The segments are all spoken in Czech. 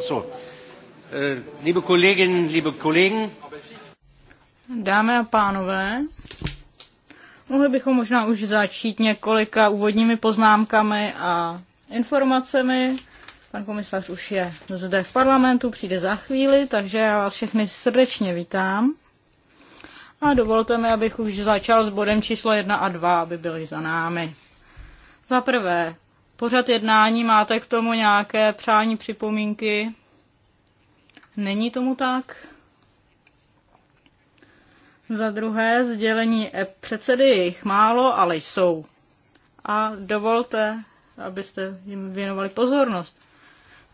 Äh, Dámy a pánové, mohli bychom možná už začít několika úvodními poznámkami a informacemi. Pan komisař už je zde v parlamentu, přijde za chvíli, takže já vás všechny srdečně vítám. A dovolte mi, abych už začal s bodem číslo 1 a 2, aby byly za námi. Za prvé, pořad jednání. Máte k tomu nějaké přání, připomínky? Není tomu tak? Za druhé sdělení e- předsedy je jich málo, ale jsou. A dovolte, abyste jim věnovali pozornost.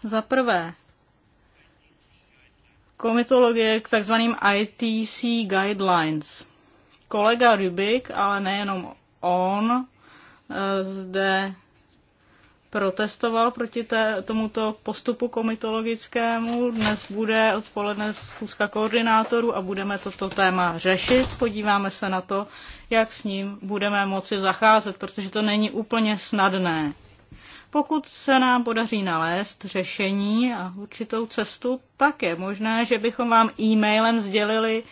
Za prvé, komitologie k takzvaným ITC guidelines. Kolega Rybik, ale nejenom on, e- zde protestoval proti té, tomuto postupu komitologickému. Dnes bude odpoledne zkuska koordinátorů a budeme toto téma řešit. Podíváme se na to, jak s ním budeme moci zacházet, protože to není úplně snadné. Pokud se nám podaří nalézt řešení a určitou cestu, tak je možné, že bychom vám e-mailem sdělili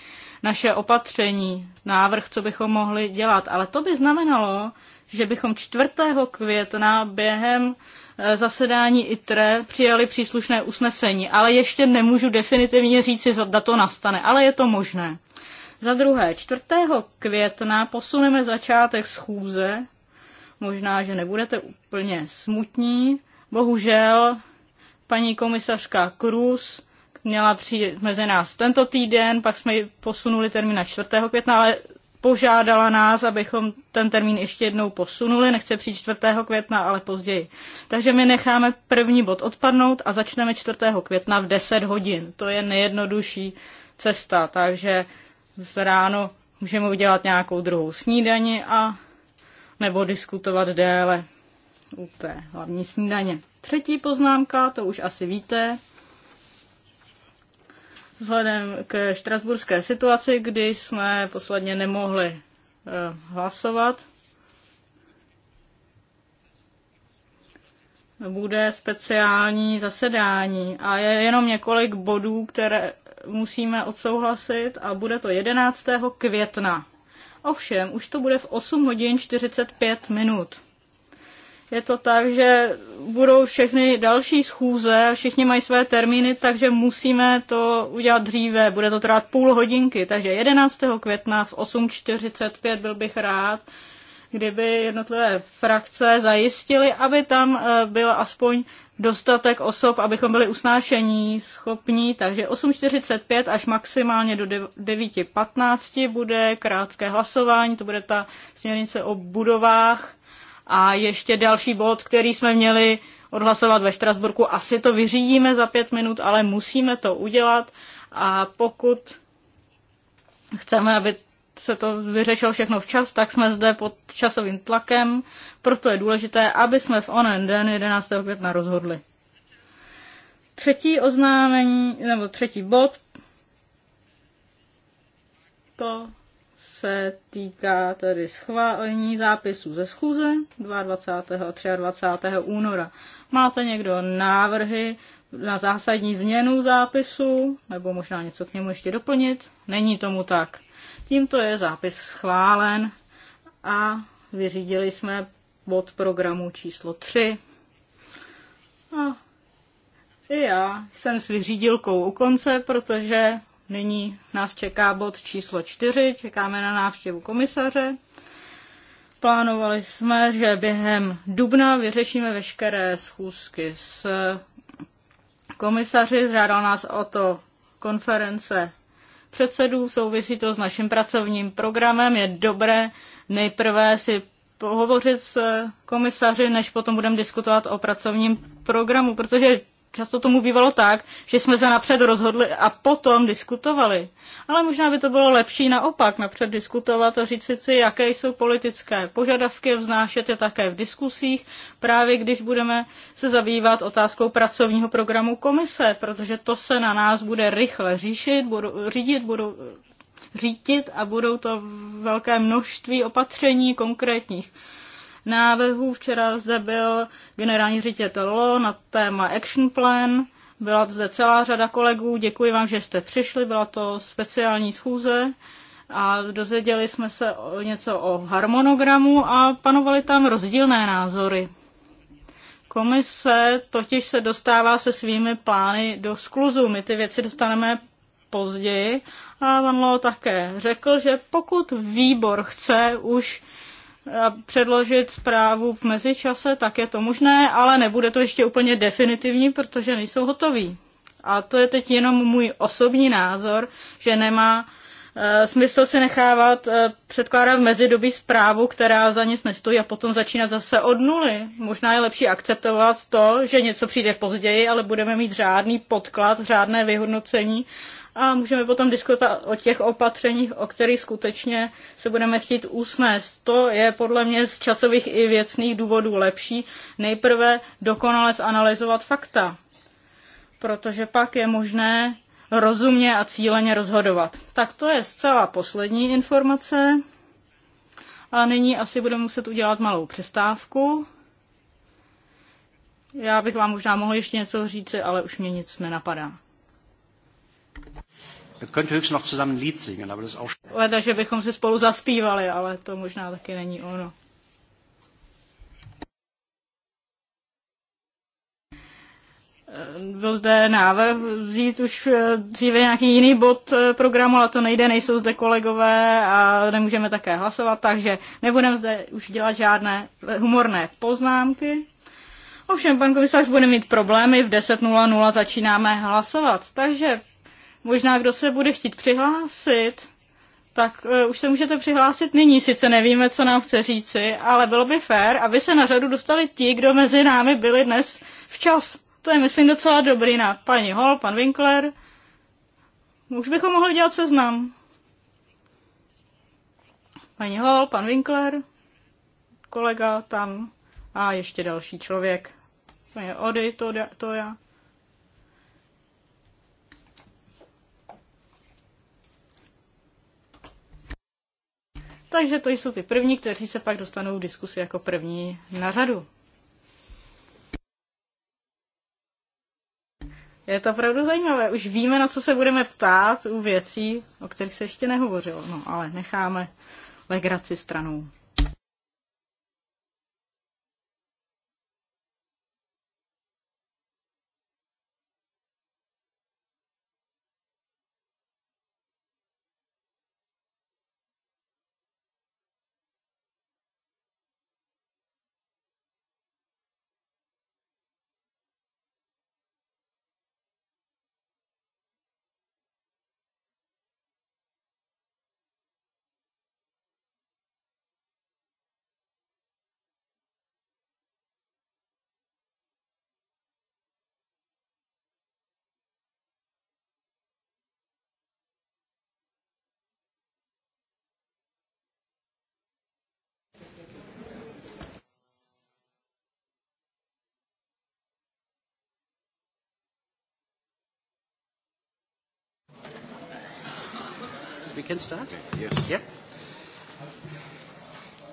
naše opatření, návrh, co bychom mohli dělat. Ale to by znamenalo, že bychom 4. května během e, zasedání ITRE přijali příslušné usnesení, ale ještě nemůžu definitivně říci, zda to nastane, ale je to možné. Za druhé, 4. května posuneme začátek schůze, možná, že nebudete úplně smutní, bohužel paní komisařka Cruz měla přijít mezi nás tento týden, pak jsme ji posunuli termín na 4. května, ale požádala nás, abychom ten termín ještě jednou posunuli, nechce přijít 4. května, ale později. Takže my necháme první bod odpadnout a začneme 4. května v 10 hodin. To je nejjednodušší cesta, takže v ráno můžeme udělat nějakou druhou snídani a nebo diskutovat déle u té hlavní snídaně. Třetí poznámka, to už asi víte, vzhledem k štrasburské situaci, kdy jsme posledně nemohli eh, hlasovat. Bude speciální zasedání a je jenom několik bodů, které musíme odsouhlasit a bude to 11. května. Ovšem, už to bude v 8 hodin 45 minut je to tak, že budou všechny další schůze, všichni mají své termíny, takže musíme to udělat dříve. Bude to trvat půl hodinky, takže 11. května v 8.45 byl bych rád, kdyby jednotlivé frakce zajistily, aby tam eh, byl aspoň dostatek osob, abychom byli usnášení schopní, takže 8.45 až maximálně do 9.15 bude krátké hlasování, to bude ta směrnice o budovách a ještě další bod, který jsme měli odhlasovat ve Štrasburku. Asi to vyřídíme za pět minut, ale musíme to udělat a pokud chceme, aby se to vyřešilo všechno včas, tak jsme zde pod časovým tlakem, proto je důležité, aby jsme v onen den 11. května rozhodli. Třetí oznámení, nebo třetí bod, to se týká tedy schválení zápisů ze schůze 22. a 23. února. Máte někdo návrhy na zásadní změnu zápisu, nebo možná něco k němu ještě doplnit? Není tomu tak. Tímto je zápis schválen a vyřídili jsme bod programu číslo 3. A i já jsem s vyřídilkou u konce, protože Nyní nás čeká bod číslo čtyři, čekáme na návštěvu komisaře. Plánovali jsme, že během dubna vyřešíme veškeré schůzky s komisaři. Žádal nás o to konference předsedů, souvisí to s naším pracovním programem. Je dobré nejprve si pohovořit s komisaři, než potom budeme diskutovat o pracovním programu, protože často tomu bývalo tak, že jsme se napřed rozhodli a potom diskutovali. Ale možná by to bylo lepší naopak, napřed diskutovat a říct si, jaké jsou politické požadavky, vznášet je také v diskusích, právě když budeme se zabývat otázkou pracovního programu komise, protože to se na nás bude rychle říšit, budu, řídit, budu, řídit a budou to velké množství opatření konkrétních návrhů. Včera zde byl generální ředitel LO na téma Action Plan. Byla zde celá řada kolegů. Děkuji vám, že jste přišli. Byla to speciální schůze a dozvěděli jsme se něco o harmonogramu a panovaly tam rozdílné názory. Komise totiž se dostává se svými plány do skluzu. My ty věci dostaneme později. A Van Loo také řekl, že pokud výbor chce už předložit zprávu v mezičase, tak je to možné, ale nebude to ještě úplně definitivní, protože nejsou hotoví. A to je teď jenom můj osobní názor, že nemá e, smysl si nechávat e, předkládat v mezidobí zprávu, která za nic nestojí a potom začínat zase od nuly. Možná je lepší akceptovat to, že něco přijde později, ale budeme mít řádný podklad, řádné vyhodnocení a můžeme potom diskutovat o těch opatřeních, o kterých skutečně se budeme chtít usnést. To je podle mě z časových i věcných důvodů lepší. Nejprve dokonale zanalizovat fakta, protože pak je možné rozumně a cíleně rozhodovat. Tak to je zcela poslední informace. A nyní asi budeme muset udělat malou přestávku. Já bych vám možná mohl ještě něco říci, ale už mě nic nenapadá. Leda, že bychom si spolu zaspívali, ale to možná taky není ono. Eh, byl zde návrh vzít už eh, dříve nějaký jiný bod eh, programu, ale to nejde, nejsou zde kolegové a nemůžeme také hlasovat, takže nebudeme zde už dělat žádné humorné poznámky. Ovšem, pan komisař bude mít problémy, v 10.00 začínáme hlasovat, takže Možná kdo se bude chtít přihlásit, tak uh, už se můžete přihlásit nyní. Sice nevíme, co nám chce říci, ale bylo by fér, aby se na řadu dostali ti, kdo mezi námi byli dnes včas. To je, myslím, docela dobrý na paní Hol, pan Winkler. Už bychom mohli dělat seznam. Paní Hol, pan Winkler, kolega tam a ještě další člověk. To je Ody, to, to já. Takže to jsou ty první, kteří se pak dostanou v diskusi jako první na řadu. Je to opravdu zajímavé. Už víme, na co se budeme ptát u věcí, o kterých se ještě nehovořilo. No ale necháme legraci stranou. we can start? Yes. Yeah.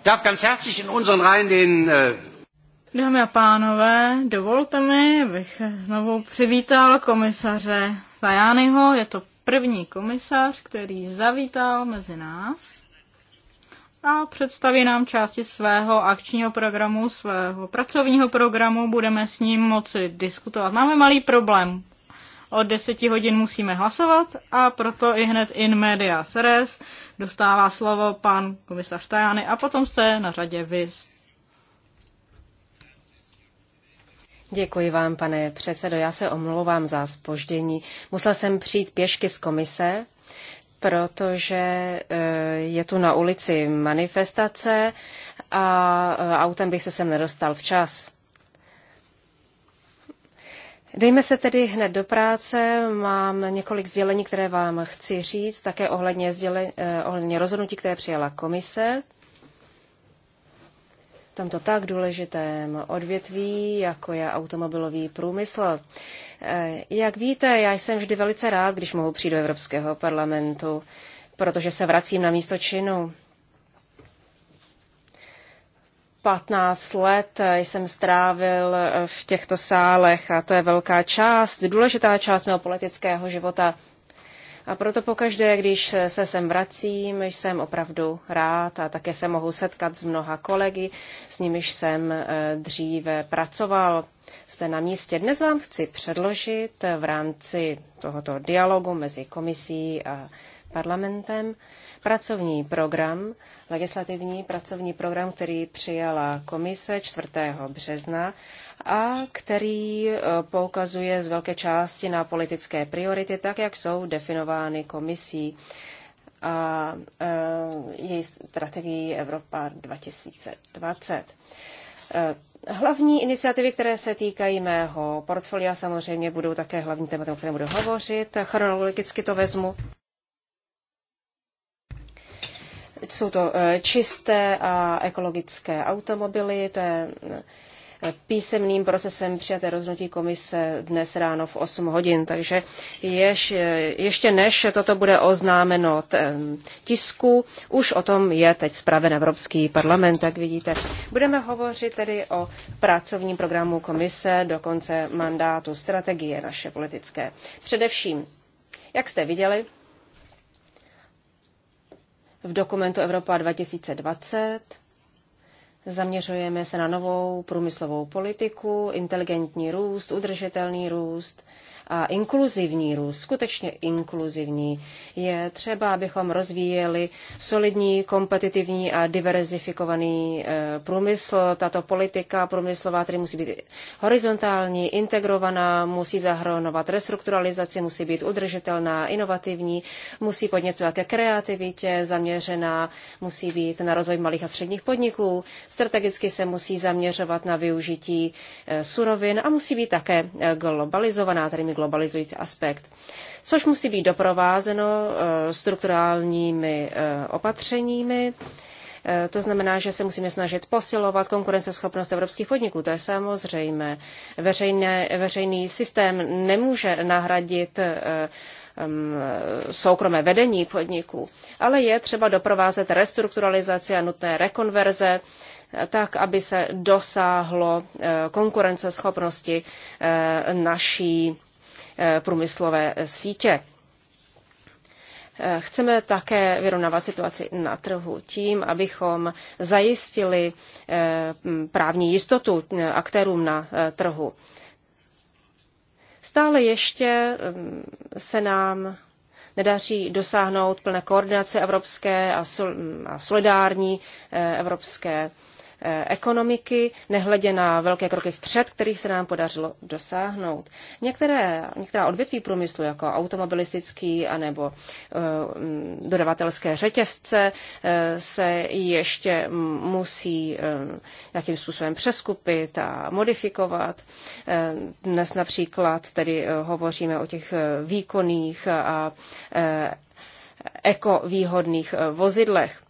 Darf ganz herzlich in unseren Reihen den äh, Dámy a pánové, dovolte mi, abych znovu přivítal komisaře Tajányho. Je to první komisař, který zavítal mezi nás a představí nám části svého akčního programu, svého pracovního programu. Budeme s ním moci diskutovat. Máme malý problém. Od 10 hodin musíme hlasovat a proto i hned in media res dostává slovo pan komisař Tajany a potom se na řadě vys. Děkuji vám, pane předsedo. Já se omlouvám za spoždění. Musel jsem přijít pěšky z komise, protože eh, je tu na ulici manifestace a eh, autem bych se sem nedostal včas. Dejme se tedy hned do práce. Mám několik sdělení, které vám chci říct, také ohledně, sděle, eh, ohledně rozhodnutí, které přijala komise. V tomto tak důležitém odvětví, jako je automobilový průmysl. Eh, jak víte, já jsem vždy velice rád, když mohu přijít do Evropského parlamentu, protože se vracím na místo činu. 15 let jsem strávil v těchto sálech a to je velká část, důležitá část mého politického života. A proto pokaždé, když se sem vracím, jsem opravdu rád a také se mohu setkat s mnoha kolegy, s nimiž jsem eh, dříve pracoval zde na místě. Dnes vám chci předložit v rámci tohoto dialogu mezi komisí a parlamentem pracovní program, legislativní pracovní program, který přijala komise 4. března a který eh, poukazuje z velké části na politické priority, tak jak jsou definovány komisí a eh, její strategii Evropa 2020. Eh, hlavní iniciativy, které se týkají mého portfolia, samozřejmě budou také hlavní tématem, o kterém budu hovořit. Chronologicky to vezmu. Jsou to eh, čisté a ekologické automobily, to je eh, písemným procesem přijaté rozhodnutí komise dnes ráno v 8 hodin. Takže jež, eh, ještě než toto bude oznámeno tisku, už o tom je teď zpraven Evropský parlament, jak vidíte. Budeme hovořit tedy o pracovním programu komise do konce mandátu strategie naše politické. Především, jak jste viděli, v dokumentu Evropa 2020. Zaměřujeme se na novou průmyslovou politiku, inteligentní růst, udržitelný růst a inkluzivní růst, skutečně inkluzivní. Je třeba, abychom rozvíjeli solidní, kompetitivní a diverzifikovaný eh, průmysl. Tato politika průmyslová tedy musí být horizontální, integrovaná, musí zahrnovat restrukturalizaci, musí být udržitelná, inovativní, musí podněcovat ke kreativitě, zaměřená, musí být na rozvoj malých a středních podniků, strategicky se musí zaměřovat na využití eh, surovin a musí být také eh, globalizovaná, tedy globalizující aspekt, což musí být doprovázeno eh, strukturálními eh, opatřeními. Eh, to znamená, že se musíme snažit posilovat konkurenceschopnost evropských podniků, to je samozřejmé. Veřejné, veřejný systém nemůže nahradit soukromé vedení podniků, ale je třeba doprovázet restrukturalizaci a nutné rekonverze, tak, aby se dosáhlo konkurenceschopnosti naší Eh, průmyslové sítě. Eh, chceme také vyrovnávat situaci na trhu tím, abychom zajistili eh, právní jistotu aktérům na trhu. Stále ještě mm, se nám nedaří dosáhnout plné koordinace evropské a mm, solidární evropské Eh, ekonomiky, nehledě na velké kroky vpřed, kterých se nám podařilo dosáhnout. Některé, některá odvětví průmyslu, jako automobilistický anebo eh, mm, dodavatelské řetězce, eh, se ještě musí nějakým způsobem přeskupit a modifikovat. Dnes například tedy hovoříme o těch výkonných a ekovýhodných vozidlech.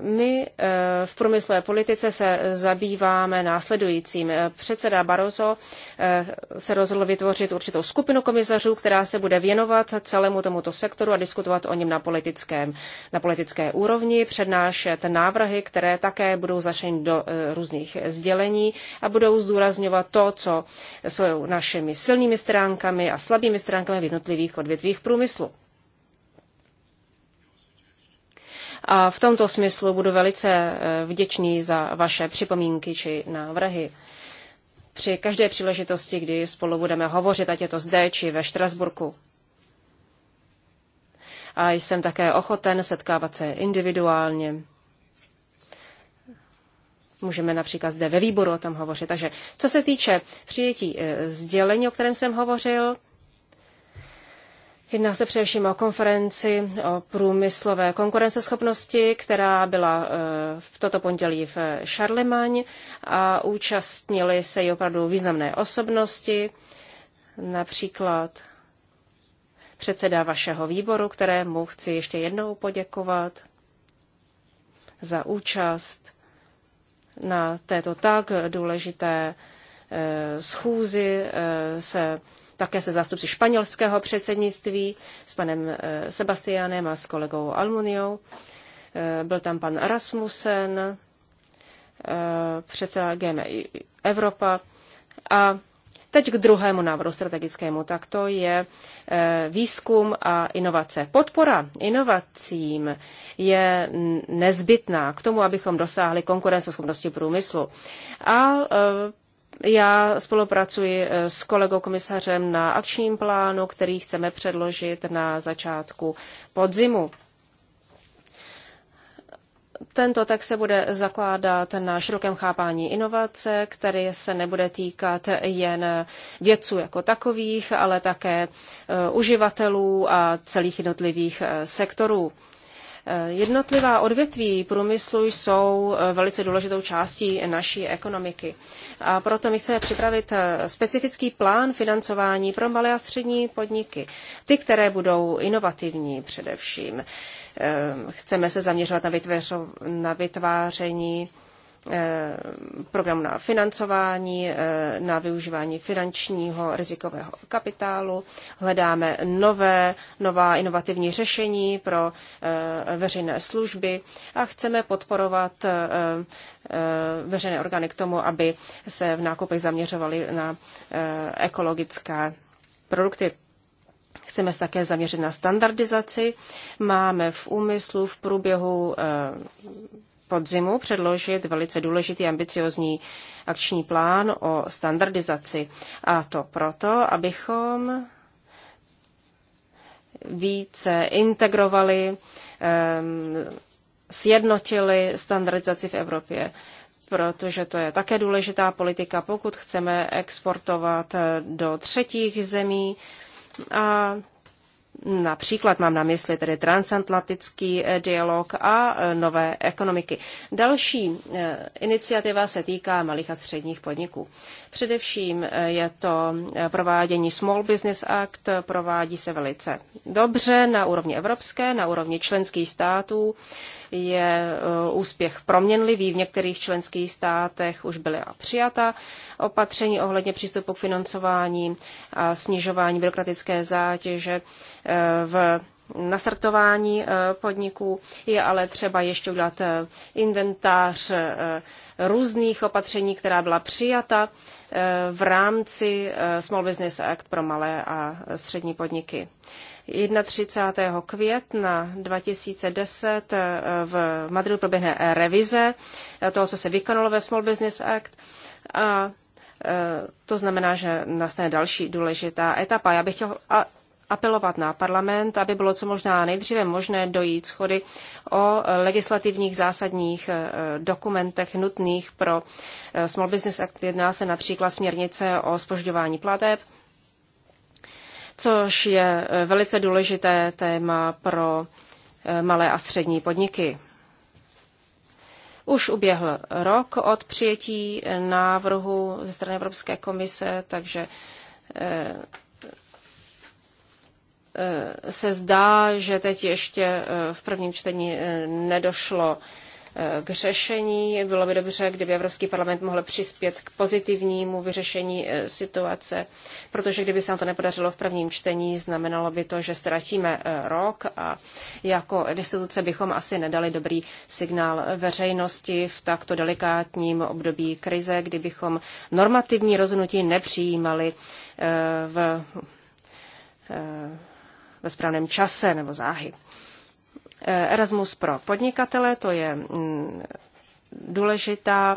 My eh, v průmyslové politice se zabýváme následujícím. Předseda Barroso eh, se rozhodl vytvořit určitou skupinu komisařů, která se bude věnovat celému tomuto sektoru a diskutovat o něm na, politickém, na politické úrovni, přednášet návrhy, které také budou zašeny do eh, různých sdělení a budou zdůrazňovat to, co jsou našimi silnými stránkami a slabými stránkami v jednotlivých odvětvích průmyslu. A v tomto smyslu budu velice eh, vděčný za vaše připomínky či návrhy. Při každé příležitosti, kdy spolu budeme hovořit, ať je to zde či ve Štrasburku. A jsem také ochoten setkávat se individuálně. Můžeme například zde ve výboru o tom hovořit. Takže co se týče přijetí eh, sdělení, o kterém jsem hovořil, Jedná se především o konferenci o průmyslové konkurenceschopnosti, která byla eh, v toto pondělí v Charlemagne eh, a účastnili se i opravdu významné osobnosti, například předseda vašeho výboru, kterému chci ještě jednou poděkovat za účast na této tak důležité eh, schůzi se také se zástupci španělského předsednictví, s panem eh, Sebastianem a s kolegou Almuniou. Eh, byl tam pan Rasmussen, eh, předseda GM Evropa. A teď k druhému návrhu strategickému, tak to je výzkum a inovace. Podpora inovacím je nezbytná k tomu, abychom dosáhli konkurenceschopnosti průmyslu. A já spolupracuji eh, s kolegou komisařem na akčním plánu, který chceme předložit na začátku podzimu. Tento text se bude zakládat na širokém chápání inovace, které se nebude týkat jen vědců jako takových, ale také eh, uživatelů a celých jednotlivých eh, sektorů. Jednotlivá odvětví průmyslu jsou eh, velice důležitou částí naší ekonomiky. A proto my chceme připravit eh, specifický plán financování pro malé a střední podniky. Ty, které budou inovativní především. Eh, chceme se zaměřovat na, vytváření Eh, programu na financování, eh, na využívání finančního rizikového kapitálu. Hledáme nové, nová inovativní řešení pro eh, veřejné služby a chceme podporovat veřejné orgány k tomu, aby se v nákupech zaměřovaly na ekologické produkty. Chceme se také zaměřit na standardizaci. Máme v úmyslu v průběhu podzimu předložit velice důležitý ambiciozní akční plán o standardizaci. A to proto, abychom více integrovali, ehm, sjednotili standardizaci v Evropě protože to je také důležitá politika, pokud chceme exportovat eh, do třetích zemí. A Například mám na mysli tedy transatlantický eh, dialog a eh, nové ekonomiky. Další eh, iniciativa se týká malých a středních podniků. Především je to provádění Small Business Act, provádí se velice dobře na úrovni evropské, na úrovni členských států je eh, úspěch proměnlivý. V některých členských státech už byly přijata opatření ohledně přístupu k financování a snižování byrokratické zátěže eh, v nastartování eh, podniků. Je ale třeba ještě udělat inventář různých opatření, která byla přijata v rámci Small Business Act pro malé a střední podniky. 31. května 2010 eh, v Madridu proběhne revize toho, co se vykonalo ve Small Business Act. A eh, to znamená, že nastane další důležitá etapa. Já bych chtěl apelovat na parlament, aby bylo co možná nejdříve možné dojít schody o legislativních zásadních eh, dokumentech nutných pro Small Business Act. Jedná se například směrnice o spožďování plateb, což je eh, velice důležité téma pro eh, malé a střední podniky. Už uběhl rok od přijetí eh, návrhu ze strany Evropské komise, takže se zdá, že teď ještě v prvním čtení nedošlo k řešení. Bylo by dobře, kdyby Evropský parlament mohl přispět k pozitivnímu vyřešení eh, situace, protože kdyby se nám to nepodařilo v prvním čtení, znamenalo by to, že ztratíme eh, rok a jako instituce bychom asi nedali dobrý signál veřejnosti v takto delikátním období krize, kdybychom normativní rozhodnutí nepřijímali eh, v ve správném čase nebo záhy. Erasmus pro podnikatele, to je mm, důležitá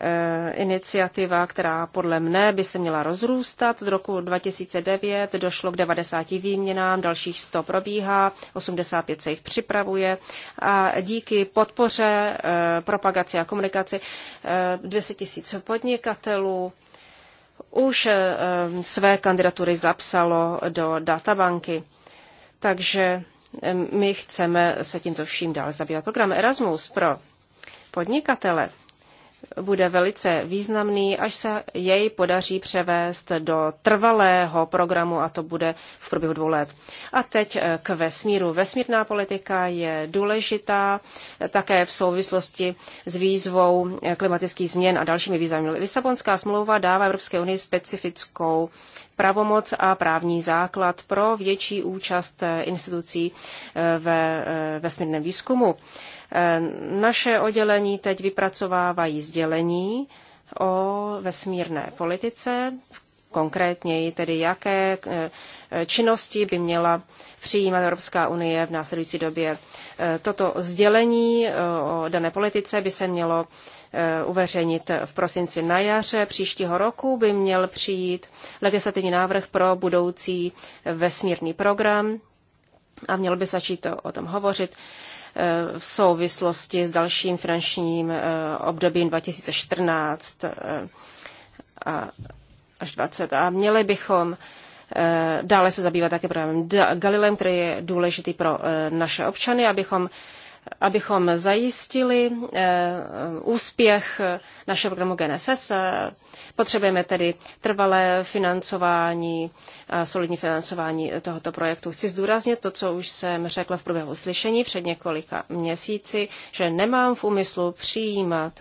e, iniciativa, která podle mne by se měla rozrůstat. Od roku 2009 došlo k 90 výměnám, dalších 100 probíhá, 85 se jich připravuje a díky podpoře, e, propagaci a komunikaci 200 e, 000 podnikatelů už své kandidatury zapsalo do databanky. Takže my chceme se tímto vším dál zabývat. Program Erasmus pro podnikatele bude velice významný, až se jej podaří převést do trvalého programu a to bude v průběhu dvou let. A teď eh, k vesmíru. Vesmírná politika je důležitá eh, také v souvislosti s výzvou eh, klimatických změn a dalšími výzvami. Lisabonská smlouva dává Evropské unii specifickou pravomoc a právní základ pro větší účast institucí ve vesmírném výzkumu. Eh, naše oddělení teď vypracovávají sdělení o vesmírné politice, konkrétněji tedy jaké eh, činnosti by měla přijímat Evropská unie v následující době. Eh, toto sdělení o dané politice by se mělo uveřejnit v prosinci na jaře příštího roku. By měl přijít legislativní návrh pro budoucí vesmírný program a měl by začít o tom hovořit v souvislosti s dalším finančním eh, obdobím 2014 eh, až 20. A měli bychom eh, dále se zabývat také programem Galilem, který je důležitý pro naše občany, abychom abychom zajistili úspěch našeho programu GNSS Potřebujeme tedy trvalé financování, solidní financování tohoto projektu. Chci zdůraznit to, co už jsem řekla v průběhu slyšení před několika měsíci, že nemám v úmyslu přijímat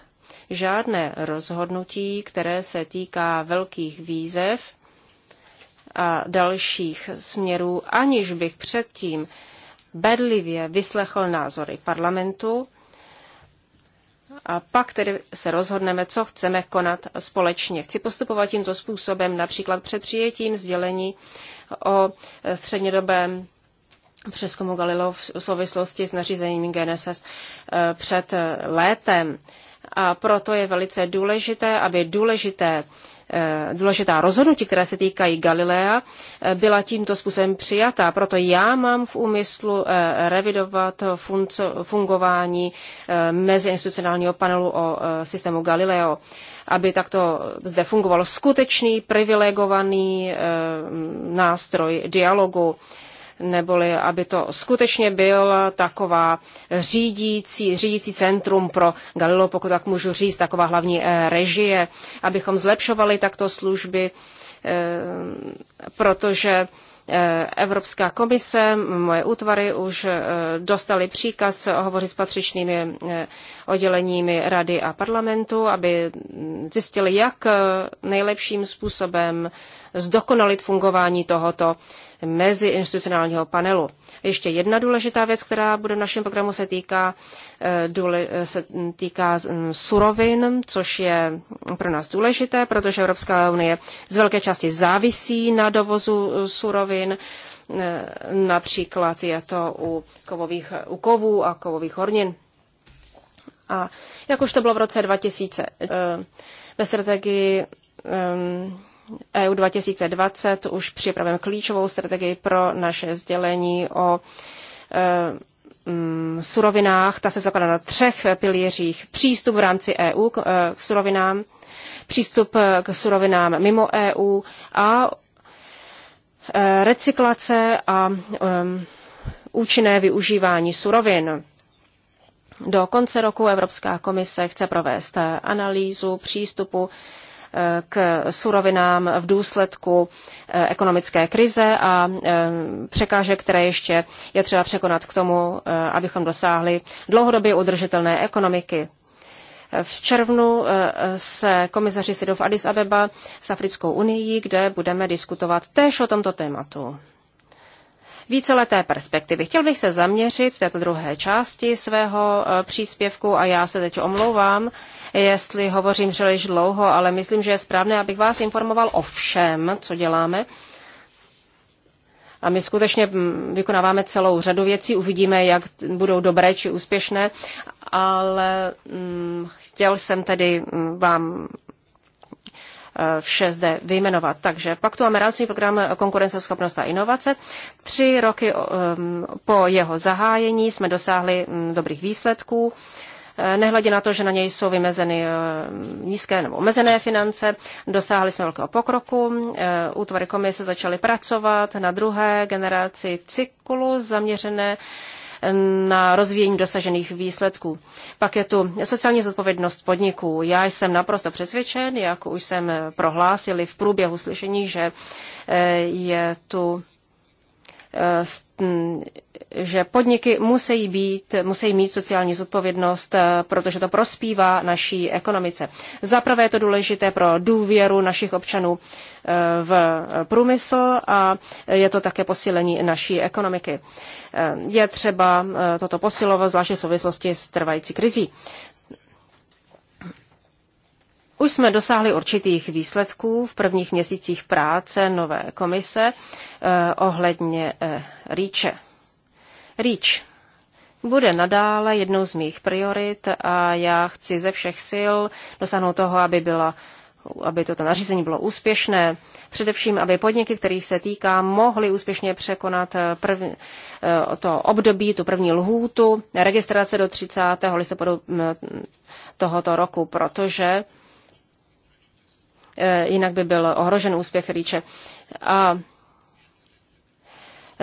žádné rozhodnutí, které se týká velkých výzev a dalších směrů, aniž bych předtím bedlivě vyslechl názory parlamentu a pak tedy se rozhodneme, co chceme konat společně. Chci postupovat tímto způsobem například před přijetím sdělení o střednědobém přeskumu Galileo v souvislosti s nařízením GNSS eh, před létem. A proto je velice důležité, aby důležité Eh, důležitá rozhodnutí, která se týkají Galilea, eh, byla tímto způsobem přijatá. Proto já mám v úmyslu eh, revidovat fungování meziinstitucionálního panelu o systému Galileo, aby takto zde fungoval skutečný privilegovaný nástroj dialogu neboli aby to skutečně byl taková řídící, řídící centrum pro Galileo, pokud tak můžu říct, taková hlavní eh, režie, abychom zlepšovali takto služby, eh, protože eh, Evropská komise, moje útvary už dostali příkaz hovořit s patřičnými odděleními rady a parlamentu, aby zjistili, jak nejlepším způsobem zdokonalit fungování tohoto meziinstitucionálního panelu. Ještě jedna důležitá věc, která bude v našem programu, se týká, eh, se týká hm, surovin, což je pro nás důležité, protože Evropská unie z velké části závisí na dovozu eh, surovin. Eh, například je to u, kovových, u kovů a kovových hornin. A jak už to bylo v roce 2000 eh, ve strategii EU ehm, e 2020 už připravujeme klíčovou strategii pro naše sdělení o eh, mm, surovinách. Ta se zapadá na třech pilířích. Přístup v rámci EU eh, k surovinám, přístup k surovinám mimo EU a recyklace a ehm, účinné využívání surovin. Do konce roku Evropská komise chce provést eh, analýzu přístupu eh, k surovinám v důsledku eh, ekonomické krize a překážek, které ještě je třeba překonat k tomu, abychom dosáhli dlouhodobě udržitelné ekonomiky. V červnu se komisaři sedou v Addis Abeba s Africkou unii, kde budeme diskutovat též o tomto tématu víceleté perspektivy. Chtěl bych se zaměřit v této druhé části svého e, příspěvku a já se teď omlouvám, jestli hovořím příliš dlouho, ale myslím, že je správné, abych vás informoval o všem, co děláme. A my skutečně vykonáváme celou řadu věcí, uvidíme, jak budou dobré či úspěšné, ale chtěl jsem tedy vám vše zde vyjmenovat. Takže pak tu máme rámcový program konkurenceschopnost a inovace. Tři roky po jeho zahájení jsme dosáhli dobrých výsledků eh, nehledě na to, že na něj jsou vymezeny eh, nízké nebo omezené finance. Dosáhli jsme velkého pokroku. Eh, útvary komise začaly pracovat na druhé generaci cyklu zaměřené na rozvíjení dosažených výsledků. Pak je tu sociální zodpovědnost podniků. Já jsem naprosto přesvědčen, jak už jsem prohlásili v průběhu slyšení, že eh, je tu že podniky musí, být, musí mít sociální zodpovědnost, eh, protože to prospívá naší ekonomice. Zaprvé je to důležité pro důvěru našich občanů eh, v průmysl a je to také posílení naší ekonomiky. Eh, je třeba toto posilovat, zvláště v souvislosti s trvající krizí. Už jsme dosáhli určitých výsledků v prvních měsících práce nové komise eh, ohledně eh, REACHe. REACH bude nadále jednou z mých priorit a já chci ze všech sil dosáhnout toho, aby byla aby toto nařízení bylo úspěšné, především, aby podniky, kterých se týká, mohly úspěšně překonat eh, prv, eh, to období, tu první lhůtu registrace do 30. listopadu mm, tohoto roku, protože Eh, jinak by byl ohrožen úspěch Rýče. A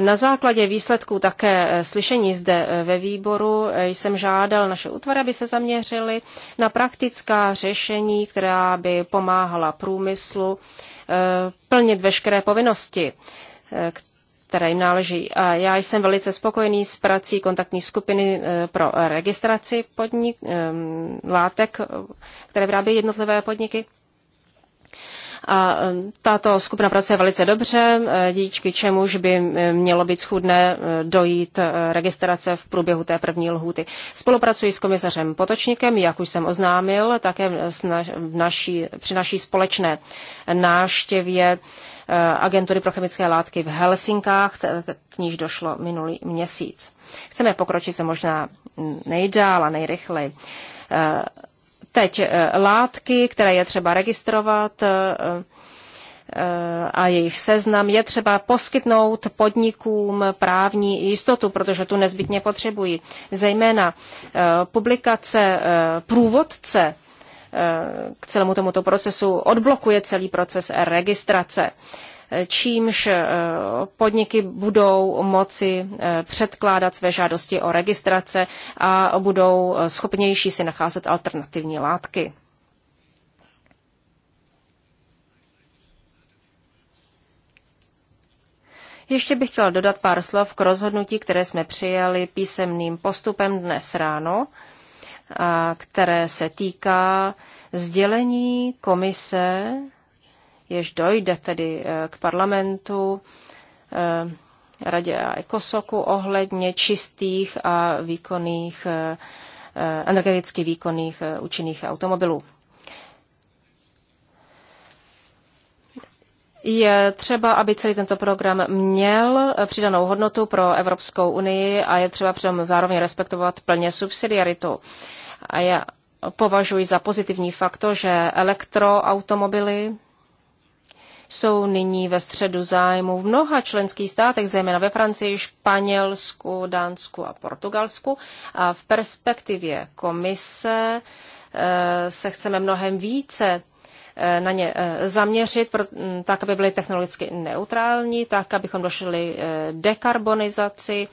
na základě výsledků také eh, slyšení zde eh, ve výboru jsem žádal naše útvary, aby se zaměřili na praktická řešení, která by pomáhala průmyslu plnit veškeré povinnosti, které jim náleží. A já jsem velice spokojený s prací kontaktní skupiny pro registraci podnik, látek, které vyrábějí jednotlivé podniky. A tato skupina pracuje velice dobře, e, díky čemuž by mělo být schůdné e, dojít e, registrace v průběhu té první lhůty. Spolupracuji s komisařem Potočníkem, jak už jsem oznámil, také naší, při naší společné návštěvě agentury pro chemické látky v Helsinkách, k níž došlo minulý měsíc. Chceme pokročit se možná nejdál a nejrychleji teď eh, látky, které je třeba registrovat eh, eh, a jejich seznam, je třeba poskytnout podnikům právní jistotu, protože tu nezbytně potřebují. Zejména publikace průvodce k celému tomuto procesu odblokuje celý proces registrace čímž eh, podniky budou moci eh, předkládat své žádosti o registrace a budou eh, schopnější si nacházet alternativní látky. Ještě bych chtěla dodat pár slov k rozhodnutí, které jsme přijali písemným postupem dnes ráno, které se týká sdělení komise jež dojde tedy eh, k parlamentu, eh, radě a ekosoku ohledně čistých a výkonných, eh, energeticky výkonných účinných automobilů. Je třeba, aby celý tento program měl přidanou hodnotu pro Evropskou unii a je třeba přitom zároveň respektovat plně subsidiaritu. A já považuji za pozitivní fakt to, že elektroautomobily jsou nyní ve středu zájmu v mnoha členských státech, zejména ve Francii, Španělsku, Dánsku a Portugalsku. A v perspektivě komise eh, se chceme mnohem více eh, na ně eh, zaměřit, tak, aby byly technologicky neutrální, tak, abychom došli dekarbonizaci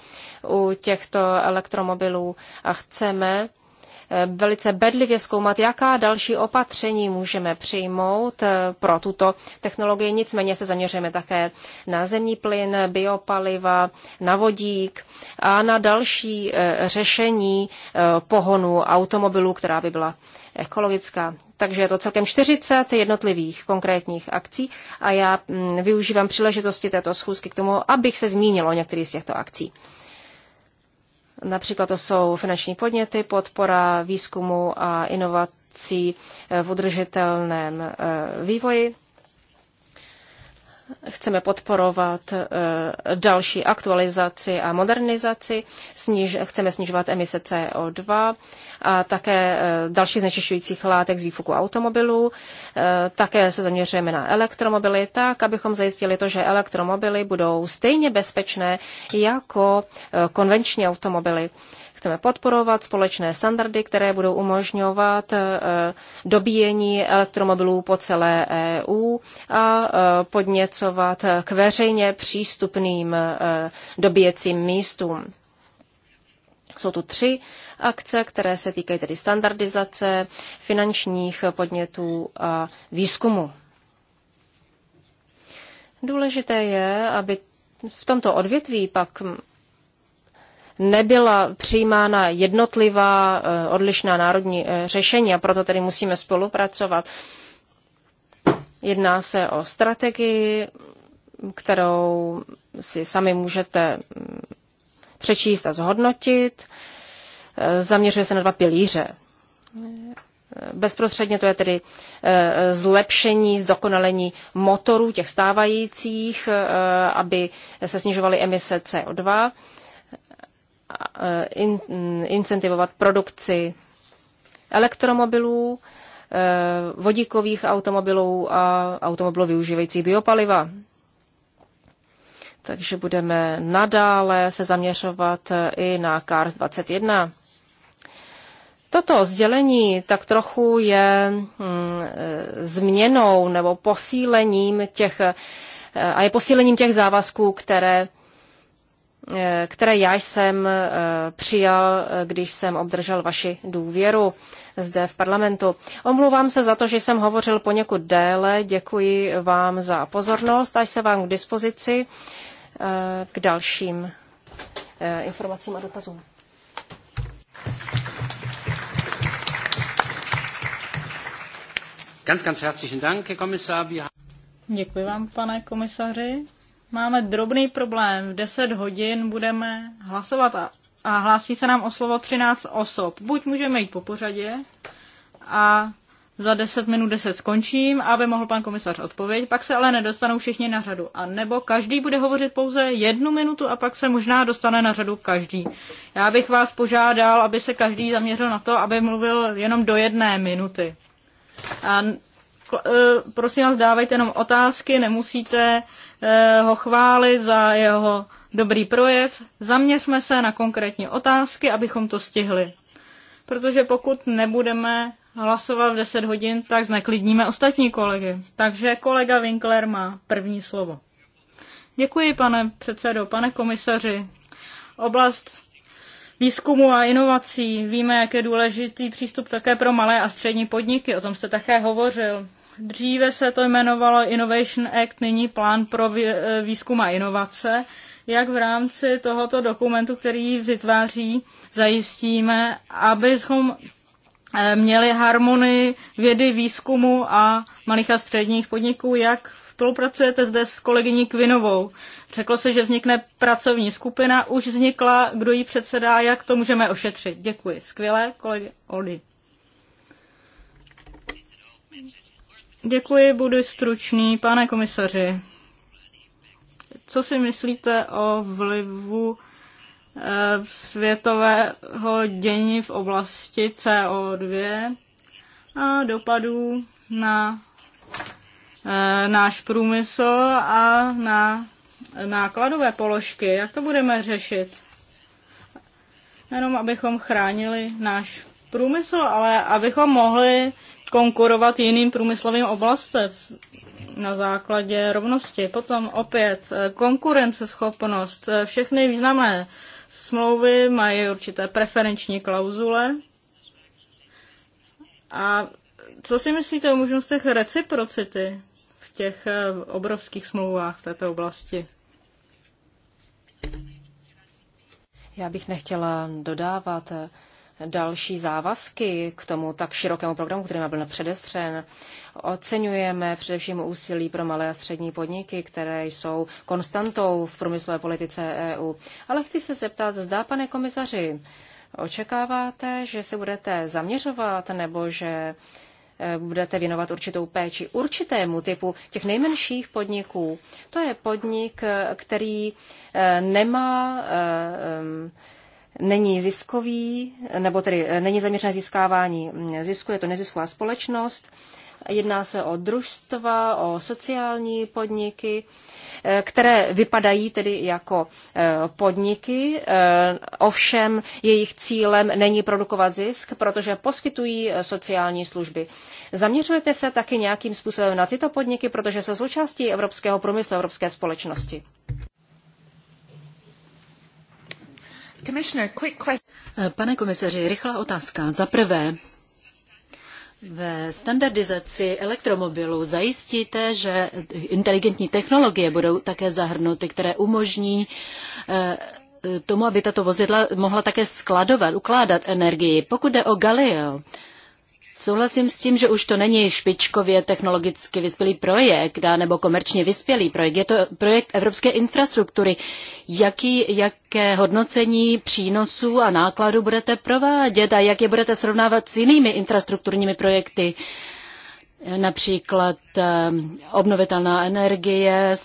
u těchto elektromobilů a chceme, Eh, velice bedlivě zkoumat, jaká další opatření můžeme přijmout eh, pro tuto technologii. Nicméně se zaměříme také na zemní plyn, biopaliva, na vodík a na další eh, řešení pohonu automobilů, která by byla ekologická. Takže je to celkem 40 jednotlivých konkrétních akcí a já mm, využívám příležitosti této schůzky k tomu, abych se zmínil o některých z těchto akcí. Například to jsou finanční podněty, podpora výzkumu a inovací v udržitelném eh, vývoji. Chceme podporovat eh, další aktualizaci a modernizaci, sniž, chceme snižovat emise CO2 a také eh, další znečišťujících látek z výfuku automobilů. Eh, také se zaměřujeme na elektromobily tak, abychom zajistili to, že elektromobily budou stejně bezpečné jako konvenční automobily. Chceme podporovat společné standardy, které budou umožňovat eh, dobíjení elektromobilů po celé EU a eh, podněcovat k veřejně přístupným eh, dobíjecím místům. Jsou tu tři akce, které se týkají tedy standardizace, finančních podnětů a výzkumu. Důležité je, aby v tomto odvětví pak nebyla přijímána jednotlivá eh, odlišná národní eh, řešení a proto tedy musíme spolupracovat. Jedná se o strategii, kterou si sami můžete mm, přečíst a zhodnotit. Eh, zaměřuje se na dva pilíře. Bezprostředně to je tedy zlepšení, zdokonalení motorů těch stávajících, aby se snižovaly emise CO2 Eh, in, incentivovat produkci elektromobilů, eh, vodíkových automobilů a automobilů využívajících biopaliva. Takže budeme nadále se zaměřovat eh, i na CARS 21. Toto sdělení tak trochu je hm, změnou nebo posílením těch, a je posílením těch závazků, které Eh, které já jsem eh, přijal, eh, když jsem obdržel vaši důvěru zde v parlamentu. Omlouvám se za to, že jsem hovořil poněkud déle. Děkuji vám za pozornost a jsem vám k dispozici k dalším informacím a dotazům. Ganz, ganz herzlichen Dank, Herr Kommissar. Děkuji vám, pane komisaři máme drobný problém. V 10 hodin budeme hlasovat a, a hlásí se nám o slovo 13 osob. Buď můžeme jít po pořadě a za 10 minut 10 skončím, aby mohl pan komisař odpovědět, pak se ale nedostanou všichni na řadu. A nebo každý bude hovořit pouze jednu minutu a pak se možná dostane na řadu každý. Já bych vás požádal, aby se každý zaměřil na to, aby mluvil jenom do jedné minuty. A e, prosím vás, dávejte jenom otázky, nemusíte Eh, ho chválit za jeho dobrý projev. Zaměřme se na konkrétní otázky, abychom to stihli. Protože pokud nebudeme hlasovat v 10 hodin, tak zneklidníme ostatní kolegy. Takže kolega Winkler má první slovo. Děkuji, pane předsedo, pane komisaři. Oblast výzkumu a inovací. Víme, jak je důležitý přístup také pro malé a střední podniky, o tom jste také hovořil. Dříve se to jmenovalo Innovation Act, nyní plán pro eh, výzkum a inovace. Jak v rámci tohoto dokumentu, který vytváří, zajistíme, abychom eh, měli harmonii vědy, výzkumu a malých a středních podniků, jak spolupracujete zde s kolegyní Kvinovou. Řeklo se, že vznikne pracovní skupina, už vznikla, kdo jí předsedá, jak to můžeme ošetřit. Děkuji. Skvělé, kolegy Oli. Děkuji, budu stručný. Pane komisaři, co si myslíte o vlivu eh, světového dění v oblasti CO2 a dopadů na eh, náš průmysl a na nákladové položky. Jak to budeme řešit? Jenom abychom chránili náš průmysl, ale abychom mohli konkurovat jiným průmyslovým oblastem na základě rovnosti. Potom opět eh, konkurenceschopnost. Eh, všechny významné smlouvy mají určité preferenční klauzule. A co si myslíte o možnostech reciprocity v těch eh, obrovských smlouvách v této oblasti? Já bych nechtěla dodávat další závazky k tomu tak širokému programu, který nám byl předestřen. Oceňujeme především úsilí pro malé a střední podniky, které jsou konstantou v průmyslové politice EU. Ale chci se zeptat, zdá, pane komisaři, očekáváte, že se budete zaměřovat nebo že eh, budete věnovat určitou péči určitému typu těch nejmenších podniků. To je podnik, eh, který eh, nemá není ziskový, nebo tedy eh, není zaměřené získávání zisku, je to nezisková společnost. Jedná se o družstva, o sociální podniky, eh, které vypadají tedy jako eh, podniky, ovšem jejich cílem není produkovat zisk, protože poskytují sociální služby. Zaměřujete se taky nějakým způsobem na tyto podniky, protože jsou součástí evropského průmyslu, evropské společnosti. Eh, pane komisaři, rychlá otázka. Za prvé, ve standardizaci elektromobilů zajistíte, že inteligentní technologie budou také zahrnuty, které umožní eh, tomu, aby tato vozidla mohla také skladovat, ukládat energii. Pokud jde o Galileo, Souhlasím s tím, že už to není špičkově technologicky vyspělý projekt a nebo komerčně vyspělý projekt. Je to projekt evropské infrastruktury. Jaký, jaké hodnocení přínosů a nákladů budete provádět a jak je budete srovnávat s jinými infrastrukturními projekty? například ehm, obnovitelná energie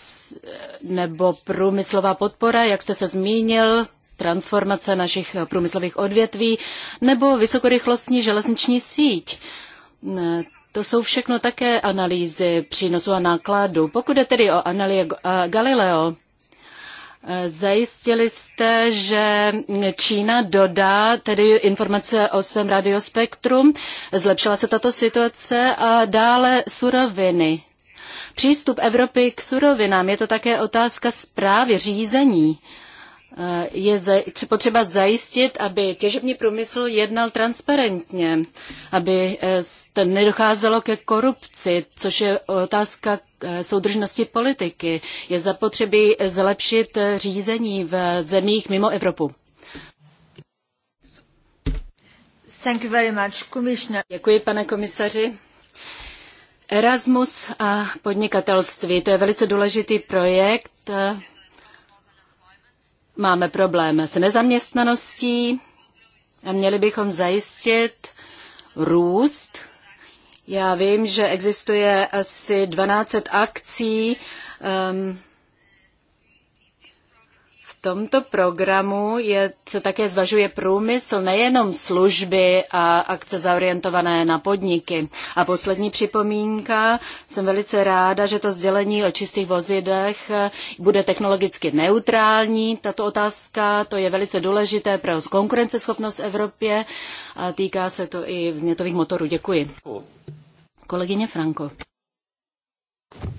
nebo průmyslová podpora, jak jste se zmínil, transformace našich průmyslových odvětví nebo vysokorychlostní železniční síť. To jsou všechno také analýzy přínosu a nákladu. Pokud je tedy o analýze Galileo, Zajistili jste, že Čína dodá tedy informace o svém radiospektrum, zlepšila se tato situace a dále suroviny. Přístup Evropy k surovinám je to také otázka zprávy řízení. Eh, je potřeba zajistit, aby těžební průmysl jednal transparentně, aby eh, nedocházelo ke korupci, což je otázka eh, soudržnosti politiky. Je zapotřebí zlepšit řízení v zemích mimo Evropu. Thank you very much, Commissioner. Děkuji, pane komisaři. Erasmus a podnikatelství, to je velice důležitý projekt Máme problém s nezaměstnaností a měli bychom zajistit růst. Já vím, že existuje asi 12 akcí um, tomto programu je, co také zvažuje průmysl, nejenom služby a akce zaorientované na podniky. A poslední připomínka, jsem velice ráda, že to sdělení o čistých vozidech bude technologicky neutrální. Tato otázka, to je velice důležité pro konkurenceschopnost Evropě a týká se to i vznětových motorů. Děkuji. Kolegyně Franko.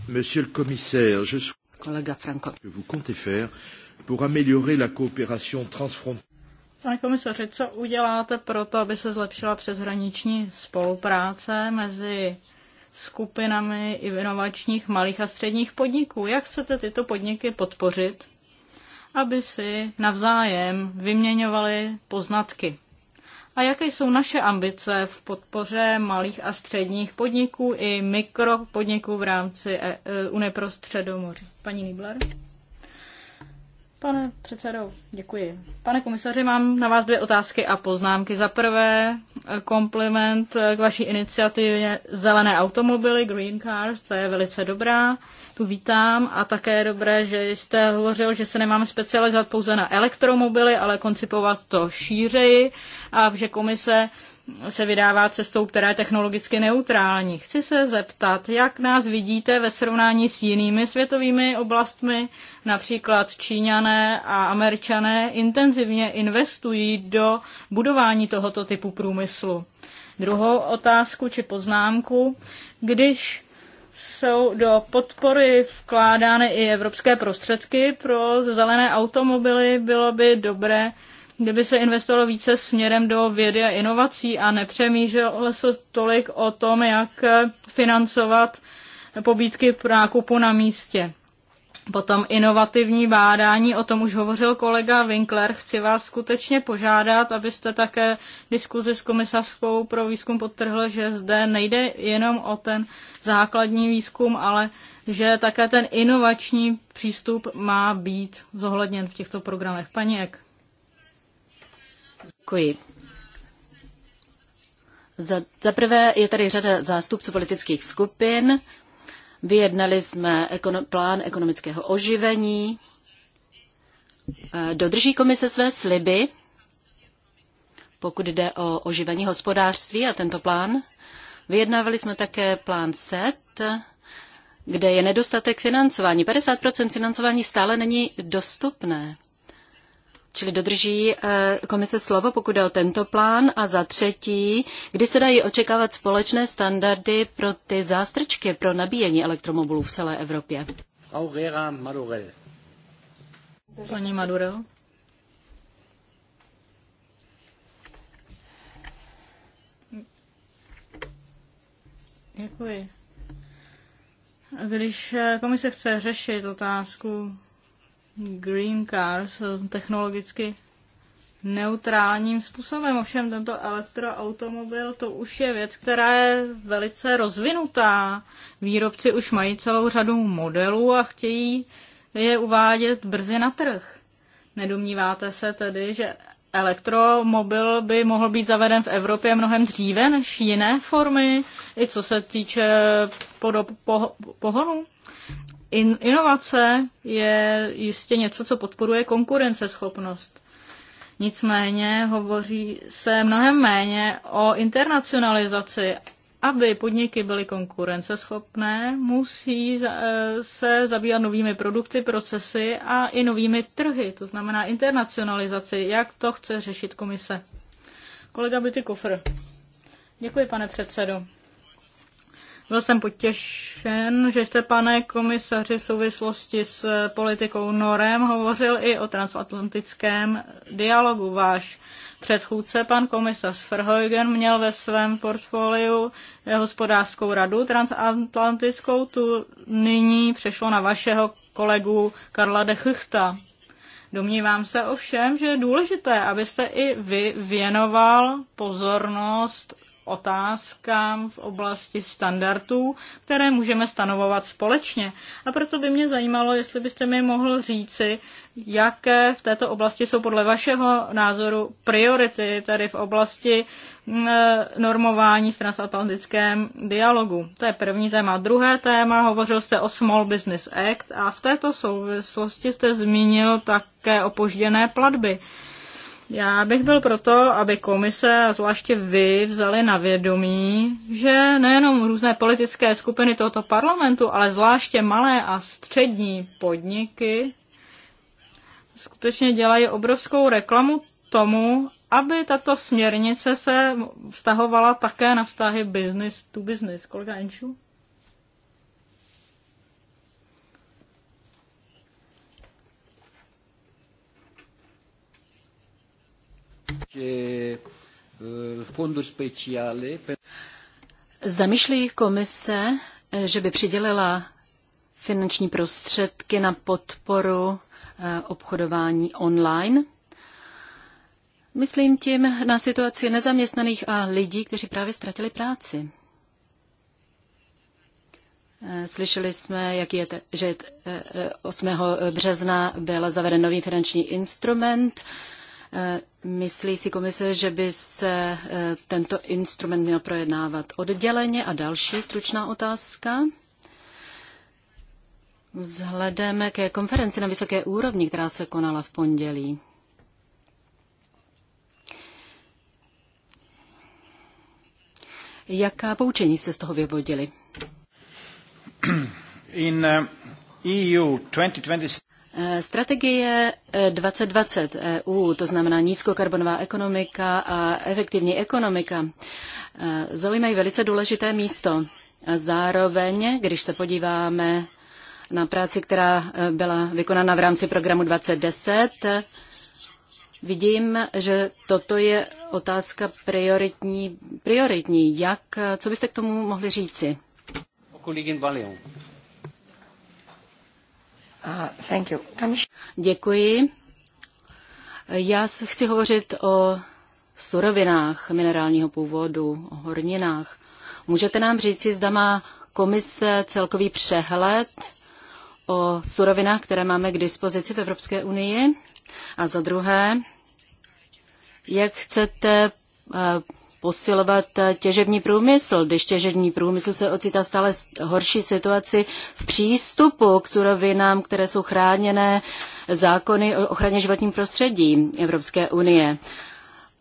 Monsieur le commissaire, je... Kolega Franko. vous comptez faire pour améliorer la coopération transfrontalière. Pane komisaři, co uděláte pro to, aby se zlepšila přeshraniční spolupráce mezi skupinami inovačních malých a středních podniků? Jak chcete tyto podniky podpořit, aby si navzájem vyměňovali poznatky? A jaké jsou naše ambice v podpoře malých a středních podniků i mikropodniků v rámci eh, eh, Unie pro středomoří? Paní Nibler? Pane předsedo, děkuji. Pane komisaři, mám na vás dvě otázky a poznámky. Za prvé, eh, kompliment eh, k vaší iniciativě Zelené automobily, Green Cars, to je velice dobrá, tu vítám. A také je dobré, že jste hovořil, že se nemáme specializovat pouze na elektromobily, ale koncipovat to šířeji a že komise se vydává cestou, která je technologicky neutrální. Chci se zeptat, jak nás vidíte ve srovnání s jinými světovými oblastmi, například Číňané a Američané intenzivně investují do budování tohoto typu průmyslu. Druhou otázku či poznámku, když jsou do podpory vkládány i evropské prostředky pro zelené automobily, bylo by dobré kdyby se investovalo více směrem do vědy a inovací a nepřemýšlelo se tolik o tom, jak financovat pobídky pro nákupu na místě. Potom inovativní bádání, o tom už hovořil kolega Winkler. Chci vás skutečně požádat, abyste také diskuzi s komisařskou pro výzkum podtrhl, že zde nejde jenom o ten základní výzkum, ale že také ten inovační přístup má být zohledněn v těchto programech. Paní Ek. Děkuji. Za, za prvé je tady řada zástupců politických skupin. Vyjednali jsme ekono, plán ekonomického oživení. Eh, dodrží komise své sliby, pokud jde o oživení hospodářství a tento plán? Vyjednávali jsme také plán SET, kde je nedostatek financování. 50 financování stále není dostupné. Čili dodrží eh, komise slovo, pokud jde o tento plán. A za třetí, kdy se dají očekávat společné standardy pro ty zástrčky pro nabíjení elektromobilů v celé Evropě? Aurera Madurel. Paní Madurel. Děkuji. Když eh, komise chce řešit otázku green cars technologicky neutrálním způsobem. Ovšem tento elektroautomobil to už je věc, která je velice rozvinutá. Výrobci už mají celou řadu modelů a chtějí je uvádět brzy na trh. Nedomníváte se tedy, že elektromobil by mohl být zaveden v Evropě mnohem dříve než jiné formy, i co se týče podob po, pohonu? in, inovace je jistě něco, co podporuje konkurenceschopnost. Nicméně hovoří se mnohem méně o internacionalizaci. Aby podniky byly konkurenceschopné, musí eh, se zabývat novými produkty, procesy a i novými trhy, to znamená internacionalizaci. Jak to chce řešit komise? Kolega Bity Kufr. Děkuji, pane předsedo. Byl jsem potěšen, že jste, pane komisaři, v souvislosti s politikou Norem hovořil i o transatlantickém dialogu. Váš předchůdce, pan komisař Verheugen, měl ve svém portfoliu hospodářskou radu transatlantickou, tu nyní přešlo na vašeho kolegu Karla de Chuchta. Domnívám se ovšem, že je důležité, abyste i vy věnoval pozornost otázkám v oblasti standardů, které můžeme stanovovat společně. A proto by mě zajímalo, jestli byste mi mohl říci, jaké v této oblasti jsou podle vašeho názoru priority, tedy v oblasti mm, normování v transatlantickém dialogu. To je první téma. Druhé téma, hovořil jste o Small Business Act a v této souvislosti jste zmínil také opožděné platby. Já bych byl proto, aby komise a zvláště vy vzali na vědomí, že nejenom různé politické skupiny tohoto parlamentu, ale zvláště malé a střední podniky skutečně dělají obrovskou reklamu tomu, aby tato směrnice se vztahovala také na vztahy business to business. Kolega Enšu? Zamýšlí komise, že by přidělila finanční prostředky na podporu eh, obchodování online. Myslím tím na situaci nezaměstnaných a lidí, kteří právě ztratili práci. Eh, slyšeli jsme, jak je, že 8. Eh, března byl zaveden nový finanční instrument, Myslí si komise, že by se eh, tento instrument měl projednávat odděleně? A další stručná otázka. Vzhledem ke konferenci na vysoké úrovni, která se konala v pondělí. Jaká poučení jste z toho vyvodili? In EU eh, e 2020... Eh, strategie 2020 eh, EU, to znamená nízkokarbonová ekonomika a efektivní ekonomika, eh, zaujímají velice důležité místo. A zároveň, když se podíváme na práci, která byla vykonána v rámci programu 2010, vidím, že toto je otázka prioritní. prioritní. Jak, co byste k tomu mohli říci? Kolegin Valion. Uh, Děkuji. Já chci hovořit o surovinách minerálního původu, o horninách. Můžete nám říci, zda má komise celkový přehled o surovinách, které máme k dispozici v Evropské unii? A za druhé, jak chcete Eh, posilovat těžební průmysl, když těžební průmysl se ocitá stále horší situaci v přístupu k surovinám, které jsou chráněné zákony o ochraně životním prostředí Evropské unie.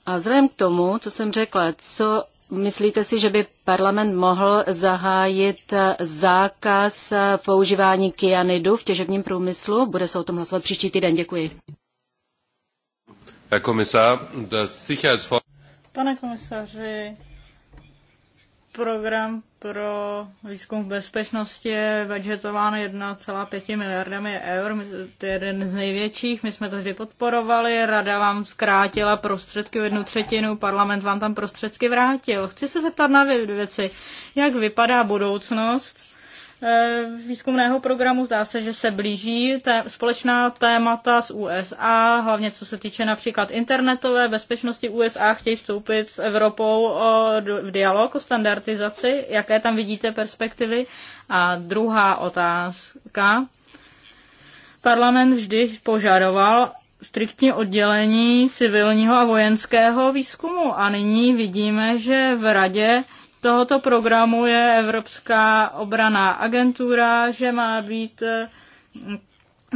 A vzhledem k tomu, co jsem řekla, co Myslíte si, že by parlament mohl zahájit zákaz používání kyanidu v těžebním průmyslu? Bude se o tom hlasovat příští týden. Děkuji. Herr Kommissar, das Sicherheitsver Pane komisaři, program pro výzkum v bezpečnosti je budgetován 1,5 miliardami eur. To je jeden z největších, my jsme to vždy podporovali, rada vám zkrátila prostředky o jednu třetinu, parlament vám tam prostředky vrátil. Chci se zeptat na věci, jak vypadá budoucnost Eh, výzkumného programu. Zdá se, že se blíží té, společná témata z USA, hlavně co se týče například internetové bezpečnosti USA, chtějí vstoupit s Evropou o, v dialog o standardizaci. Jaké tam vidíte perspektivy? A druhá otázka. Parlament vždy požadoval striktně oddělení civilního a vojenského výzkumu a nyní vidíme, že v radě tohoto programu je Evropská obraná agentura, že má být eh,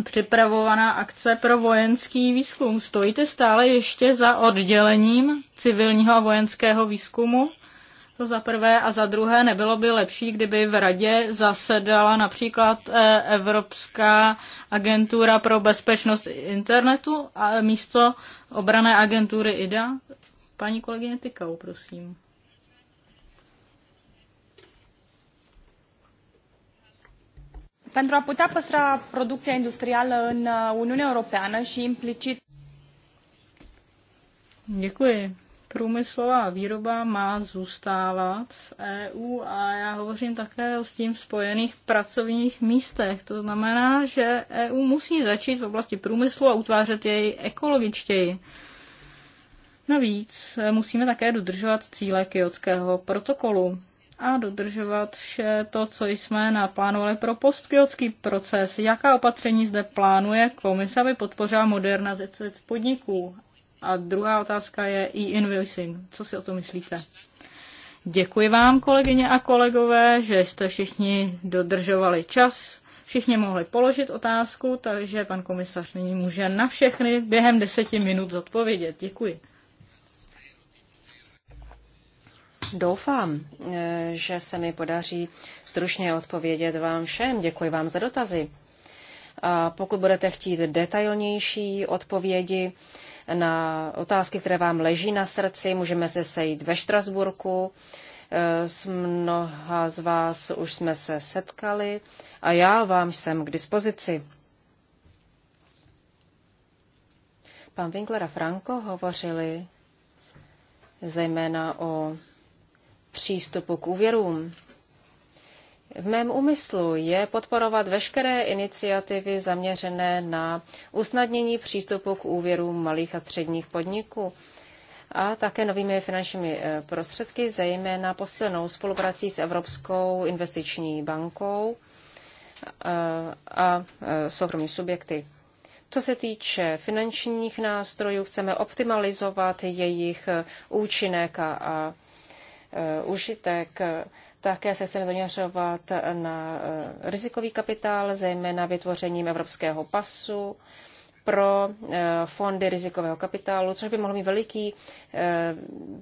připravovaná akce pro vojenský výzkum. Stojíte stále ještě za oddělením civilního a vojenského výzkumu? To za prvé. A za druhé, nebylo by lepší, kdyby v radě zasedala například eh, Evropská agentura pro bezpečnost internetu a místo obrané agentury IDA? Paní kolegyně Tykau, prosím. Pentru a putea păstra producția industrială în uh, Uniunea Europeană și implicit. Děkuji. Průmyslová výroba má zůstávat v EU a já hovořím také o s tím spojených pracovních místech. To znamená, že EU musí začít v oblasti průmyslu a utvářet jej ekologičtěji. Navíc eh, musíme také dodržovat cíle Kyotského protokolu a dodržovat vše to, co jsme naplánovali pro postkyotský proces. Jaká opatření zde plánuje komise, aby podpořila modernizaci podniků? A druhá otázka je e-invoicing. Co si o to myslíte? Děkuji vám, kolegyně a kolegové, že jste všichni dodržovali čas. Všichni mohli položit otázku, takže pan komisař nyní může na všechny během deseti minut zodpovědět. Děkuji. Doufám, eh, že se mi podaří stručně odpovědět vám všem. Děkuji vám za dotazy. A pokud budete chtít detailnější odpovědi na otázky, které vám leží na srdci, můžeme se sejít ve Štrasburku. Eh, s mnoha z vás už jsme se setkali a já vám jsem k dispozici. Pan Winkler a Franco hovořili zejména o přístupu k úvěrům. V mém úmyslu je podporovat veškeré iniciativy zaměřené na usnadnění přístupu k úvěrům malých a středních podniků a také novými finančními eh, prostředky, zejména posilnou spoluprací s Evropskou investiční bankou eh, a eh, soukromými subjekty. Co se týče finančních nástrojů, chceme optimalizovat jejich účinek a, a Eh, užitek. Také se chceme zaměřovat na eh, rizikový kapitál, zejména vytvořením evropského pasu pro eh, fondy rizikového kapitálu, což by mohlo mít veliký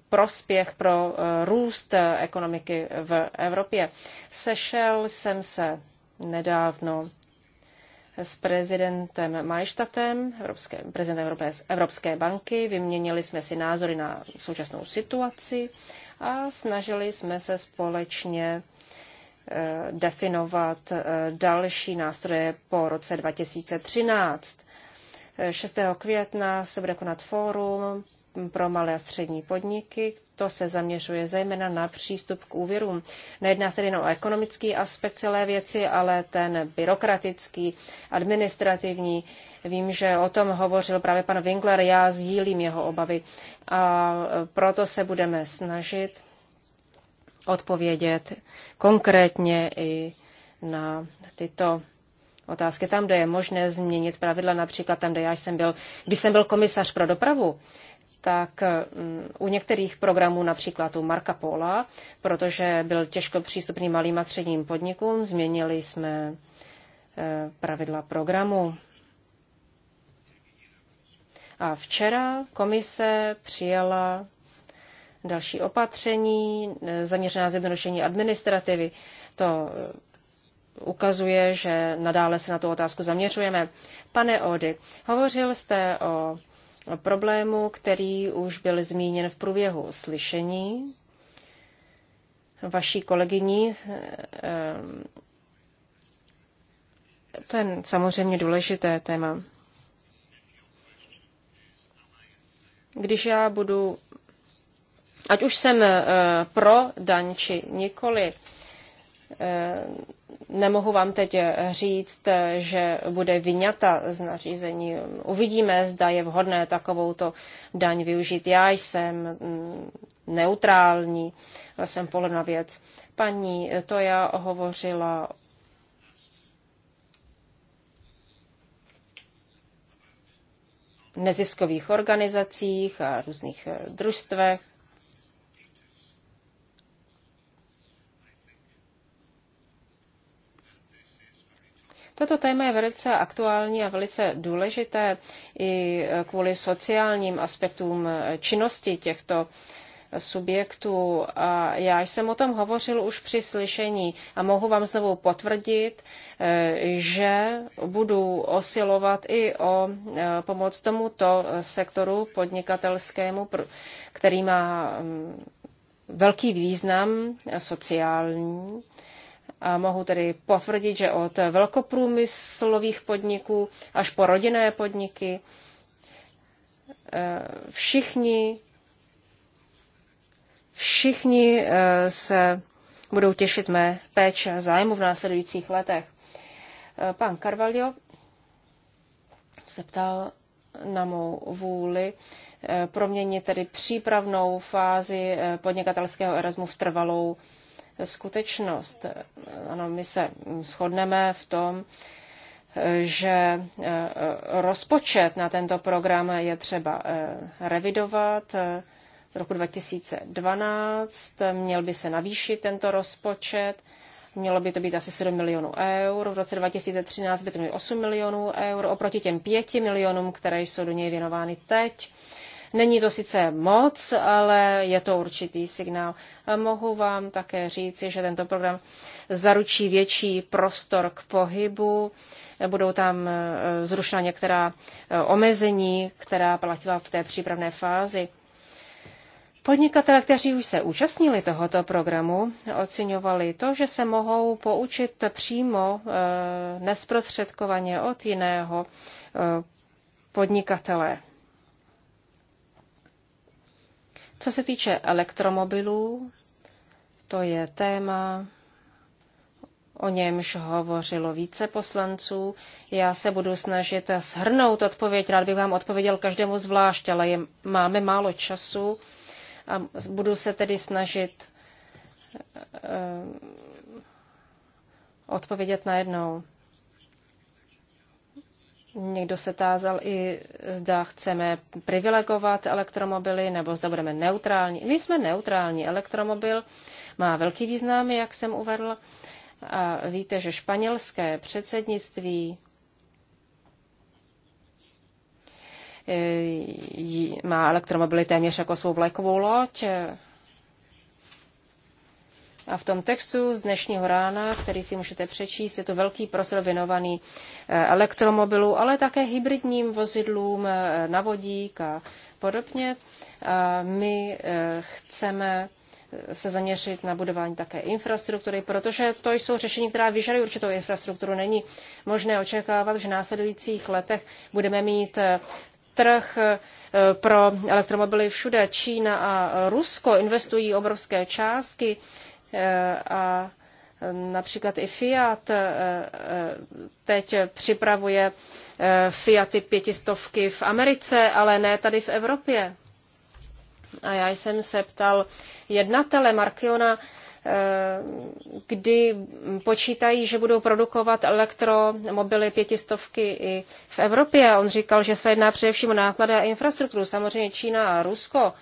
prospěch pro růst ekonomiky v Evropě. Sešel jsem se nedávno s prezidentem Majštatem, prezidentem Evropské banky. Vyměnili jsme si názory na současnou situaci a snažili jsme se společně eh, definovat eh, další nástroje po roce 2013. 6. Eh, května se bude konat fórum pro malé a střední podniky, to se zaměřuje zejména na přístup k úvěrům. Nejedná se jen o ekonomický aspekt celé věci, ale ten byrokratický, administrativní. Vím, že o tom hovořil právě pan Winkler, já sdílím jeho obavy. A proto se budeme snažit odpovědět konkrétně i na tyto otázky. Tam, kde je možné změnit pravidla, například tam, kde já jsem byl, když jsem byl komisař pro dopravu, tak eh, u některých programů, například u Marka Pola, protože byl těžko přístupný malým a středním podnikům, změnili jsme eh, pravidla programu. A včera komise přijala další opatření eh, zaměřená na zjednodušení administrativy. To ukazuje, že nadále se na tu otázku zaměřujeme. Pane Ody, hovořil jste o problému, který už byl zmíněn v průběhu slyšení vaší kolegyní. Eh, to je samozřejmě důležité téma. Když já budu, ať už jsem eh, pro daň či nikoli, Eh, nemohu vám teď říct, že bude vyňata z nařízení. Uvidíme, zda je vhodné takovouto daň využít. Já jsem mm, neutrální, jsem pole na věc. Paní já hovořila neziskových organizacích a různých eh, družstvech. Toto téma je velice aktuální a velice důležité i kvůli sociálním aspektům činnosti těchto subjektů. A já jsem o tom hovořil už při slyšení a mohu vám znovu potvrdit, eh, že budu osilovat i o eh, pomoc tomuto sektoru podnikatelskému, který má mm, velký význam sociální a mohu tedy potvrdit, že od velkoprůmyslových podniků až po rodinné podniky eh, všichni, všichni eh, se budou těšit mé péče a zájmu v následujících letech. Eh, pan Carvalho se ptal na mou vůli proměnit tedy přípravnou fázi podnikatelského Erasmu v trvalou skutečnost. Ano, my se shodneme v tom, že eh, rozpočet na tento program je třeba eh, revidovat. V roku 2012 měl by se navýšit tento rozpočet. Mělo by to být asi 7 milionů eur, v roce 2013 by to mělo 8 milionů eur, oproti těm 5 milionům, které jsou do něj věnovány teď. Není to sice moc, ale je to určitý signál. A mohu vám také říci, že tento program zaručí větší prostor k pohybu. Budou tam e, zrušena některá e, omezení, která platila v té přípravné fázi. Podnikatele, kteří už se účastnili tohoto programu, oceňovali to, že se mohou poučit přímo e, nesprostředkovaně od jiného podnikatele. Co se týče elektromobilů, to je téma, o němž hovořilo více poslanců. Já se budu snažit shrnout odpověď. Rád bych vám odpověděl každému zvlášť, ale je, máme málo času a budu se tedy snažit eh, odpovědět najednou. Někdo se tázal i, zda chceme privilegovat elektromobily nebo zda budeme neutrální. My jsme neutrální. Elektromobil má velký význam, jak jsem uvedl. A víte, že španělské předsednictví e, má elektromobily téměř jako svou vlajkovou loď. A v tom textu z dnešního rána, který si můžete přečíst, je to velký prostor věnovaný eh, elektromobilu, ale také hybridním vozidlům eh, na vodík a podobně. A my eh, chceme se zaměřit na budování také infrastruktury, protože to jsou řešení, která vyžadují určitou infrastrukturu. Není možné očekávat, že v následujících letech budeme mít trh pro elektromobily všude. Čína a Rusko investují obrovské částky Eh, a eh, například i Fiat eh, teď připravuje Fiaty pětistovky v Americe, ale ne tady v Evropě. A já jsem se ptal jednatele Markiona, kdy počítají, že budou produkovat elektromobily pětistovky i v Evropě. On říkal, že se jedná především o náklady a infrastrukturu. Samozřejmě Čína a Rusko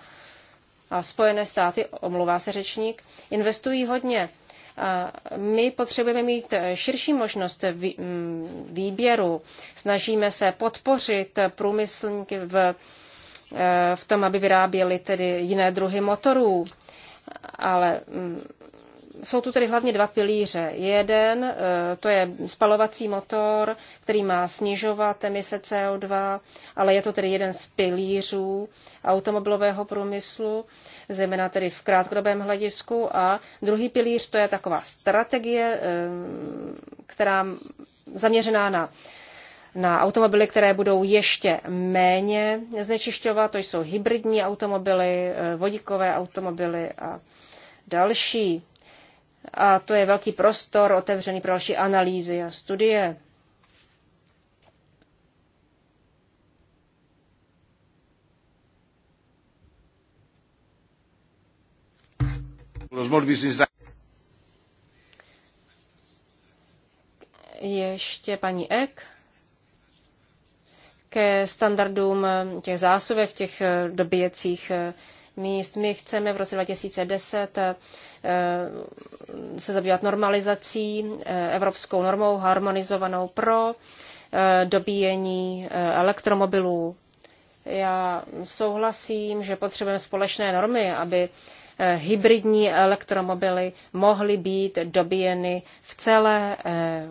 a Spojené státy, omlouvá se řečník, investují hodně. A my potřebujeme mít širší možnost mm, výběru. Snažíme se podpořit průmyslníky v, e, v tom, aby vyráběli tedy jiné druhy motorů, ale mm, jsou tu tedy hlavně dva pilíře. Jeden, eh, to je spalovací motor, který má snižovat emise CO2, ale je to tedy jeden z pilířů automobilového průmyslu, zejména tedy v krátkodobém hledisku. A druhý pilíř, to je taková strategie, eh, která zaměřená na na automobily, které budou ještě méně znečišťovat, to jsou hybridní automobily, eh, vodíkové automobily a další a to je velký prostor otevřený pro další analýzy a studie. Ještě paní Ek ke standardům těch zásuvek, těch dobíjecích eh, my, My chceme v roce 2010 eh, se zabývat normalizací, eh, evropskou normou harmonizovanou pro eh, dobíjení elektromobilů. Já souhlasím, že potřebujeme společné normy, aby hybridní elektromobily mohly být dobíjeny v celé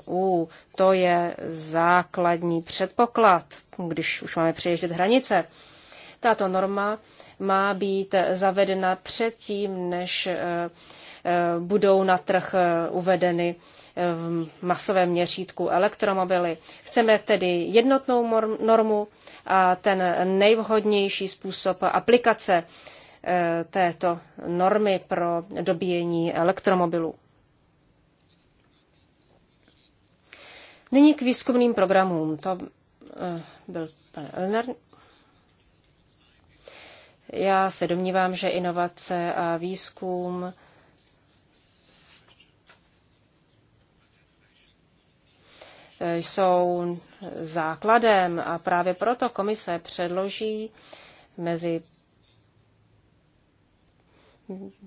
EU. To je základní předpoklad, když už máme přeježdět hranice. Tato norma má být zavedena předtím, než eh, eh, budou na trh eh, uvedeny v masovém měřítku elektromobily. Chceme tedy jednotnou normu a ten nejvhodnější způsob aplikace této normy pro dobíjení elektromobilů. Nyní k výzkumným programům. To byl pan Elner. Já se domnívám, že inovace a výzkum jsou základem a právě proto komise předloží mezi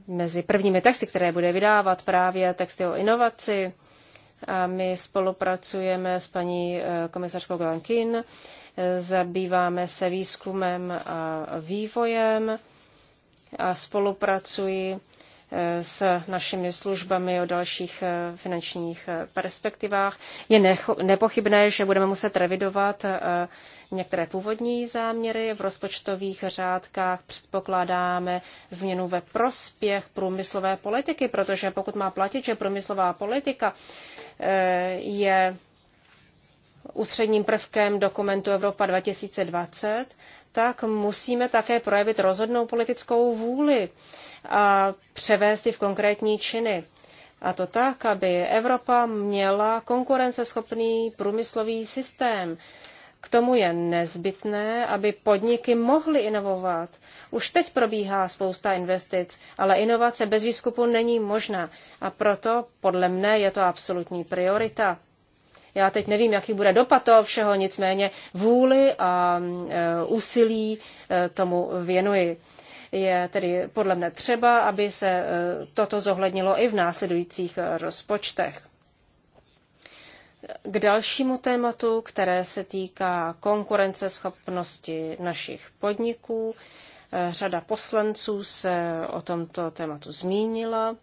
mezi prvními texty, které bude vydávat právě texty o inovaci. A my spolupracujeme s paní eh, komisařkou Glankin zabýváme se výzkumem a vývojem a spolupracuji eh, s našimi službami o dalších eh, finančních eh, perspektivách. Je nepochybné, že budeme muset revidovat některé původní záměry. V rozpočtových řádkách předpokládáme změnu ve prospěch průmyslové politiky, protože pokud má platit, že průmyslová politika je ústředním prvkem dokumentu Evropa 2020, tak musíme také projevit rozhodnou politickou vůli a převést ji v konkrétní činy. A to tak, aby Evropa měla konkurenceschopný průmyslový systém. K tomu je nezbytné, aby podniky mohly inovovat. Už teď probíhá spousta investic, ale inovace bez výzkumu není možná a proto podle mne je to absolutní priorita. Já teď nevím, jaký bude dopad toho všeho, nicméně vůli a mm, e, úsilí e, tomu věnuji. Je tedy podle mne třeba, aby se e, toto zohlednilo i v následujících rozpočtech. K dalšímu tématu, které se týká konkurenceschopnosti našich podniků, řada poslanců se o tomto tématu zmínila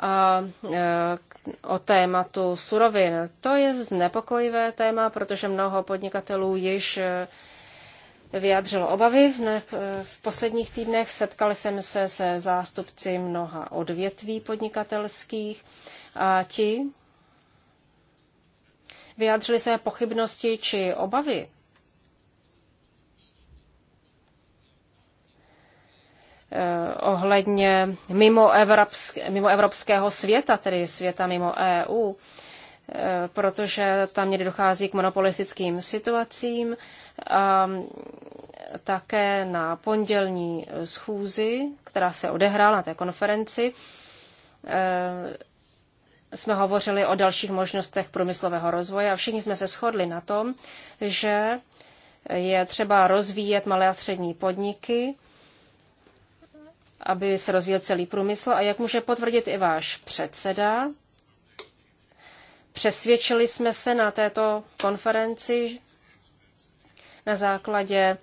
a e, o tématu surovin. To je znepokojivé téma, protože mnoho podnikatelů již e, vyjádřilo obavy. V e, posledních týdnech setkal jsem se se zástupci mnoha odvětví podnikatelských a ti vyjádřili své pochybnosti či obavy Eh, ohledně mimo, evropské, mimo evropského světa, tedy světa mimo EU, eh, protože tam někdy dochází k monopolistickým situacím. A také na pondělní schůzi, která se odehrála na té konferenci, eh, jsme hovořili o dalších možnostech průmyslového rozvoje a všichni jsme se shodli na tom, že je třeba rozvíjet malé a střední podniky, aby se rozvíjel celý průmysl. A jak může potvrdit i váš předseda, přesvědčili jsme se na této konferenci na základě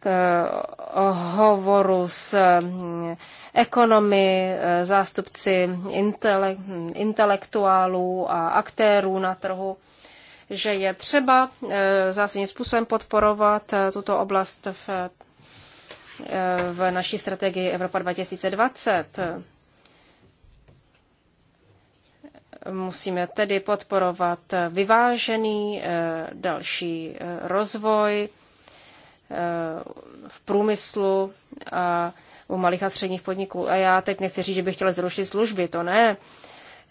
k eh, hovoru s mm, ekonomy, eh, zástupci intele, intelektuálů a aktérů na trhu, že je třeba eh, zásadním způsobem podporovat tuto oblast v v naší strategii Evropa 2020. Musíme tedy podporovat vyvážený eh, další eh, rozvoj eh, v průmyslu a u malých a středních podniků. A já teď nechci říct, že bych chtěla zrušit služby, to ne.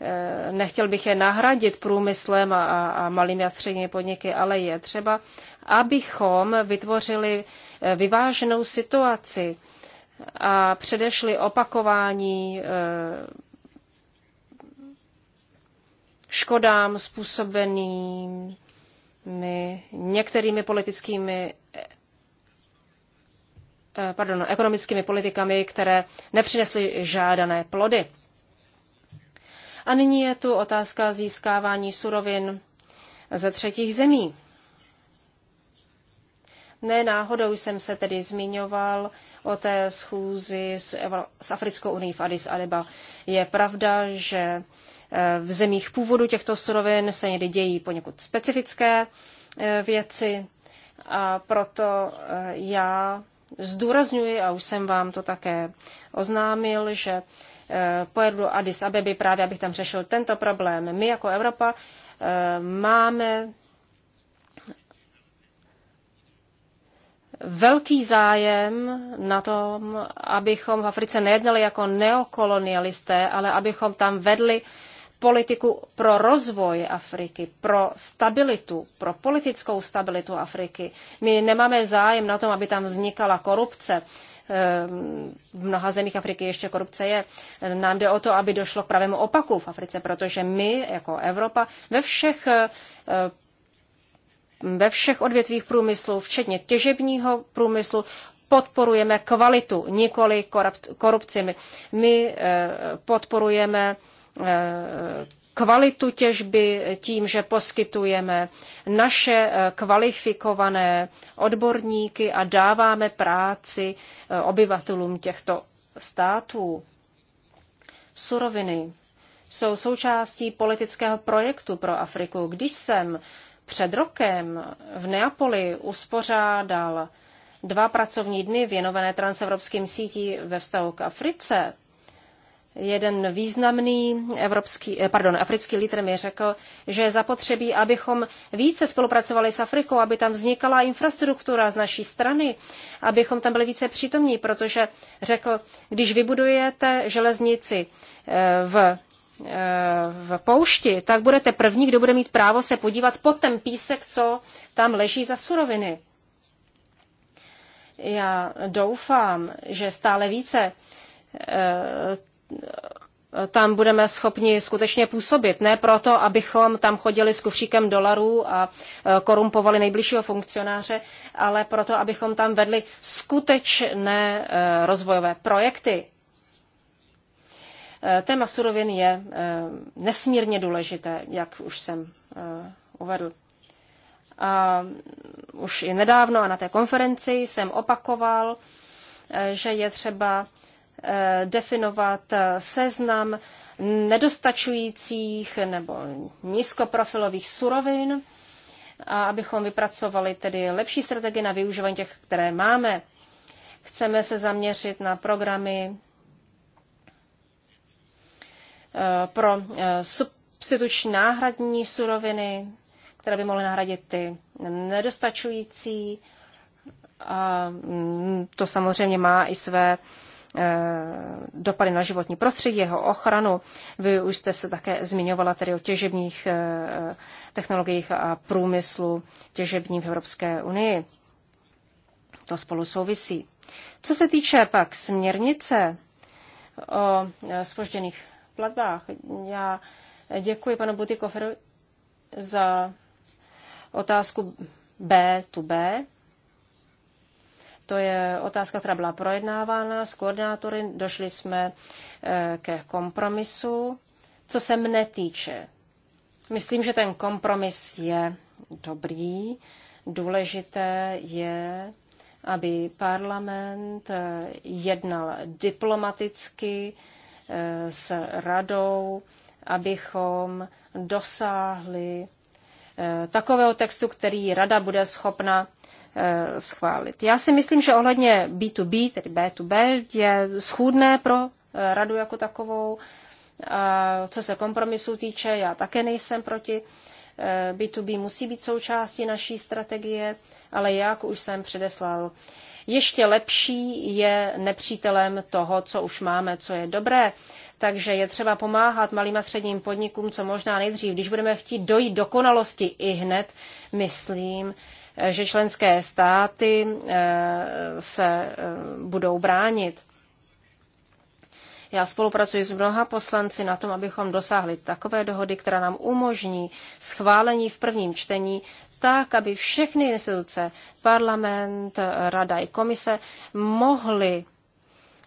Eh, nechtěl bych je nahradit průmyslem a, a, a malými a středními podniky, ale je třeba, abychom vytvořili eh, vyváženou situaci a předešli opakování eh, škodám způsobenými některými politickými pardon, ekonomickými politikami, které nepřinesly žádané plody. A nyní je tu otázka získávání surovin ze třetích zemí. Ne náhodou jsem se tedy zmiňoval o té schůzi s, Africkou unii v Addis Abeba. Je pravda, že e, v zemích původu těchto surovin se někdy dějí poněkud specifické e, věci a proto e, já zdůrazňuji, a už jsem vám to také oznámil, že Eh, pojedu do Addis Abeby právě, abych tam řešil tento problém. My jako Evropa eh, máme velký zájem na tom, abychom v Africe nejednali jako neokolonialisté, ale abychom tam vedli politiku pro rozvoj Afriky, pro stabilitu, pro politickou stabilitu Afriky. My nemáme zájem na tom, aby tam vznikala korupce, Eh, v mnoha zemích Afriky ještě korupce je. Nám jde o to, aby došlo k pravému opaku v Africe, protože my jako Evropa ve všech eh, ve všech odvětvích průmyslu, včetně těžebního průmyslu, podporujeme kvalitu, nikoli korupci. My eh, podporujeme kvalitu těžby tím, že poskytujeme naše eh, kvalifikované odborníky a dáváme práci eh, obyvatelům těchto států. Suroviny jsou součástí politického projektu pro Afriku. Když jsem před rokem v Neapoli uspořádal dva pracovní dny věnované transevropským sítí ve vztahu k Africe, jeden významný evropský, eh, pardon, africký lídr mi řekl, že je zapotřebí, abychom více spolupracovali s Afrikou, aby tam vznikala infrastruktura z naší strany, abychom tam byli více přítomní, protože řekl, když vybudujete železnici eh, v eh, v poušti, tak budete první, kdo bude mít právo se podívat pod ten písek, co tam leží za suroviny. Já doufám, že stále více tam budeme schopni skutečně působit. Ne proto, abychom tam chodili s kufříkem dolarů a e, korumpovali nejbližšího funkcionáře, ale proto, abychom tam vedli skutečné e, rozvojové projekty. E, téma surovin je nesmírně důležité, jak už jsem uvedl. A už i nedávno a na té konferenci jsem opakoval, že je třeba Eh, definovat eh, seznam nedostačujících nebo nízkoprofilových surovin a abychom vypracovali tedy lepší strategie na využívání těch, které máme. Chceme se zaměřit na programy eh, pro substituční náhradní suroviny, které by mohly nahradit ty nedostačující. A mm, to samozřejmě má i své Eh, dopady na životní prostředí, jeho ochranu. Vy už jste se také zmiňovala tedy o těžebních eh, technologiích a průmyslu těžební v Evropské unii. To spolu souvisí. Co se týče pak směrnice o spožděných eh, platbách, já děkuji panu Butikoferu za otázku B tu B. To je otázka, která byla projednávána s koordinátory. Došli jsme eh, ke kompromisu. Co se mne týče, myslím, že ten kompromis je dobrý. Důležité je, aby parlament eh, jednal diplomaticky eh, s radou, abychom dosáhli takového textu, který rada bude schopna Eh, schválit. Já si myslím, že ohledně B2B, tedy B2B, je schůdné pro eh, radu jako takovou. Co se kompromisu týče, já také nejsem proti. B2B eh, musí být součástí naší strategie, ale jak už jsem předeslal, ještě lepší je nepřítelem toho, co už máme, co je dobré. Takže je třeba pomáhat malým a středním podnikům, co možná nejdřív. Když budeme chtít dojít dokonalosti i hned, myslím, že členské státy eh, se eh, budou bránit. Já spolupracuji s mnoha poslanci na tom, abychom dosáhli takové dohody, která nám umožní schválení v prvním čtení tak, aby všechny instituce, parlament, rada i komise, mohly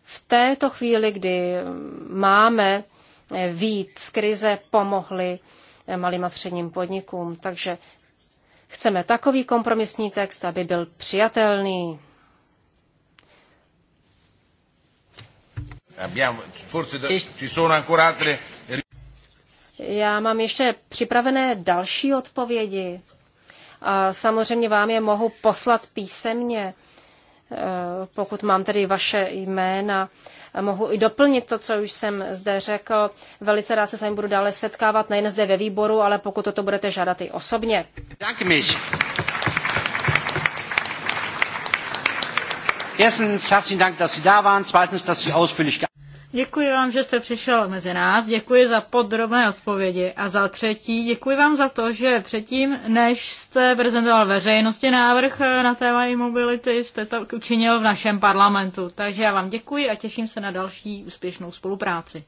v této chvíli, kdy máme víc z krize, pomohly malým a středním podnikům. Takže Chceme takový kompromisní text, aby byl přijatelný. Já mám ještě připravené další odpovědi. A samozřejmě vám je mohu poslat písemně, eh, pokud mám tedy vaše jména mohu i doplnit to, co už jsem zde řekl. Velice rád se s vámi budu dále setkávat, nejen zde ve výboru, ale pokud toto budete žádat i osobně. Děkuji Erstens herzlichen Dank, dass Sie da waren. Zweitens, dass Sie ausführlich Děkuji vám, že jste přišel mezi nás, děkuji za podrobné odpovědi a za třetí, děkuji vám za to, že předtím, než jste prezentoval veřejnosti návrh eh, na téma e-mobility, jste to učinil v našem parlamentu. Takže já vám děkuji a těším se na další úspěšnou spolupráci.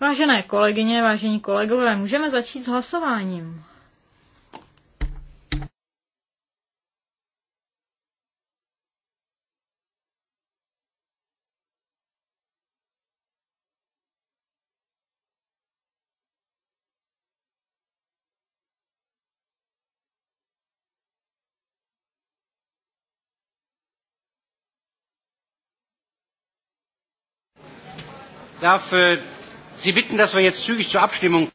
Vážené kolegyně, vážení kolegové, můžeme začít s hlasováním. darf äh, Sie bitten, dass wir jetzt zügig zur Abstimmung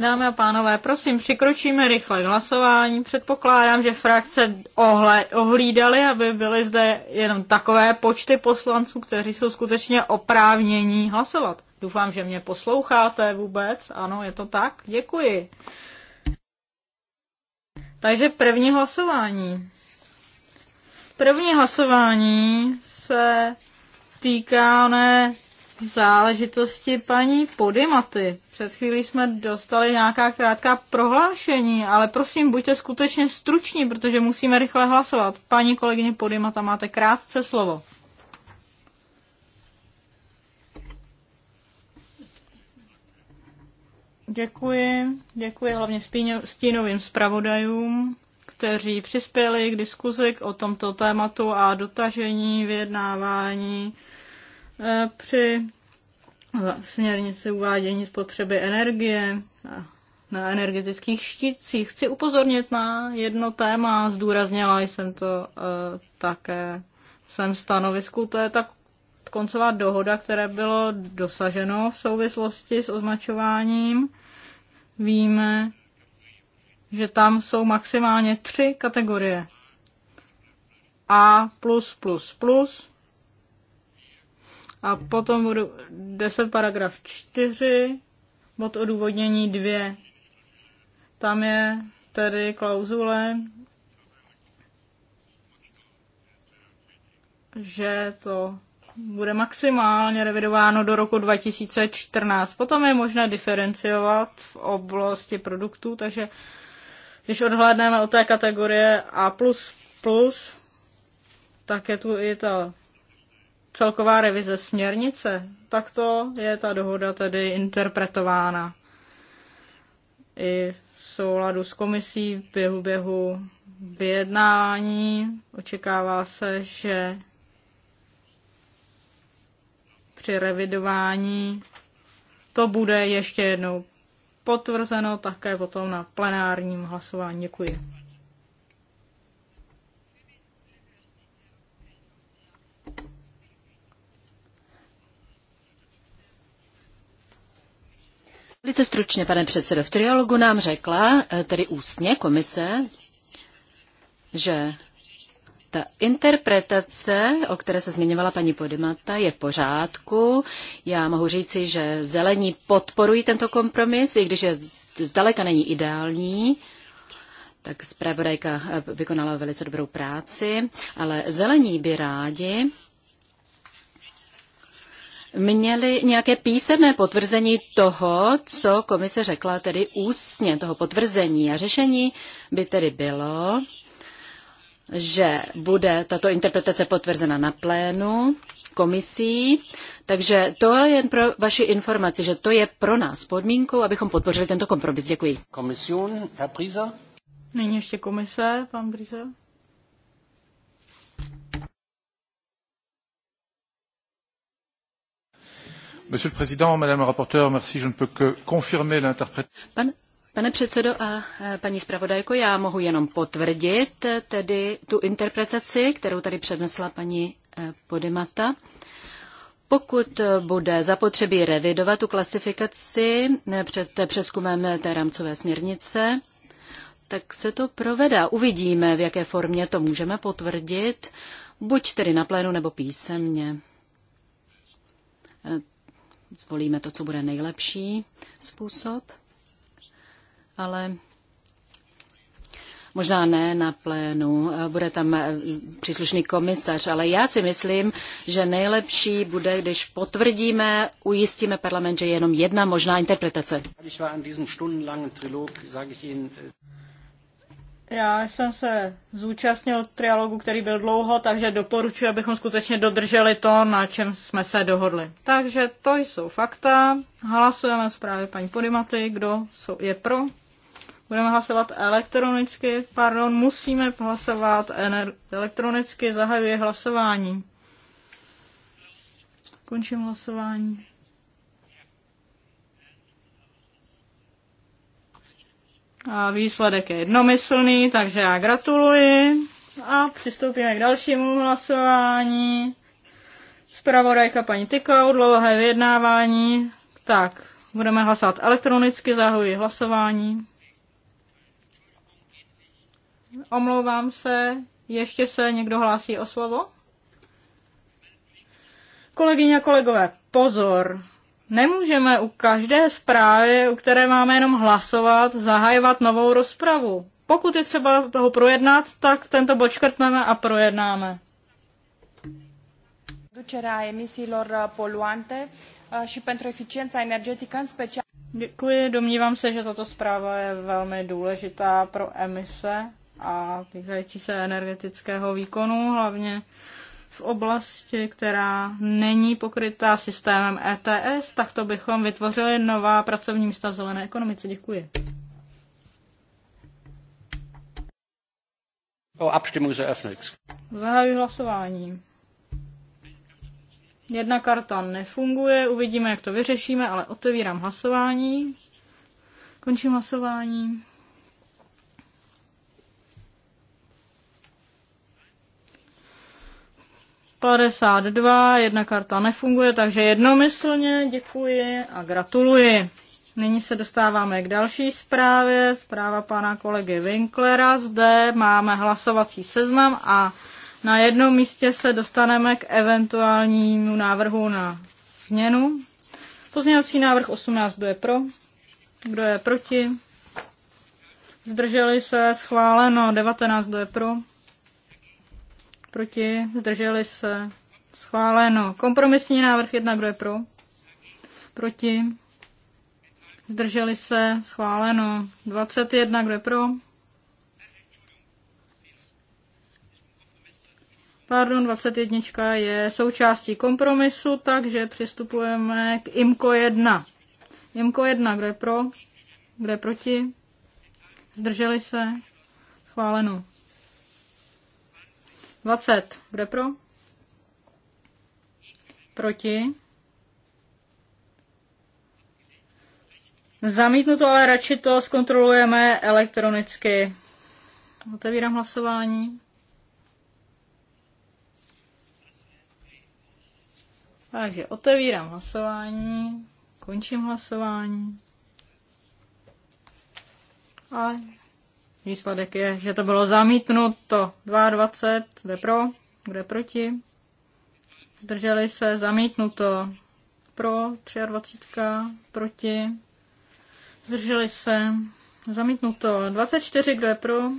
Dámy a pánové, prosím, přikročíme rychle k hlasování. Předpokládám, že frakce ohle, ohlídali, aby byly zde jenom takové počty poslanců, kteří jsou skutečně oprávnění hlasovat. Doufám, že mě posloucháte vůbec. Ano, je to tak? Děkuji. Takže první hlasování. První hlasování se týká ne záležitosti paní Podimaty. Před chvílí jsme dostali nějaká krátká prohlášení, ale prosím, buďte skutečně struční, protože musíme rychle hlasovat. Paní kolegyně Podimata, máte krátce slovo. Děkuji. Děkuji hlavně stínovým zpravodajům, kteří přispěli k diskuzi o tomto tématu a dotažení vyjednávání E, při e, směrnici uvádění spotřeby energie na energetických štítcích. Chci upozornit na jedno téma, zdůraznila jsem to uh, také v svém stanovisku, to je ta koncová dohoda, které bylo dosaženo v souvislosti s označováním. Víme, že tam jsou maximálně tři kategorie. A plus plus plus a potom budu 10 paragraf 4, bod odůvodnění 2. Tam je tedy klauzule, že to bude maximálně revidováno do roku 2014. Potom je možné diferenciovat v oblasti produktů, takže když odhlédneme od té kategorie A++, tak je tu i ta celková revize směrnice. Takto je ta dohoda tedy interpretována. I v souladu s komisí v běhu běhu vyjednání očekává se, že při revidování to bude ještě jednou potvrzeno také potom na plenárním hlasování. Děkuji. Velice stručně, pane předsedo, v triologu nám řekla, eh, tedy ústně komise, že ta interpretace, o které se zmiňovala paní Podimata, je v pořádku. Já mohu říci, že zelení podporují tento kompromis, i když je zdaleka není ideální. Tak zpravodajka eh, vykonala velice dobrou práci, ale zelení by rádi, měli nějaké písemné potvrzení toho, co komise řekla, tedy ústně toho potvrzení. A řešení by tedy bylo, že bude tato interpretace potvrzena na plénu komisí. Takže to je jen pro vaši informaci, že to je pro nás podmínkou, abychom podpořili tento kompromis. Děkuji. Komisión, Nyní ještě komise, pan Brisa. Monsieur le Président, Madame la rapporteure, merci. Je ne peux que confirmer l'interprétation. Pane předsedo a paní zpravodajko, já mohu jenom potvrdit tedy tu interpretaci, kterou tady přednesla paní e, Podemata. Pokud bude zapotřebí revidovat tu klasifikaci e, před přeskumem té rámcové směrnice, tak se to provede. Uvidíme, v jaké formě to můžeme potvrdit, buď tedy na plénu nebo písemně. E, zvolíme to, co bude nejlepší způsob, ale Možná ne na plénu, bude tam eh, příslušný komisař, ale já si myslím, že nejlepší bude, když potvrdíme, ujistíme parlament, že je jenom jedna možná interpretace. Já jsem se zúčastnil trialogu, který byl dlouho, takže doporučuji, abychom skutečně dodrželi to, na čem jsme se dohodli. Takže to jsou fakta. Hlasujeme zprávě paní Podimaty, kdo je pro. Budeme hlasovat elektronicky, pardon, musíme hlasovat elektronicky, zahajuje hlasování. Končím hlasování. A výsledek je jednomyslný, takže já gratuluji. A přistoupíme k dalšímu hlasování. Zpravodajka paní Tykou, dlouhé vyjednávání. Tak, budeme hlasovat elektronicky, zahuji hlasování. Omlouvám se, ještě se někdo hlásí o slovo? Kolegyně a kolegové, pozor, Nemůžeme u každé zprávy, u které máme jenom hlasovat, zahajovat novou rozpravu. Pokud je třeba toho projednat, tak tento bod škrtneme a projednáme. Reducerea emisiilor poluante și pentru eficiența energetică în special. Děkuji, domnívám se, že tato zpráva je velmi důležitá pro emise a týkající se energetického výkonu hlavně v oblasti, která není pokrytá systémem ETS, tak to bychom vytvořili nová pracovní místa v zelené ekonomice. Děkuji. O Abstimmung eröffnet. Zahajuji hlasování. Jedna karta nefunguje, uvidíme, jak to vyřešíme, ale otevírám hlasování. Končím hlasování. 52, jedna karta nefunguje, takže jednomyslně děkuji a gratuluji. Nyní se dostáváme k další zprávě. Zpráva pana kolegy Winklera. Zde máme hlasovací seznam a na jednom místě se dostaneme k eventuálnímu návrhu na změnu. Pozměňovací návrh 18, kdo je pro? Kdo je proti? Zdrželi se, schváleno 19, kdo je pro? Proti? Zdrželi se? Schváleno. Kompromisní návrh jedna, Kdo je pro? Proti? Zdrželi se? Schváleno. 21. Kdo je pro? Pardon, 21 je součástí kompromisu, takže přistupujeme k IMKO 1. IMKO 1, kdo je pro? Kdo je proti? Zdrželi se? Schváleno. 20. Bude pro? Proti? Zamítnuto, ale radši to zkontrolujeme elektronicky. Otevírám hlasování. Takže otevírám hlasování, končím hlasování. A Výsledek je, že to bylo zamítnuto. 22, kde pro, kde proti. Zdrželi se, zamítnuto. Pro, 23, proti. Zdrželi se, zamítnuto. 24, kde pro,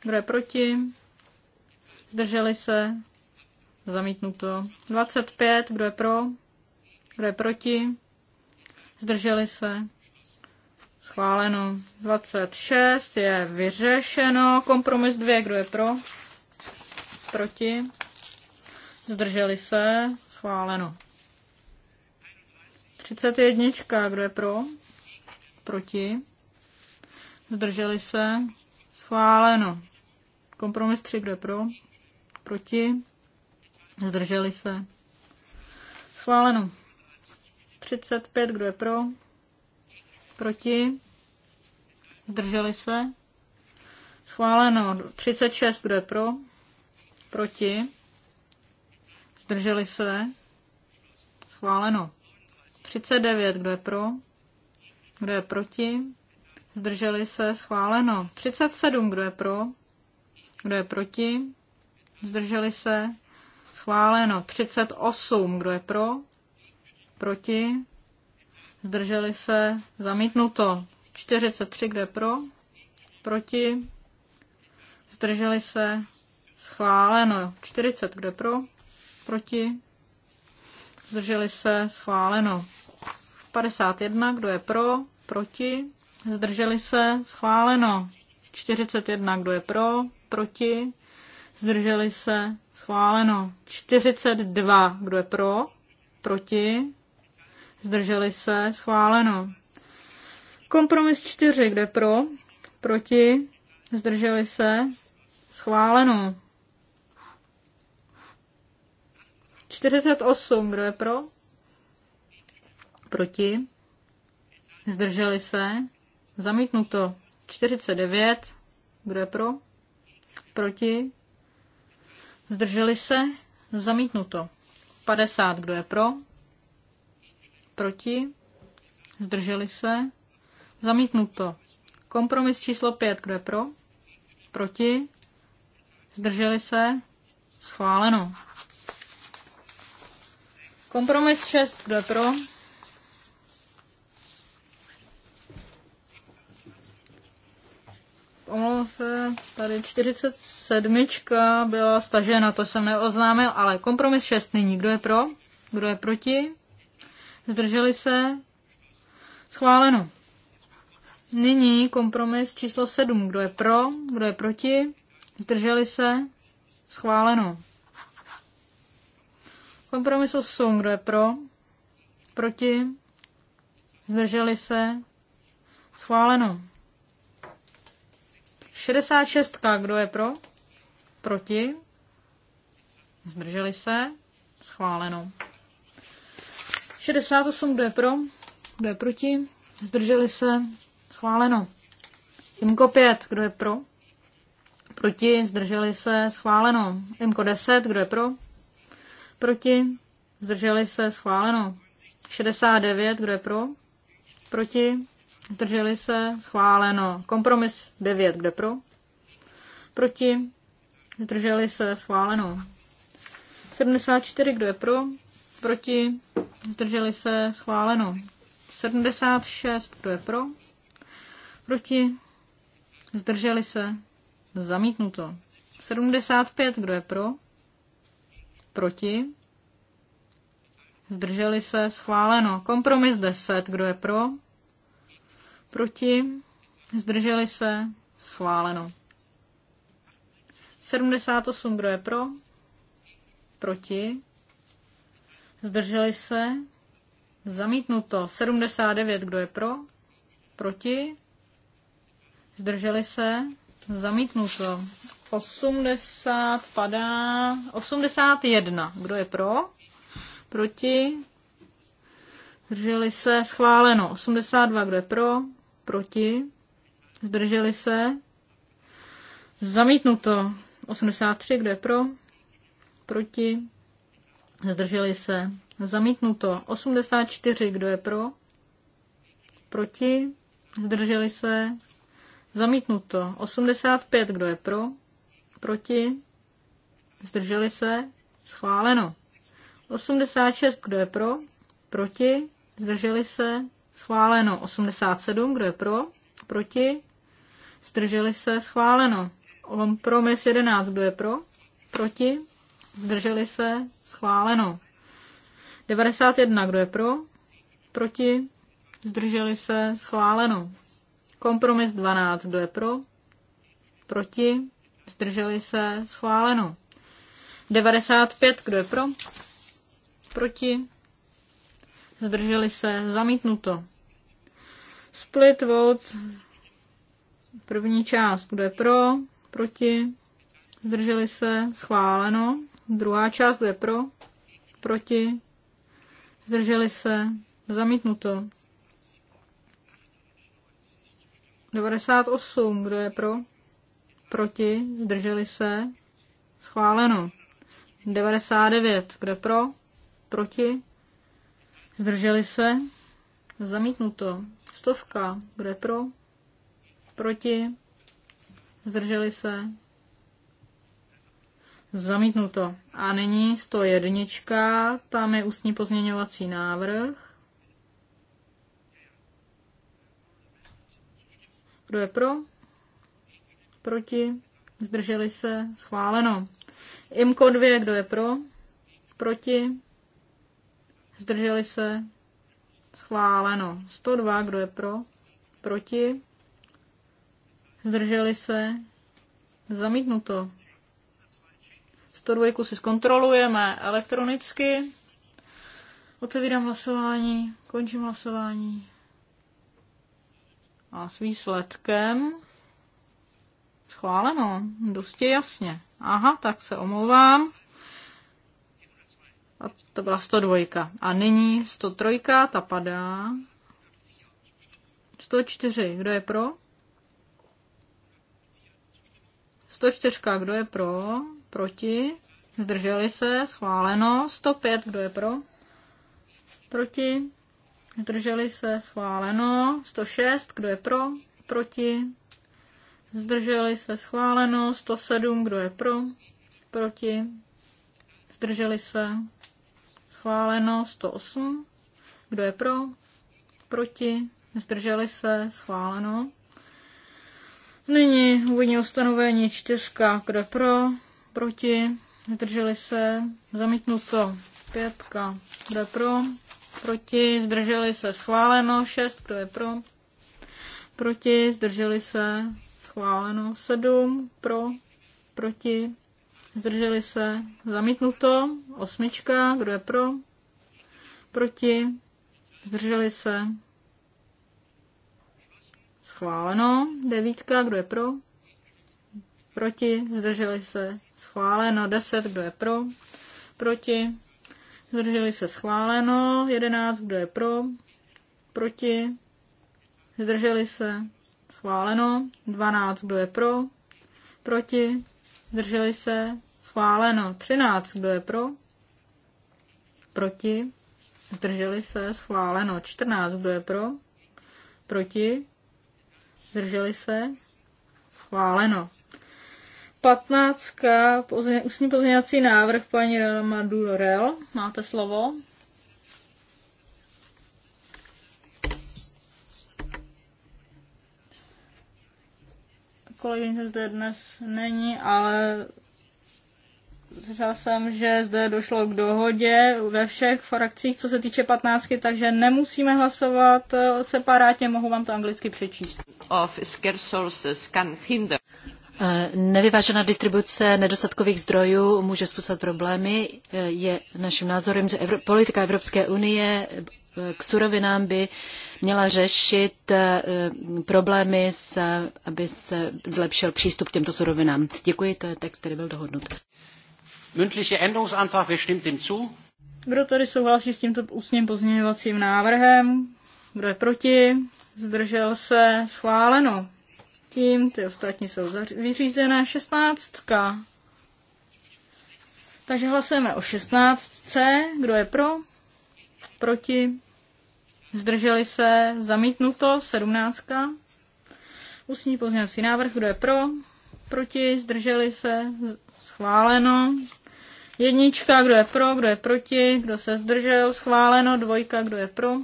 kde proti. Zdrželi se, zamítnuto. 25, kdo je pro, kdo je proti. Zdrželi se, Schváleno. 26 je vyřešeno. Kompromis 2, kdo je pro? Proti? Zdrželi se? Schváleno. 31, kdo je pro? Proti? Zdrželi se? Schváleno. Kompromis 3, kdo je pro? Proti? Zdrželi se? Schváleno. 35, kdo je pro? Proti? Zdrželi se? Schváleno 36, kdo je pro? Proti? Zdrželi se? Schváleno. 39, kdo je pro? Kdo je proti? Zdrželi se? Schváleno. 37, kdo je pro? Kdo je proti? Zdrželi se? Schváleno. 38, kdo je pro? Proti? zdrželi se, zamítnuto 43, kde pro, proti, zdrželi se, schváleno 40, kde pro, proti, zdrželi se, schváleno 51, kdo je pro, proti, zdrželi se, schváleno 41, kdo je pro, proti, zdrželi se, schváleno 42, kdo je pro, proti, zdrželi se, schváleno. Kompromis 4, kde pro, proti, zdrželi se, schváleno. 48, kdo je pro? Proti. Zdrželi se. Zamítnuto. 49, kdo je pro? Proti. Zdrželi se. Zamítnuto. 50, kdo je pro? Proti? Zdrželi se? Zamítnuto. Kompromis číslo 5. Kdo je pro? Proti? Zdrželi se? Schváleno. Kompromis 6. Kdo je pro? Omlouvám se, tady 47 byla stažena, to jsem neoznámil, ale kompromis 6 nyní. Kdo je pro? Kdo je proti? zdrželi se, schváleno. Nyní kompromis číslo 7. Kdo je pro, kdo je proti, zdrželi se, schváleno. Kompromis 8. Kdo je pro, proti, zdrželi se, schváleno. 66. Kdo je pro, proti, zdrželi se, schváleno. 68, kdo je pro, kdo je proti, zdrželi se, schváleno. Imko 5, kdo je pro, proti, zdrželi se, schváleno. Imko 10, kdo je pro, proti, zdrželi se, schváleno. 69, kdo je pro, proti, zdrželi se, schváleno. Kompromis 9, kdo je pro, proti, zdrželi se, schváleno. 74, kdo je pro, proti, zdrželi se, schváleno. 76, kdo je pro, proti, zdrželi se, zamítnuto. 75, kdo je pro, proti, zdrželi se, schváleno. Kompromis 10, kdo je pro, proti, zdrželi se, schváleno. 78, kdo je pro, proti, Zdrželi se? Zamítnuto. 79. Kdo je pro? Proti? Zdrželi se? Zamítnuto. 80 padá. 81. Kdo je pro? Proti? Zdrželi se? Schváleno. 82. Kdo je pro? Proti? Zdrželi se? Zamítnuto. 83. Kdo je pro? Proti? Zdrželi se. Zamítnuto. 84. Kdo je pro? Proti? Zdrželi se. Zamítnuto. 85. Kdo je pro? Proti? Zdrželi se. Schváleno. 86. Kdo je pro? Proti? Zdrželi se. Schváleno. 87. Kdo je pro? Proti? Zdrželi se. Schváleno. Kompromis 11. Kdo je pro? Proti? Zdrželi se? Schváleno. 91. Kdo je pro? Proti? Zdrželi se? Schváleno. Kompromis 12. Kdo je pro? Proti? Zdrželi se? Schváleno. 95. Kdo je pro? Proti? Zdrželi se? Zamítnuto. Split vote. První část. Kdo je pro? Proti? Zdrželi se? Schváleno. Druhá část je pro, proti, zdrželi se, zamítnuto. 98, kdo je pro, proti, zdrželi se, schváleno. 99, kdo je pro, proti, zdrželi se, zamítnuto. Stovka, kdo je pro, proti, zdrželi se, Zamítnuto. A nyní 101. Tam je ústní pozměňovací návrh. Kdo je pro? Proti? Zdrželi se? Schváleno. IMKO 2. Kdo je pro? Proti? Zdrželi se? Schváleno. 102. Kdo je pro? Proti? Zdrželi se? Zamítnuto. 102 si zkontrolujeme elektronicky. Otevírám hlasování, končím hlasování. A s výsledkem schváleno, dosti jasně. Aha, tak se omlouvám. A to byla 102. A nyní 103, ta padá. 104, kdo je pro? 104, kdo je pro? Proti? Zdrželi se? Schváleno. 105. Kdo je pro? Proti? Zdrželi se? Schváleno. 106. Kdo je pro? Proti? Zdrželi se? Schváleno. 107. Kdo je pro? Proti? Zdrželi se? Schváleno. 108. Kdo je pro? Proti? Zdrželi se? Schváleno. Nyní úvodní ustanovení čtyřka, kdo je pro, proti, zdrželi se, zamítnuto. Pětka, kdo je pro, proti, zdrželi se, schváleno. Šest, kdo je pro, proti, zdrželi se, schváleno. Sedm, pro, proti, zdrželi se, zamítnuto. Osmička, kdo je pro, proti, zdrželi se, schváleno. Devítka, kdo je pro, proti, zdrželi se, schváleno, 10, kdo je pro, proti, zdrželi se, schváleno, 11, kdo je pro, proti, zdrželi se, schváleno, 12, kdo je pro, proti, zdrželi se, schváleno, 13, kdo je pro, proti, zdrželi se, schváleno, 14, kdo je pro, proti, zdrželi se, schváleno. 15. ústní pozměňovací návrh paní Madurel. Máte slovo. Kolegyně zde dnes není, ale Říkal jsem, že zde došlo k dohodě ve všech frakcích, co se týče patnáctky, takže nemusíme hlasovat separátně, mohu vám to anglicky přečíst. Of scarce sources can hinder. Eh, nevyvážená distribuce nedostatkových zdrojů může způsobit problémy. Eh, je naším názorem, že Evro- politika Evropské unie eh, k surovinám by měla řešit problémy, s, aby se zlepšil přístup k těmto surovinám. Děkuji, to je text, který byl dohodnut. Mündliche Änderungsantrag, wer stimmt dem zu? Kdo tady souhlasí s tímto ústním pozměňovacím návrhem? Kdo je proti? Zdržel se? Schváleno tím, ty ostatní jsou vyřízené. 16. Takže hlasujeme o 16. Kdo je pro? Proti? Zdrželi se? Zamítnuto? 17. Ústní pozměňovací návrh. Kdo je pro? Proti? Zdrželi se? Schváleno. Jednička, kdo je pro, kdo je proti, kdo se zdržel, schváleno, dvojka, kdo je pro,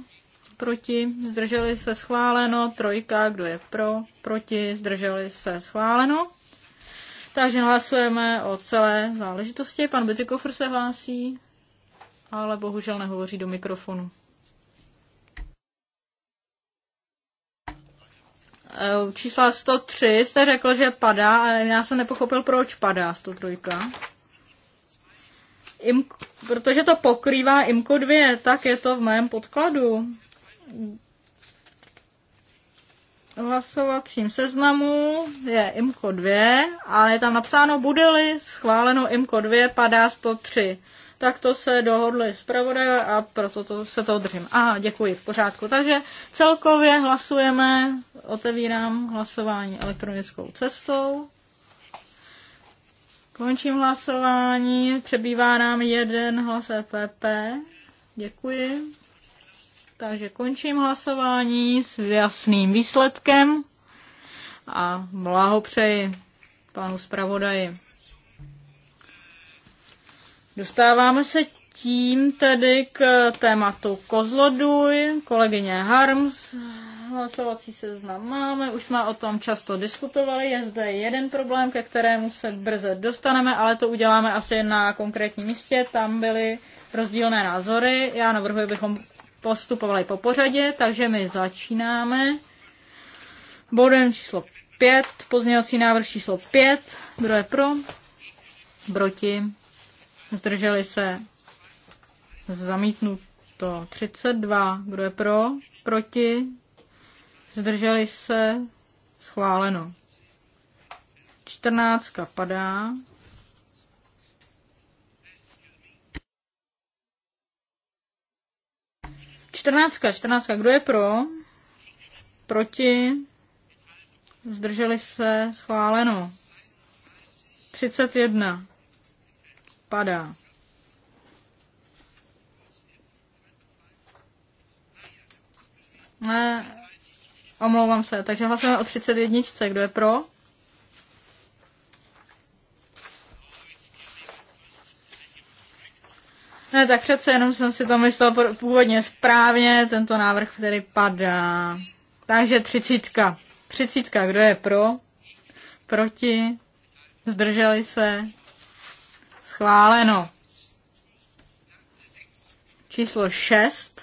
proti, zdrželi se schváleno, trojka, kdo je pro, proti, zdrželi se schváleno. Takže hlasujeme o celé záležitosti. Pan Bytykofr se hlásí, ale bohužel nehovoří do mikrofonu. Ehm, čísla 103 jste řekl, že padá, ale já jsem nepochopil, proč padá 103. Im, protože to pokrývá IMCO 2, tak je to v mém podkladu hlasovacím seznamu je IMCO 2, ale je tam napsáno, bude-li schváleno IMCO 2, padá 103. Tak to se dohodli zpravodajové a proto to, se to držím. A děkuji, v pořádku. Takže celkově hlasujeme, otevírám hlasování elektronickou cestou. Končím hlasování, přebývá nám jeden hlas EPP. Děkuji. Takže končím hlasování s jasným výsledkem a blahopřeji panu zpravodaji. Dostáváme se tím tedy k tématu Kozloduj, kolegyně Harms, hlasovací seznam máme, už jsme o tom často diskutovali, je zde jeden problém, ke kterému se brze dostaneme, ale to uděláme asi na konkrétním místě, tam byly rozdílné názory, já navrhuji, bychom postupovali po pořadě, takže my začínáme bodem číslo 5, pozměňovací návrh číslo 5, kdo je pro, proti, zdrželi se, zamítnuto 32, kdo je pro, proti, zdrželi se, schváleno. 14 padá, Čtrnáctka, čtrnáctka, kdo je pro? Proti? Zdrželi se? Schváleno. 31. Padá. Ne, omlouvám se. Takže hlasujeme o 31. Kdo je pro? Ne, tak přece jenom jsem si to myslel původně správně, tento návrh tedy padá. Takže třicítka. Třicítka, kdo je pro? Proti? Zdrželi se? Schváleno. Číslo šest.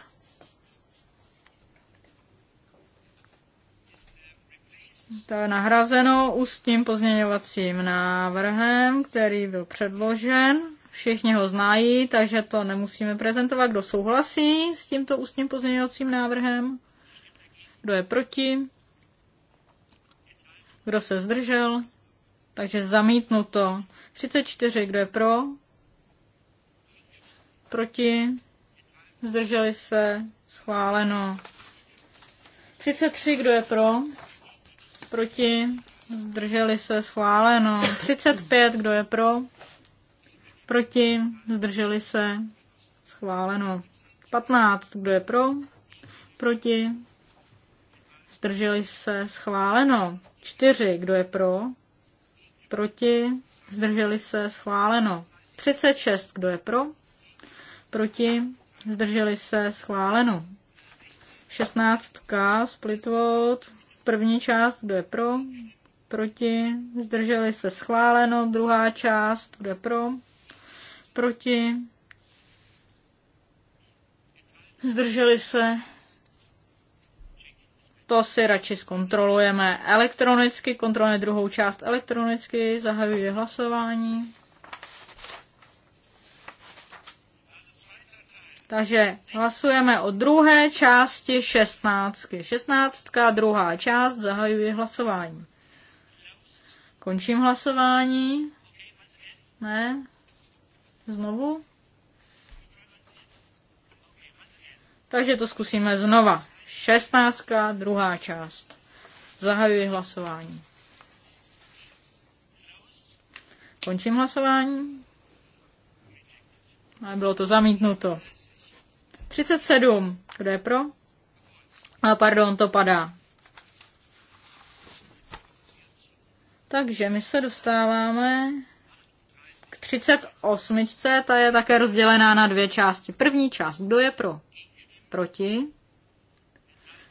To je nahrazeno ústním pozměňovacím návrhem, který byl předložen všichni ho znají, takže to nemusíme prezentovat. Kdo souhlasí s tímto ústním pozměňovacím návrhem? Kdo je proti? Kdo se zdržel? Takže zamítnuto. 34, kdo je pro? Proti? Zdrželi se? Schváleno. 33, kdo je pro? Proti? Zdrželi se? Schváleno. 35, kdo je pro? Proti? Zdrželi se? Schváleno. 15. Kdo je pro? Proti? Zdrželi se? Schváleno. 4. Kdo je pro? Proti? Zdrželi se? Schváleno. 36. Kdo je pro? Proti? Zdrželi se? Schváleno. 16. Split vote. První část. Kdo je pro? Proti? Zdrželi se? Schváleno. Druhá část. Kdo je pro? Proti? Zdrželi se? To si radši zkontrolujeme elektronicky. Kontrolujeme druhou část elektronicky. Zahajuje hlasování. Takže hlasujeme o druhé části 16. 16. druhá část, zahajuji hlasování. Končím hlasování. Ne, Znovu. Takže to zkusíme znova. 16. druhá část. Zahajuji hlasování. Končím hlasování. A bylo to zamítnuto. 37. Kdo je pro? A pardon, to padá. Takže my se dostáváme 38. Ta je také rozdělená na dvě části. První část, kdo je pro? Proti?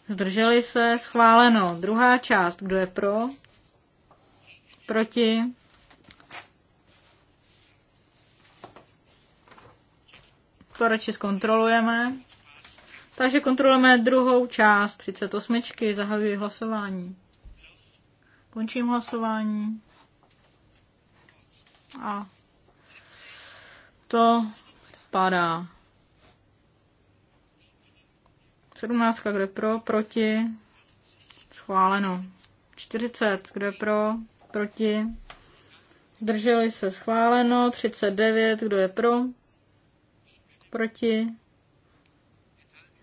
Zdrželi se, schváleno. Druhá část, kdo je pro? Proti? To radši zkontrolujeme. Takže kontrolujeme druhou část 38. Zahajuji hlasování. Končím hlasování. A to padá. 17, kde pro, proti, schváleno. 40, kde pro, proti, zdrželi se, schváleno. 39, kdo je pro, proti,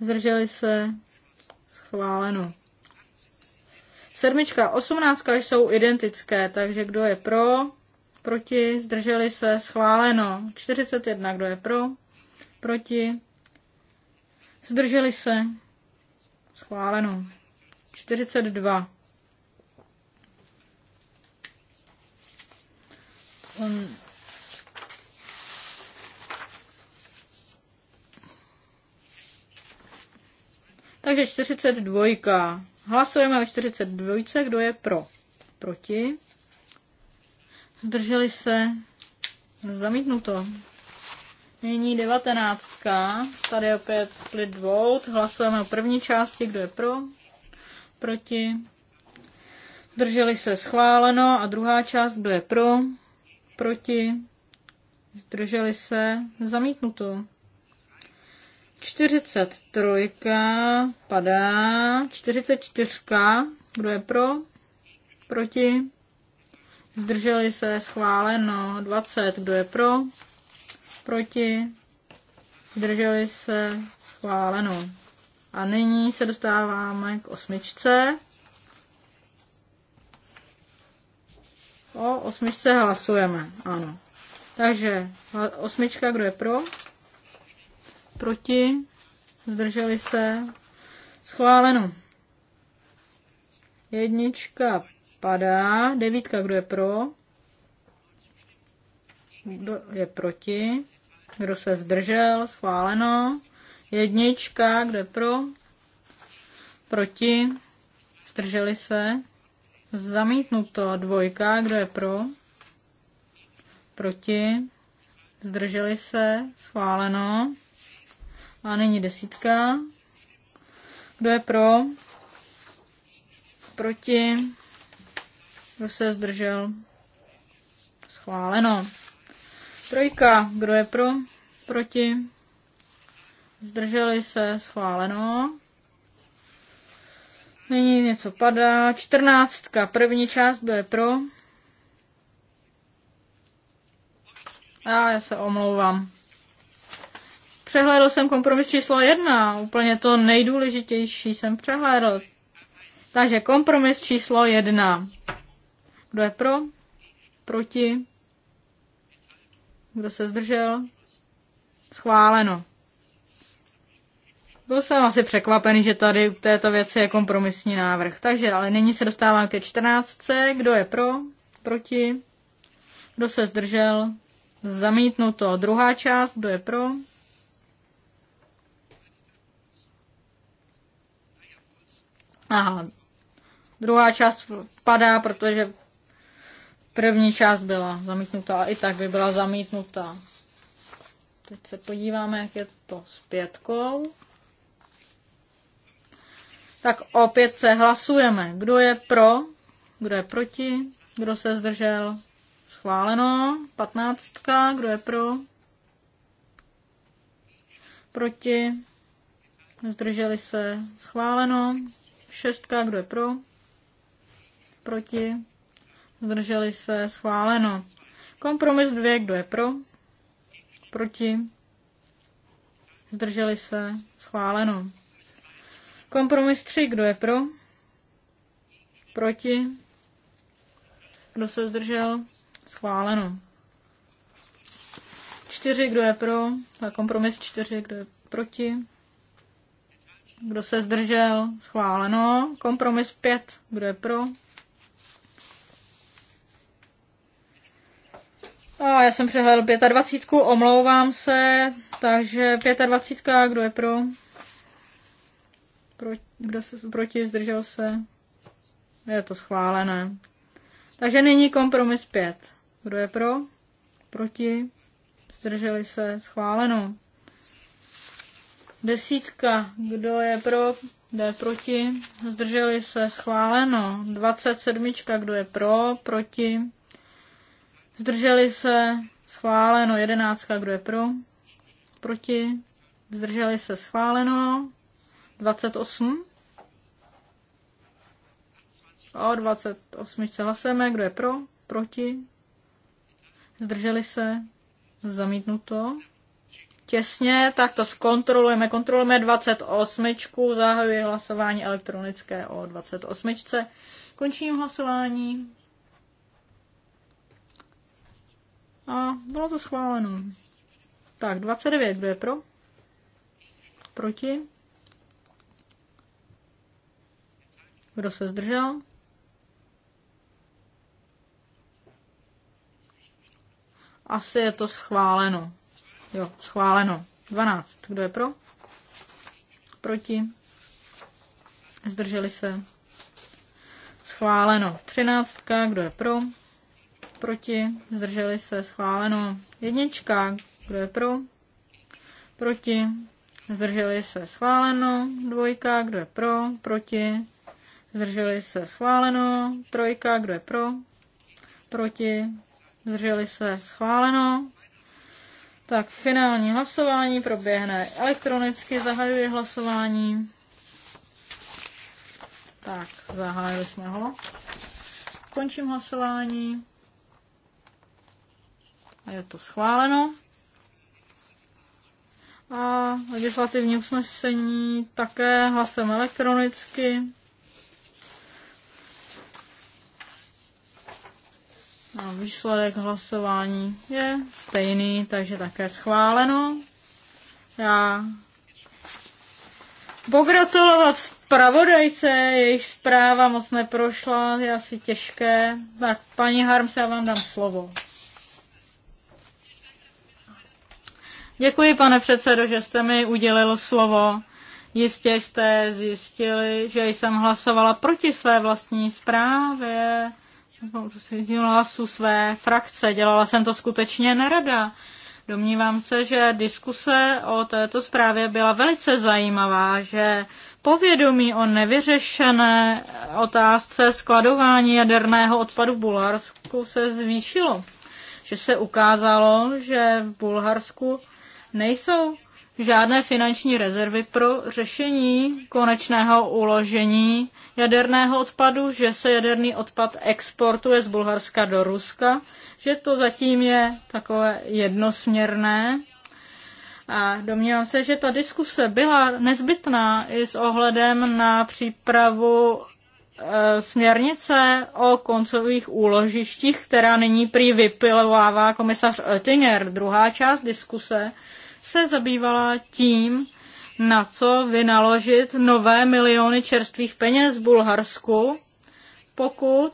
zdrželi se, schváleno. Sedmička, osmnáctka jsou identické, takže kdo je pro, proti, zdrželi se, schváleno. 41, kdo je pro, proti, zdrželi se, schváleno. 42. On Takže 42. Hlasujeme ve 42. Kdo je pro? Proti? Zdrželi se? Zamítnuto. Nyní devatenáctka. Tady opět split vote. Hlasujeme o první části. Kdo je pro? Proti? Zdrželi se? Schváleno. A druhá část. Kdo je pro? Proti? Zdrželi se? Zamítnuto. 43 padá. 44. Kdo je pro? Proti? Zdrželi se schváleno 20. Kdo je pro? Proti? Zdrželi se schváleno. A nyní se dostáváme k osmičce. O osmičce hlasujeme, ano. Takže osmička, kdo je pro? Proti? Zdrželi se? Schváleno. Jednička padá. Devítka, kdo je pro? Kdo je proti? Kdo se zdržel? Schváleno. Jednička, kdo je pro? Proti? Zdrželi se? Zamítnuto. Dvojka, kdo je pro? Proti? Zdrželi se? Schváleno. A nyní desítka. Kdo je pro? Proti? se zdržel? Schváleno. Trojka, kdo je pro? Proti? Zdrželi se? Schváleno. Nyní něco padá. Čtrnáctka, první část, kdo je pro? A já se omlouvám. Přehlédl jsem kompromis číslo jedna. Úplně to nejdůležitější jsem přehlédl. Takže kompromis číslo jedna. Kdo je pro? Proti? Kdo se zdržel? Schváleno. Byl jsem asi překvapený, že tady u této věci je kompromisní návrh. Takže, ale nyní se dostávám ke 14. Kdo je pro? Proti? Kdo se zdržel? Zamítnuto. Druhá část. Kdo je pro? Aha. Druhá část padá, protože První část byla zamítnutá a i tak by byla zamítnutá. Teď se podíváme, jak je to s pětkou. Tak opět se hlasujeme. Kdo je pro, kdo je proti, kdo se zdržel. Schváleno. Patnáctka. Kdo je pro? Proti. Zdrželi se. Schváleno. Šestka. Kdo je pro? Proti zdrželi se, schváleno. Kompromis dvě, kdo je pro, proti, zdrželi se, schváleno. Kompromis tři, kdo je pro, proti, kdo se zdržel, schváleno. Čtyři, kdo je pro, a kompromis čtyři, kdo je proti, kdo se zdržel, schváleno. Kompromis pět kdo je pro, A já jsem přehlédl 25, omlouvám se, takže 25, kdo je pro? pro kdo se proti, zdržel se? Je to schválené. Takže nyní kompromis 5. Kdo je pro? Proti? Zdrželi se? Schváleno. Desítka. Kdo je pro? Kdo je proti? Zdrželi se? Schváleno. 27. Kdo je pro? Proti? Zdrželi se, schváleno. Jedenáctka, kdo je pro? Proti? Zdrželi se, schváleno. 28. O 28 hlasujeme, kdo je pro? Proti? Zdrželi se? Zamítnuto. Těsně, tak to zkontrolujeme. Kontrolujeme 28. Zahajuji hlasování elektronické o 28. Končím hlasování. A bylo to schváleno. Tak, 29, kdo je pro? Proti? Kdo se zdržel? Asi je to schváleno. Jo, schváleno. 12. Kdo je pro? Proti? Zdrželi se. Schváleno. 13. Kdo je pro? proti, zdrželi se, schváleno. Jednička, kdo je pro, proti, zdrželi se, schváleno. Dvojka, kdo je pro, proti, zdrželi se, schváleno. Trojka, kdo je pro, proti, zdrželi se, schváleno. Tak finální hlasování proběhne elektronicky, zahajuje hlasování. Tak, zahájili jsme ho. Končím hlasování. A Je to schváleno. A legislativní usnesení také hlasem elektronicky. A výsledek hlasování je stejný, takže také schváleno. Já pogratulovat zpravodajce, jejich zpráva moc neprošla, je asi těžké. Tak paní Harms, já vám dám slovo. Děkuji, pane předsedo, že jste mi udělil slovo. Jistě jste zjistili, že jsem hlasovala proti své vlastní zprávě, prostě hlasu své frakce. Dělala jsem to skutečně nerada. Domnívám se, že diskuse o této zprávě byla velice zajímavá, že povědomí o nevyřešené otázce skladování jaderného odpadu v Bulharsku se zvýšilo. Že se ukázalo, že v Bulharsku nejsou žádné finanční rezervy pro řešení konečného uložení jaderného odpadu, že se jaderný odpad exportuje z Bulharska do Ruska, že to zatím je takové jednosměrné. A domnívám se, že ta diskuse byla nezbytná i s ohledem na přípravu e, směrnice o koncových úložištích, která nyní prý vypilovává komisař Oettinger. Druhá část diskuse se zabývala tím, na co vynaložit nové miliony čerstvých peněz v Bulharsku, pokud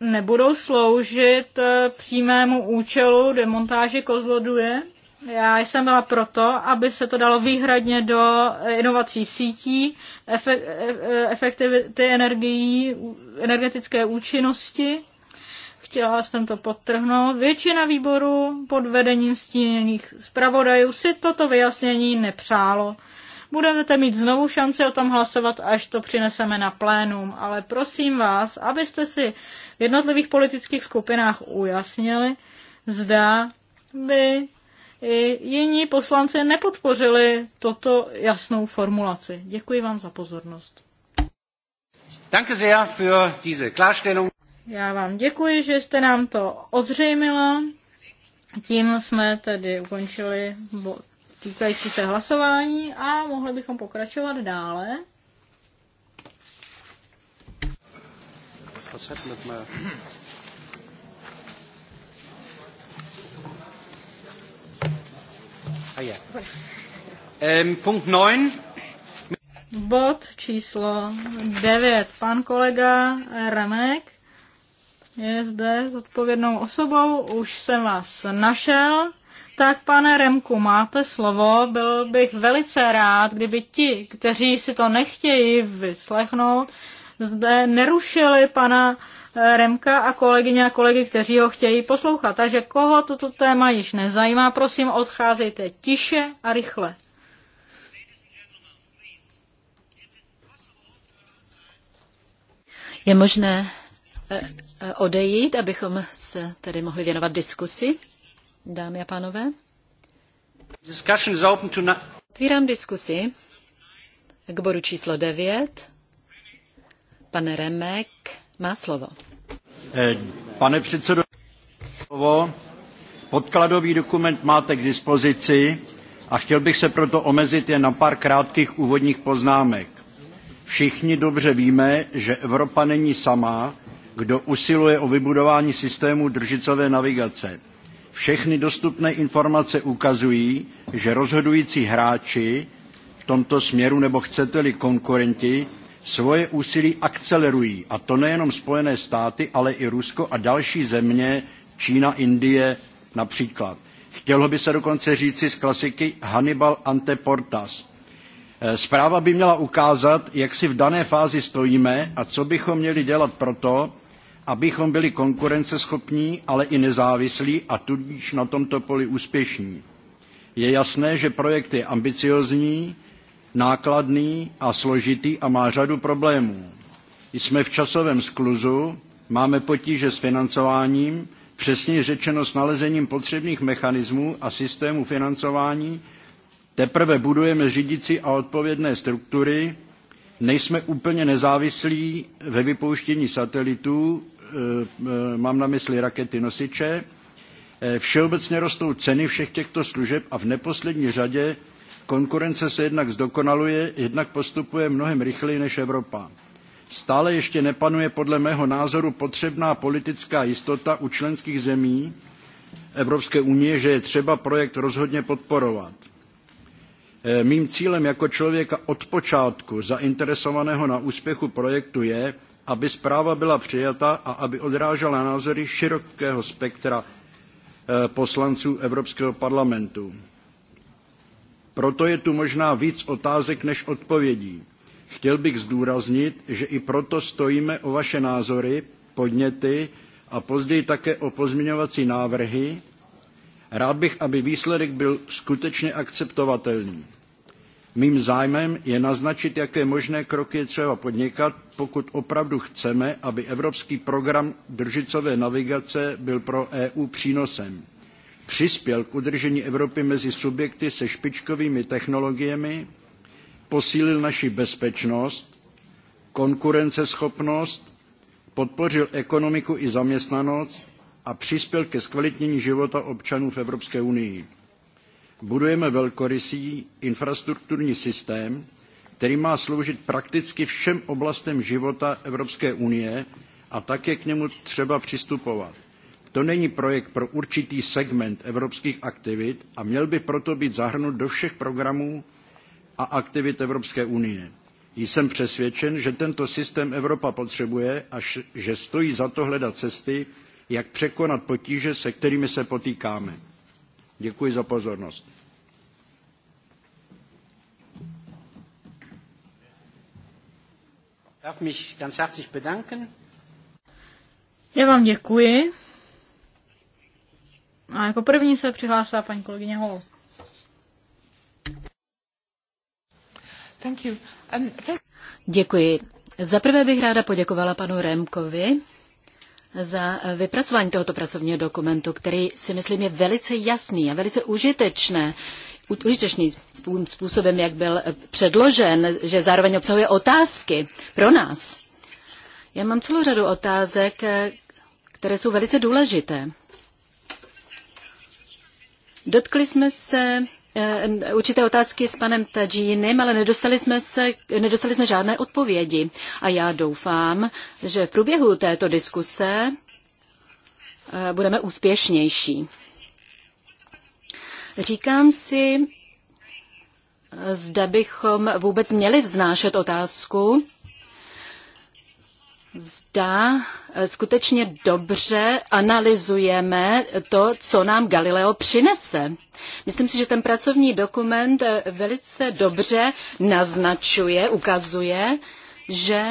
nebudou sloužit eh, přímému účelu demontáže kozloduje. Já jsem byla proto, aby se to dalo výhradně do inovací sítí, e- e- efektivity energií, energetické účinnosti chtěla jsem to podtrhnout, většina výboru pod vedením stíněných zpravodajů si toto vyjasnění nepřálo. Budete mít znovu šanci o tom hlasovat, až to přineseme na plénum, ale prosím vás, abyste si v jednotlivých politických skupinách ujasnili, zda by i jiní poslanci nepodpořili toto jasnou formulaci. Děkuji vám za pozornost. Danke sehr für diese Klarstellung. Já vám děkuji, že jste nám to ozřejmila. Tím jsme tedy ukončili týkající se hlasování a mohli bychom pokračovat dále. Was hätten wir Punkt 9. Bod číslo 9. Pan kolega Remek je zde s odpovědnou osobou, už jsem vás našel. Tak, pane Remku, máte slovo. Byl bych velice rád, kdyby ti, kteří si to nechtějí vyslechnout, zde nerušili pana eh, Remka a kolegyně a kolegy, kteří ho chtějí poslouchat. Takže koho toto téma již nezajímá, prosím, odcházejte tiše a rychle. Je možné Eh, eh, odejít, abychom se tedy mohli věnovat diskusi, dámy a pánové. Otvírám diskusi k bodu číslo 9. Pane Remek má slovo. Eh, pane předsedo, podkladový dokument máte k dispozici a chtěl bych se proto omezit jen na pár krátkých úvodních poznámek. Všichni dobře víme, že Evropa není sama kdo usiluje o vybudování systému držicové navigace. Všechny dostupné informace ukazují, že rozhodující hráči v tomto směru nebo chcete-li konkurenti svoje úsilí akcelerují, a to nejenom Spojené státy, ale i Rusko a další země, Čína, Indie například. Chtělo by se dokonce říci z klasiky Hannibal Anteportas. Eh, zpráva by měla ukázat, jak si v dané fázi stojíme a co bychom měli dělat proto, abychom byli konkurenceschopní, ale i nezávislí a tudíž na tomto poli úspěšní. Je jasné, že projekt je ambiciozní, nákladný a složitý a má řadu problémů. Jsme v časovém skluzu, máme potíže s financováním, přesně řečeno s nalezením potřebných mechanismů a systému financování, teprve budujeme řídící a odpovědné struktury, nejsme úplně nezávislí ve vypouštění satelitů, Eh, mám na mysli rakety nosiče, eh, všeobecně rostou ceny všech těchto služeb a v neposlední řadě konkurence se jednak zdokonaluje, jednak postupuje mnohem rychleji než Evropa. Stále ještě nepanuje podle mého názoru potřebná politická jistota u členských zemí Evropské unie, že je třeba projekt rozhodně podporovat. Eh, mým cílem jako člověka od počátku zainteresovaného na úspěchu projektu je, aby zpráva byla přijata a aby odrážela názory širokého spektra eh, poslanců Evropského parlamentu. Proto je tu možná víc otázek než odpovědí. Chtěl bych zdůraznit, že i proto stojíme o vaše názory, podněty a později také o pozměňovací návrhy. Rád bych, aby výsledek byl skutečně akceptovatelný. Mým zájmem je naznačit, jaké možné kroky je třeba podnikat, pokud opravdu chceme, aby evropský program držicové navigace byl pro EU přínosem. Přispěl k udržení Evropy mezi subjekty se špičkovými technologiemi, posílil naši bezpečnost, konkurenceschopnost, podpořil ekonomiku i zaměstnanost a přispěl ke zkvalitnění života občanů v Evropské unii budujeme velkorysý infrastrukturní systém, který má sloužit prakticky všem oblastem života Evropské unie a tak je k němu třeba přistupovat. To není projekt pro určitý segment evropských aktivit a měl by proto být zahrnut do všech programů a aktivit Evropské unie. Jsem přesvědčen, že tento systém Evropa potřebuje a že stojí za to hledat cesty, jak překonat potíže, se kterými se potýkáme. Děkuji za pozornost. Darf mich ganz herzlich bedanken. Já vám děkuji. A jako první se přihlásila paní kolegyně Hol. Thank you. And... Um, děkuji. Za prvé bych ráda poděkovala panu Remkovi za vypracování tohoto pracovního dokumentu, který si myslím je velice jasný a velice užitečné užitečný způsobem, jak byl eh, předložen, že zároveň obsahuje otázky pro nás. Já mám celou řadu otázek, eh, které jsou velice důležité. Dotkli jsme se eh, určité otázky s panem Tadžínem, ale nedostali jsme, se, nedostali jsme žádné odpovědi. A já doufám, že v průběhu této diskuse budeme úspěšnější. Říkám si, zda bychom vůbec měli vznášet otázku, zda skutečně dobře analyzujeme to, co nám Galileo přinese. Myslím si, že ten pracovní dokument velice dobře naznačuje, ukazuje, že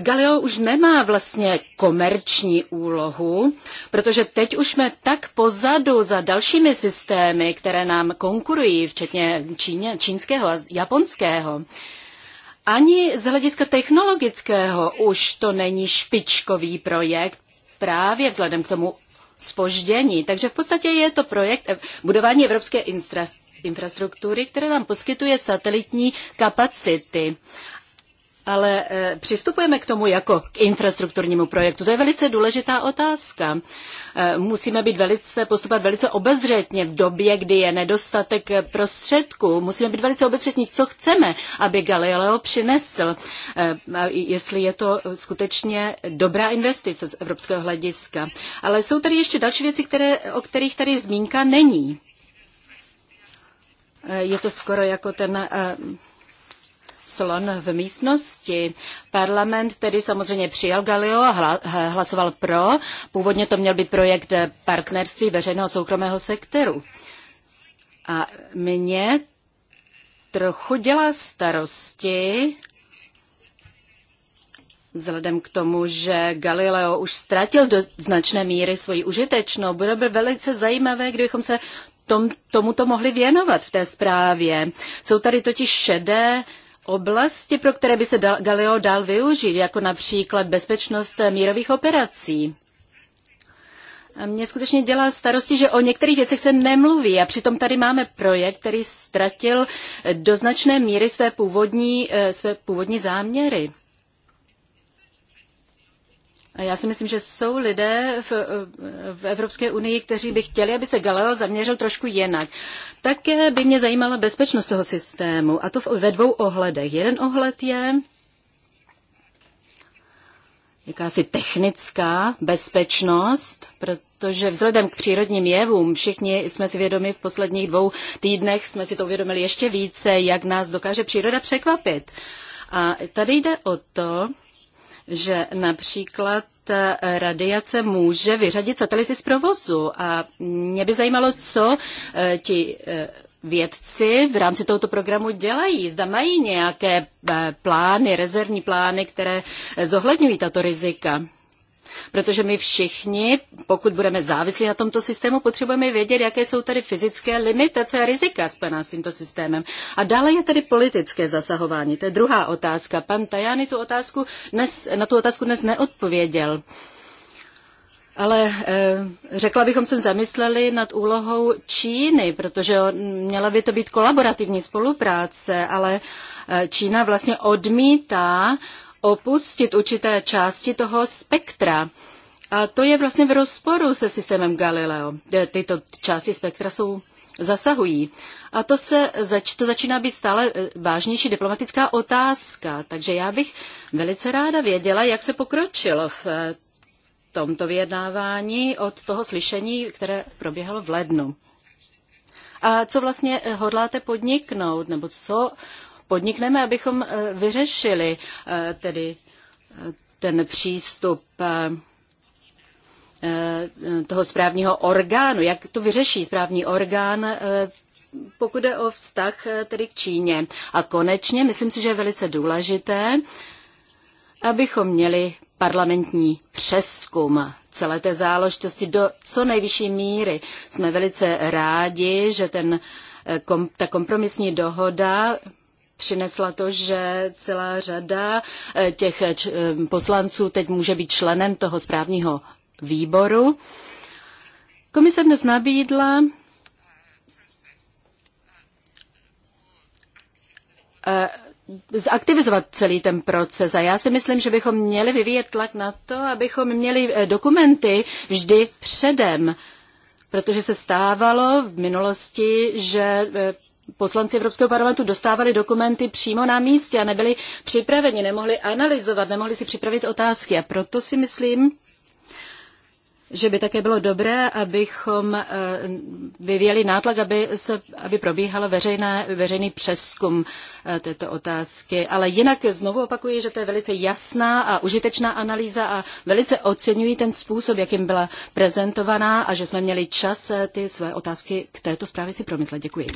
Galileo už nemá vlastně komerční úlohu, protože teď už jsme tak pozadu za dalšími systémy, které nám konkurují, včetně Číně, čínského a japonského. Ani z hlediska technologického už to není špičkový projekt, právě vzhledem k tomu spoždění. Takže v podstatě je to projekt budování evropské infrastruktury, které nám poskytuje satelitní kapacity ale e, přistupujeme k tomu jako k infrastrukturnímu projektu. To je velice důležitá otázka. E, musíme být velice, postupovat velice obezřetně v době, kdy je nedostatek prostředků. Musíme být velice obezřetní, co chceme, aby Galileo přinesl, e, jestli je to skutečně dobrá investice z evropského hlediska. Ale jsou tady ještě další věci, které, o kterých tady zmínka není. Je to skoro jako ten slon v místnosti. Parlament tedy samozřejmě přijal Galio a hlasoval pro. Původně to měl být projekt partnerství veřejného soukromého sektoru. A mě trochu dělá starosti, Vzhledem k tomu, že Galileo už ztratil do značné míry svoji užitečnou, bylo by velice zajímavé, kdybychom se tom, tomuto mohli věnovat v té zprávě. Jsou tady totiž šedé oblasti, pro které by se dal, Galileo dal využít, jako například bezpečnost mírových operací. A mě skutečně dělá starosti, že o některých věcech se nemluví a přitom tady máme projekt, který ztratil do značné míry své původní, eh, své původní záměry. Já si myslím, že jsou lidé v, v Evropské unii, kteří by chtěli, aby se Galileo zaměřil trošku jinak. Také by mě zajímala bezpečnost toho systému, a to ve dvou ohledech. Jeden ohled je jakási technická bezpečnost, protože vzhledem k přírodním jevům všichni jsme si vědomi v posledních dvou týdnech, jsme si to uvědomili ještě více, jak nás dokáže příroda překvapit. A tady jde o to, že například eh, radiace může vyřadit satelity z provozu. A mě by zajímalo, co eh, ti eh, vědci v rámci tohoto programu dělají. Zda mají nějaké plány, rezervní plány, které zohledňují tato rizika. Protože my všichni, pokud budeme závislí na tomto systému, potřebujeme vědět, jaké jsou tady fyzické limitace a rizika spojená s tímto systémem. A dále je tady politické zasahování. To je druhá otázka. Pan Tajani tu otázku dnes, na tu otázku dnes neodpověděl. Ale eh, řekla bychom se zamysleli nad úlohou Číny, protože měla by to být kolaborativní spolupráce, ale eh, Čína vlastně odmítá opustit určité části toho spektra. A to je vlastně v rozporu se systémem Galileo. Tyto části spektra jsou zasahují. A to, se zač, to začíná být stále e, vážnější diplomatická otázka. Takže já bych velice ráda věděla, jak se pokročilo v e, tomto vyjednávání od toho slyšení, které proběhlo v lednu. A co vlastně hodláte podniknout, nebo co podnikneme, abychom eh, vyřešili eh, tedy eh, ten přístup toho správního orgánu, jak to vyřeší správní orgán, pokud je o vztah tedy k Číně. A konečně, myslím si, že je velice důležité, abychom měli parlamentní přeskum celé té záležitosti do co nejvyšší míry. Jsme velice rádi, že ten, ta kompromisní dohoda přinesla to, že celá řada eh, těch eh, eh, poslanců teď může být členem toho správního výboru. Komise dnes nabídla zaktivizovat celý ten proces. A já si myslím, že bychom měli vyvíjet tlak na to, abychom měli dokumenty vždy předem. Protože se stávalo v minulosti, že poslanci Evropského parlamentu dostávali dokumenty přímo na místě a nebyli připraveni, nemohli analyzovat, nemohli si připravit otázky. A proto si myslím, že by také bylo dobré, abychom eh, vyvěli nátlak, aby, se, aby probíhala veřejné, veřejný přeskum eh, této otázky. Ale jinak znovu opakuji, že to je velice jasná a užitečná analýza a velice oceňuji ten způsob, jakým byla prezentovaná a že jsme měli čas eh, ty své otázky k této zprávě si promyslet. Děkuji.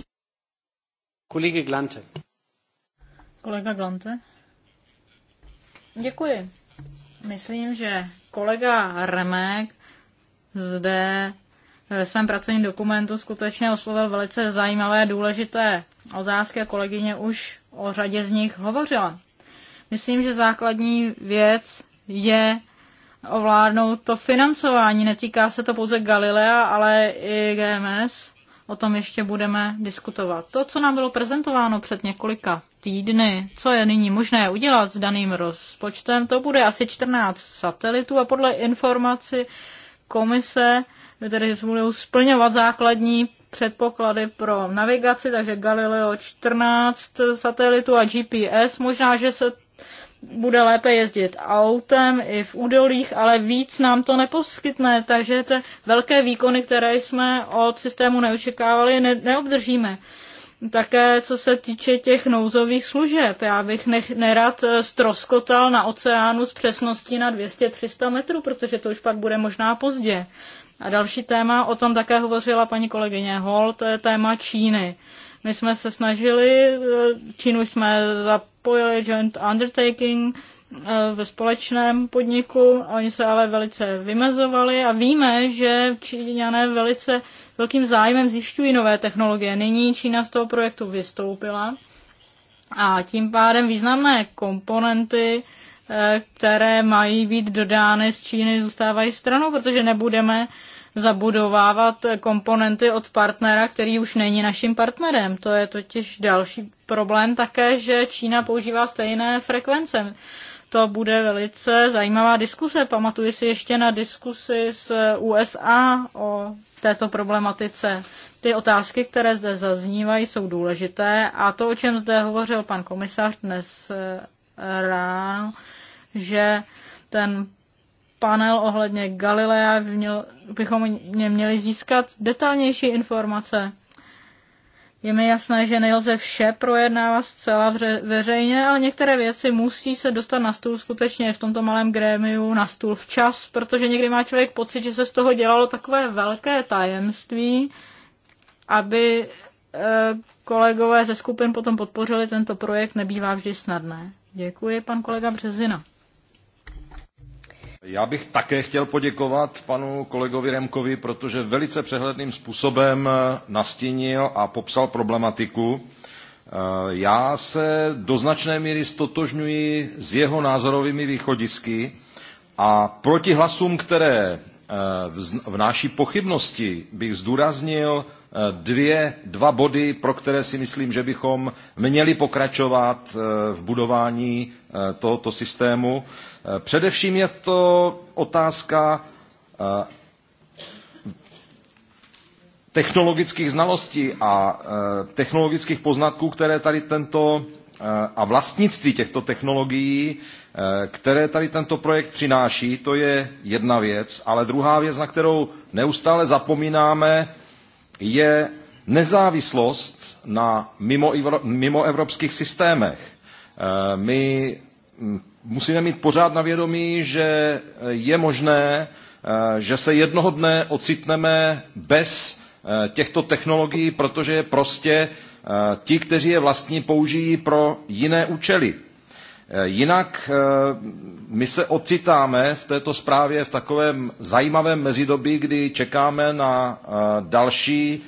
Kolega Glante. Kolega Glante. Děkuji. Myslím, že kolega Remek zde ve svém pracovním dokumentu skutečně oslovil velice zajímavé, důležité otázky a kolegyně už o řadě z nich hovořila. Myslím, že základní věc je ovládnout to financování. Netýká se to pouze Galilea, ale i GMS o tom ještě budeme diskutovat. To, co nám bylo prezentováno před několika týdny, co je nyní možné udělat s daným rozpočtem, to bude asi 14 satelitů a podle informaci komise které budou splňovat základní předpoklady pro navigaci, takže Galileo 14 satelitu a GPS. Možná, že se bude lépe jezdit autem i v údolích, ale víc nám to neposkytne, takže ty velké výkony, které jsme od systému neočekávali, ne- neobdržíme. Také co se týče těch nouzových služeb, já bych nech, nerad stroskotal eh, na oceánu s přesností na 200-300 metrů, protože to už pak bude možná pozdě. A další téma, o tom také hovořila paní kolegyně Hol, to je téma Číny. My jsme se snažili, eh, Čínu jsme zapojili joint undertaking eh, ve společném podniku, oni se ale velice vymezovali a víme, že Číňané velice velkým zájmem zjišťují nové technologie. Nyní Čína z toho projektu vystoupila a tím pádem významné komponenty eh, které mají být dodány z Číny, zůstávají stranou, protože nebudeme zabudovávat komponenty od partnera, který už není naším partnerem. To je totiž další problém také, že Čína používá stejné frekvence. To bude velice zajímavá diskuse. Pamatuji si ještě na diskusi s USA o této problematice. Ty otázky, které zde zaznívají, jsou důležité a to, o čem zde hovořil pan komisař dnes eh, ráno, že ten panel ohledně Galilea, bychom mě měli získat detailnější informace. Je mi jasné, že nelze vše projednávat zcela veřejně, ale některé věci musí se dostat na stůl skutečně v tomto malém grémiu na stůl včas, protože někdy má člověk pocit, že se z toho dělalo takové velké tajemství, aby eh, kolegové ze skupin potom podpořili tento projekt, nebývá vždy snadné. Děkuji, pan kolega Březina. Já bych také chtěl poděkovat panu kolegovi Remkovi, protože velice přehledným způsobem eh, nastínil a popsal problematiku. Eh, já se do značné míry stotožňuji s jeho názorovými východisky a proti hlasům, které Eh, vnáší pochybnosti, bych zdůraznil eh, dvě, dva body, pro které si myslím, že bychom měli pokračovat eh, v budování tohoto systému. Především je to otázka technologických znalostí a technologických poznatků, které tady tento Eh, a vlastnictví těchto technologií, eh, které tady tento projekt přináší, to je jedna věc, ale druhá věc, na kterou neustále zapomínáme, je nezávislost na mimoevropských systémech. Eh, my hm, musíme mít pořád na vědomí, že je možné, že se jednoho dne ocitneme bez těchto technologií, protože je prostě Eh, ti, kteří je vlastní, použijí pro jiné účely. Eh, jinak eh, my se ocitáme v této zprávě v takovém zajímavém mezidobí, kdy čekáme na další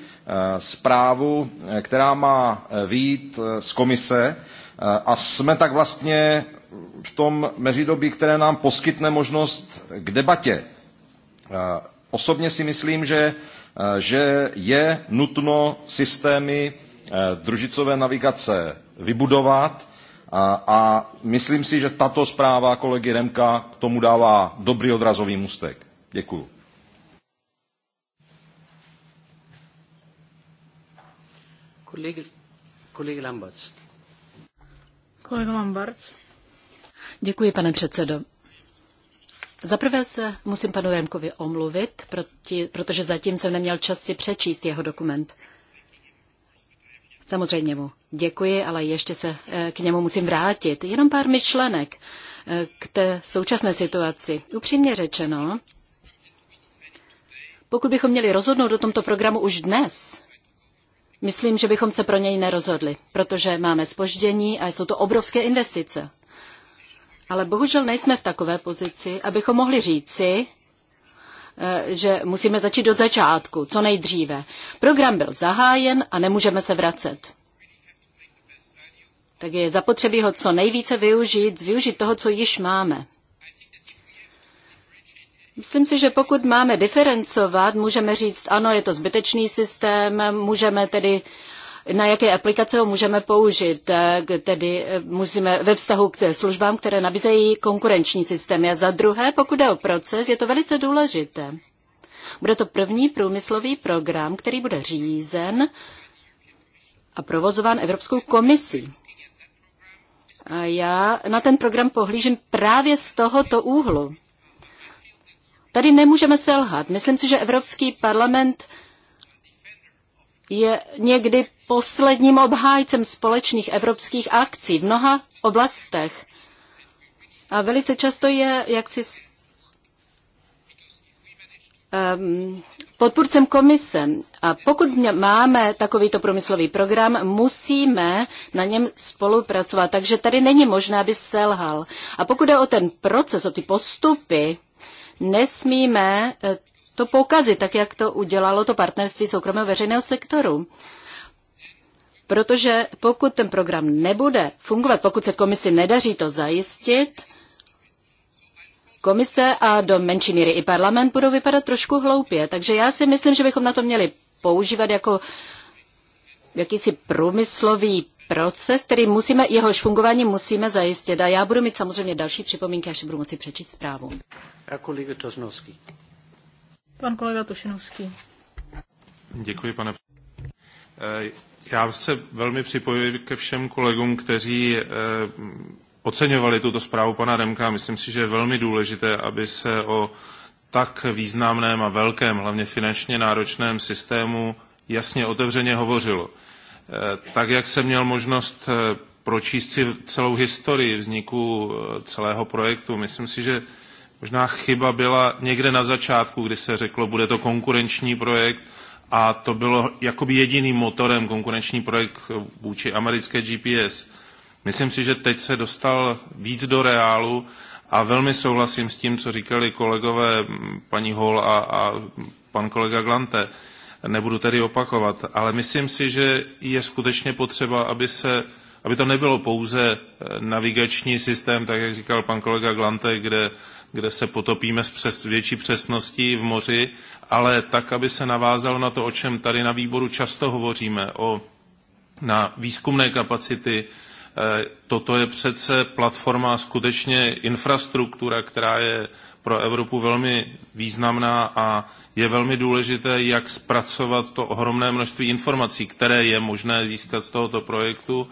zprávu, která má výjít z komise a jsme tak vlastně v tom mezidobí, které nám poskytne možnost k debatě. Osobně si myslím, že, že je nutno systémy Eh, družicové navigace vybudovat a, a myslím si, že tato zpráva kolegy Remka k tomu dává dobrý odrazový můstek. Děkuju. Kolega kolegy Kolega Lamberts. Děkuji, pane předsedo. Zaprvé se musím panu Remkovi omluvit, proti, protože zatím jsem neměl čas si přečíst jeho dokument. Samozřejmě mu děkuji, ale ještě se eh, k němu musím vrátit. Jenom pár myšlenek eh, k té současné situaci. Upřímně řečeno, pokud bychom měli rozhodnout o tomto programu už dnes, myslím, že bychom se pro něj nerozhodli, protože máme spoždění a jsou to obrovské investice. Ale bohužel nejsme v takové pozici, abychom mohli říci, Eh, že musíme začít od začátku, co nejdříve. Program byl zahájen a nemůžeme se vracet. Tak je zapotřebí ho co nejvíce využít, využít toho, co již máme. Myslím si, že pokud máme diferencovat, můžeme říct, ano, je to zbytečný systém, můžeme tedy na jaké aplikace ho můžeme použít, eh, tedy eh, musíme ve vztahu k službám, které nabízejí konkurenční systémy. A za druhé, pokud je o proces, je to velice důležité. Bude to první průmyslový program, který bude řízen a provozován Evropskou komisí. A já na ten program pohlížím právě z tohoto úhlu. Tady nemůžeme selhat. Myslím si, že Evropský parlament je někdy posledním obhájcem společných evropských akcí v mnoha oblastech. A velice často je jaksi um, podpůrcem komise. A pokud máme takovýto průmyslový program, musíme na něm spolupracovat. Takže tady není možné, aby selhal. A pokud je o ten proces, o ty postupy, nesmíme eh, to poukazit, tak jak to udělalo to partnerství soukromého veřejného sektoru protože pokud ten program nebude fungovat, pokud se komisi nedaří to zajistit, komise a do menší míry i parlament budou vypadat trošku hloupě. Takže já si myslím, že bychom na to měli používat jako jakýsi průmyslový proces, který musíme, jehož fungování musíme zajistit. A já budu mít samozřejmě další připomínky, až si budu moci přečíst zprávu. A kolega Tošnovský. Pan kolega Tošinovský. Děkuji, pane. Eh, já se velmi připojuji ke všem kolegům, kteří eh, oceňovali tuto zprávu pana Remka. Myslím si, že je velmi důležité, aby se o tak významném a velkém, hlavně finančně náročném systému jasně otevřeně hovořilo. Eh, tak, jak jsem měl možnost eh, pročíst si celou historii vzniku celého projektu, myslím si, že možná chyba byla někde na začátku, kdy se řeklo, bude to konkurenční projekt, a to bylo jakoby jediným motorem konkurenční projekt vůči americké GPS. Myslím si, že teď se dostal víc do reálu a velmi souhlasím s tím, co říkali kolegové mm, paní Hol a, a pan kolega Glante. Nebudu tedy opakovat, ale myslím si, že je skutečně potřeba, aby, se, aby to nebylo pouze e, navigační systém, tak jak říkal pan kolega Glante, kde, kde se potopíme s přes, větší přesností v moři, ale tak, aby se navázalo na to, o čem tady na výboru často hovoříme, o, na výzkumné kapacity. Eh, toto je přece platforma, skutečně infrastruktura, která je pro Evropu velmi významná a je velmi důležité, jak zpracovat to ohromné množství informací, které je možné získat z tohoto projektu.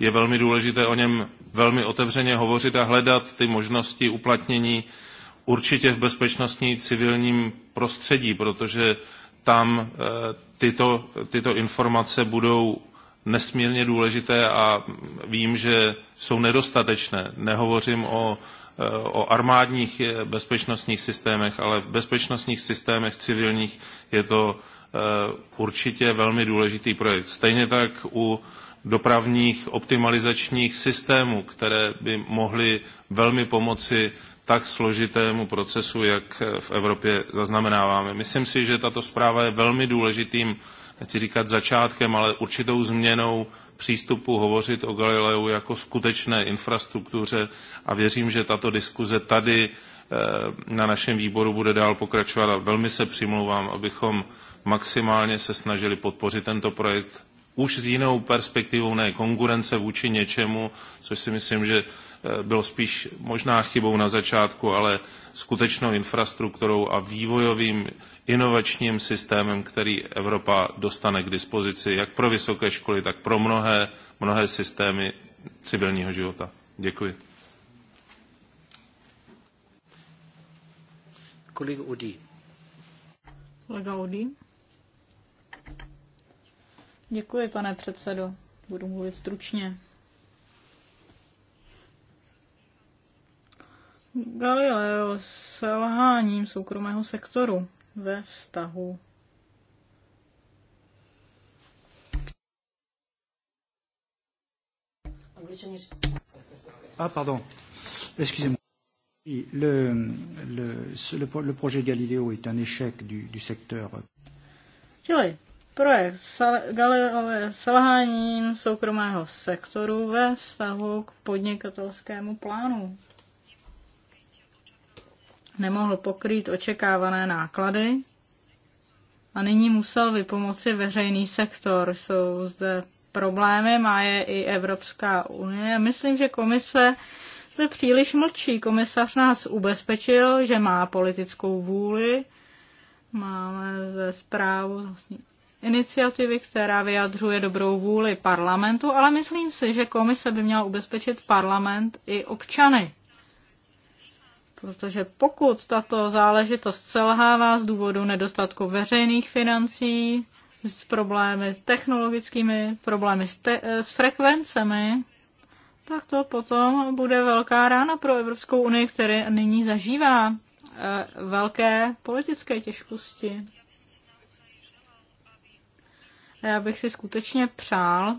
Je velmi důležité o něm velmi otevřeně hovořit a hledat ty možnosti uplatnění určitě v bezpečnostní civilním prostředí, protože tam eh, tyto, tyto informace budou nesmírně důležité a vím, že jsou nedostatečné. Nehovořím o, eh, o armádních eh, bezpečnostních systémech, ale v bezpečnostních systémech civilních je to určitě velmi důležitý projekt. Stejně tak u dopravních optimalizačních systémů, které by mohly velmi pomoci tak složitému procesu, jak v Evropě zaznamenáváme. Myslím si, že tato zpráva je velmi důležitým, nechci říkat začátkem, ale určitou změnou přístupu hovořit o Galileu jako skutečné infrastruktuře a věřím, že tato diskuze tady eh, na našem výboru bude dál pokračovat a velmi se přimlouvám, abychom maximálně se snažili podpořit tento projekt už s jinou perspektivou, ne konkurence vůči něčemu, což si myslím, že Eh, bylo spíš možná chybou na začátku, ale skutečnou infrastrukturou a vývojovým inovačním systémem, který Evropa dostane k dispozici jak pro vysoké školy, tak pro mnohé, mnohé systémy civilního života. Děkuji. Kolik Udí. Kolega Udí. Děkuji, pane předsedo. Budu mluvit stručně. Galileo selháním soukromého sektoru ve vztahu Ah, pardon. Excusez-moi. Le, le, le, le projet Galileo est un échec du, du secteur. Čili projekt Galileo selháním soukromého sektoru ve vztahu k podnikatelskému plánu nemohl pokrýt očekávané náklady a nyní musel vypomoci veřejný sektor. Jsou zde problémy, má je i Evropská unie. Myslím, že komise zde příliš mlčí. Komisař nás ubezpečil, že má politickou vůli. Máme zde zprávu vlastně iniciativy, která vyjadřuje dobrou vůli parlamentu, ale myslím si, že komise by měla ubezpečit parlament i občany. Protože pokud tato záležitost selhává z důvodu nedostatku veřejných financí, s problémy technologickými, problémy s, te- s frekvencemi, tak to potom bude velká rána pro Evropskou unii, která nyní zažívá e, velké politické těžkosti. Já bych si skutečně přál,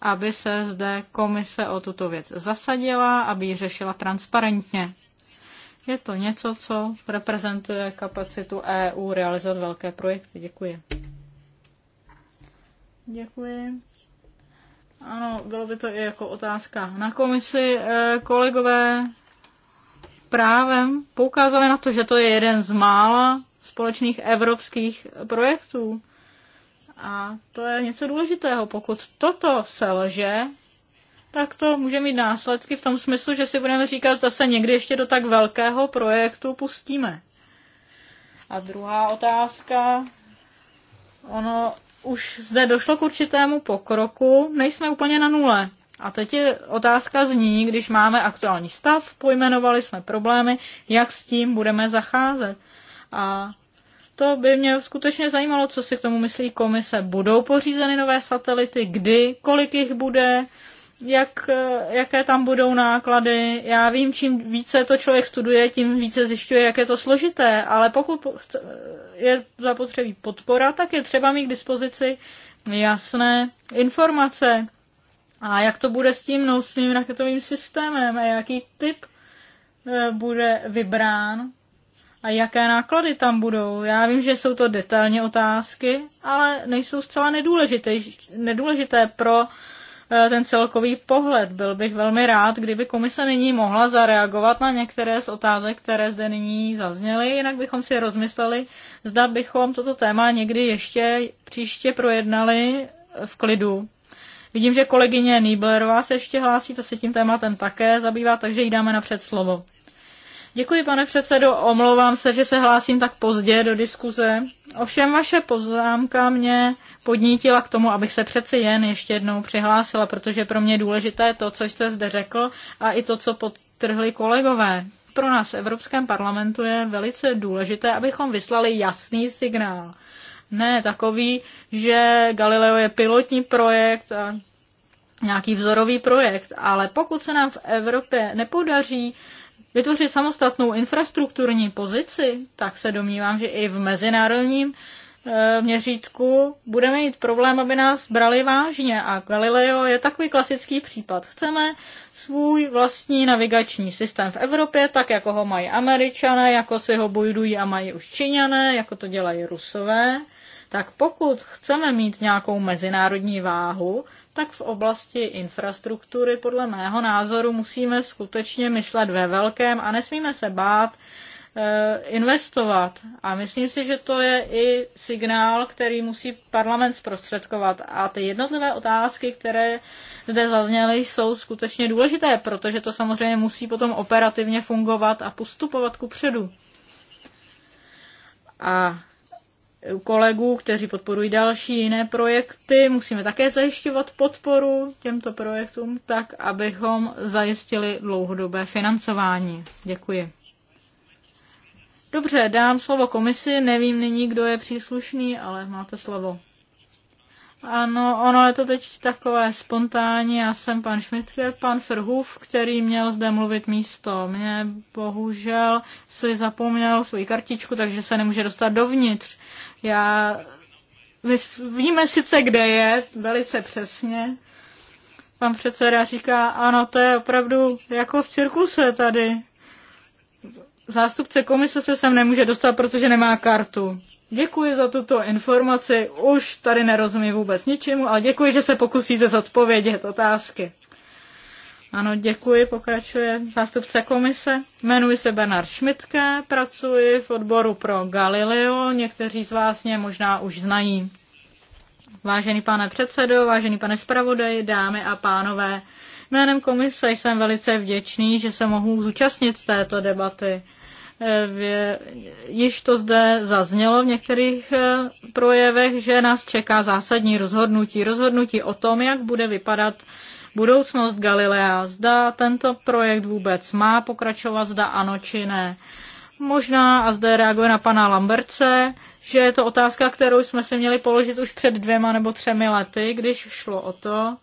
aby se zde komise o tuto věc zasadila, aby ji řešila transparentně. Je to něco, co reprezentuje kapacitu EU realizovat velké projekty. Děkuji. Děkuji. Ano, bylo by to i jako otázka na komisi. Eh, kolegové právem poukázali na to, že to je jeden z mála společných evropských projektů. A to je něco důležitého. Pokud toto selže, tak to může mít následky v tom smyslu, že si budeme říkat, zda se někdy ještě do tak velkého projektu pustíme. A druhá otázka, ono už zde došlo k určitému pokroku, nejsme úplně na nule. A teď je otázka zní, když máme aktuální stav, pojmenovali jsme problémy, jak s tím budeme zacházet. A to by mě skutečně zajímalo, co si k tomu myslí komise. Budou pořízeny nové satelity, kdy, kolik jich bude, jak, jaké tam budou náklady. Já vím, čím více to člověk studuje, tím více zjišťuje, jak je to složité, ale pokud je zapotřebí podpora, tak je třeba mít k dispozici jasné informace. A jak to bude s tím nosným raketovým systémem a jaký typ eh, bude vybrán a jaké náklady tam budou. Já vím, že jsou to detailní otázky, ale nejsou zcela nedůležité, nedůležité pro Eh, ten celkový pohled. Byl bych velmi rád, kdyby komise nyní mohla zareagovat na některé z otázek, které zde nyní zazněly, jinak bychom si rozmysleli, zda bychom toto téma někdy ještě příště projednali v klidu. Vidím, že kolegyně Nýblerová se ještě hlásí, to se tím tématem také zabývá, takže jí dáme napřed slovo. Děkuji, pane předsedo, omlouvám se, že se hlásím tak pozdě do diskuze. Ovšem vaše poznámka mě podnítila k tomu, abych se přeci jen ještě jednou přihlásila, protože pro mě je důležité to, co jste zde řekl a i to, co podtrhli kolegové. Pro nás v Evropském parlamentu je velice důležité, abychom vyslali jasný signál. Ne takový, že Galileo je pilotní projekt a nějaký vzorový projekt, ale pokud se nám v Evropě nepodaří vytvořit samostatnou infrastrukturní pozici, tak se domnívám, že i v mezinárodním eh, měřítku budeme mít problém, aby nás brali vážně. A Galileo je takový klasický případ. Chceme svůj vlastní navigační systém v Evropě, tak jako ho mají američané, jako si ho bojují a mají už činěné, jako to dělají Rusové. Tak pokud chceme mít nějakou mezinárodní váhu, tak v oblasti infrastruktury podle mého názoru musíme skutečně myslet ve velkém a nesmíme se bát eh, investovat. A myslím si, že to je i signál, který musí parlament zprostředkovat. A ty jednotlivé otázky, které zde zazněly, jsou skutečně důležité, protože to samozřejmě musí potom operativně fungovat a postupovat ku předu. A kolegů, kteří podporují další jiné projekty. Musíme také zajišťovat podporu těmto projektům tak, abychom zajistili dlouhodobé financování. Děkuji. Dobře, dám slovo komisi, nevím nyní, kdo je příslušný, ale máte slovo. Ano, ono je to teď takové spontánní. Já jsem pan Šmitke, pan Frhuf, který měl zde mluvit místo. Mě bohužel si zapomněl svou kartičku, takže se nemůže dostat dovnitř. Já my víme sice, kde je, velice přesně. Pan předseda říká, ano, to je opravdu jako v cirkuse tady. Zástupce komise se sem nemůže dostat, protože nemá kartu. Děkuji za tuto informaci, už tady nerozumím vůbec ničemu, ale děkuji, že se pokusíte zodpovědět otázky. Ano, děkuji, pokračuje zástupce komise. Jmenuji se Bernard Šmitke, pracuji v odboru pro Galileo, někteří z vás mě možná už znají. Vážený pane předsedo, vážený pane zpravodaji, dámy a pánové, jménem komise jsem velice vděčný, že se mohu zúčastnit této debaty. Eh, již to zde zaznělo v některých eh, projevech, že nás čeká zásadní rozhodnutí. Rozhodnutí o tom, jak bude vypadat budoucnost Galilea. Zda tento projekt vůbec má pokračovat, zda ano či ne. Možná, a zde reaguje na pana Lamberce, že je to otázka, kterou jsme si měli položit už před dvěma nebo třemi lety, když šlo o to,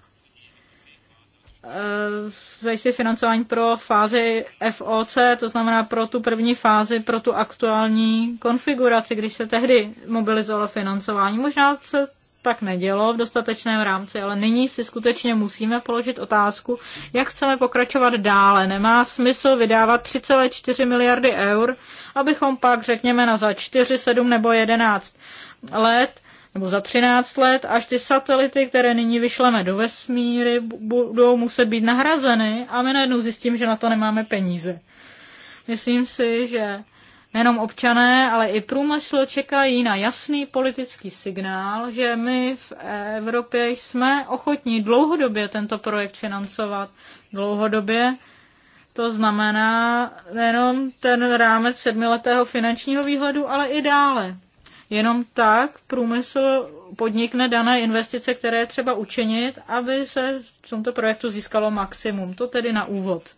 eh, zajistit financování pro fázi FOC, to znamená pro tu první fázi, pro tu aktuální konfiguraci, když se tehdy mobilizovalo financování. Možná se tak nedělo v dostatečném rámci, ale nyní si skutečně musíme položit otázku, jak chceme pokračovat dále. Nemá smysl vydávat 3,4 miliardy eur, abychom pak, řekněme, na za 4, 7 nebo 11 let nebo za 13 let, až ty satelity, které nyní vyšleme do vesmíry, budou muset být nahrazeny a my najednou zjistím, že na to nemáme peníze. Myslím si, že nejenom občané, ale i průmysl čekají na jasný politický signál, že my v Evropě jsme ochotní dlouhodobě tento projekt financovat. Dlouhodobě to znamená nejenom ten rámec sedmiletého finančního výhledu, ale i dále. Jenom tak průmysl podnikne dané investice, které je třeba učinit, aby se v tomto projektu získalo maximum. To tedy na úvod.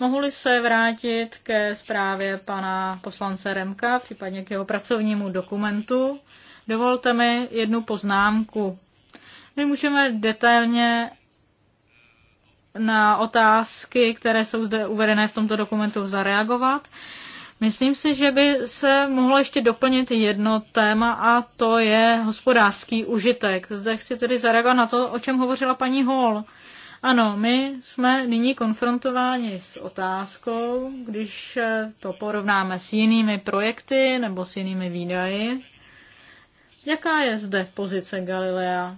Mohli se vrátit ke zprávě pana poslance Remka, případně k jeho pracovnímu dokumentu, dovolte mi jednu poznámku. My můžeme detailně na otázky, které jsou zde uvedené v tomto dokumentu, zareagovat. Myslím si, že by se mohlo ještě doplnit jedno téma a to je hospodářský užitek. Zde chci tedy zareagovat na to, o čem hovořila paní Hall. Ano, my jsme nyní konfrontováni s otázkou, když eh, to porovnáme s jinými projekty nebo s jinými výdaji, jaká je zde pozice Galilea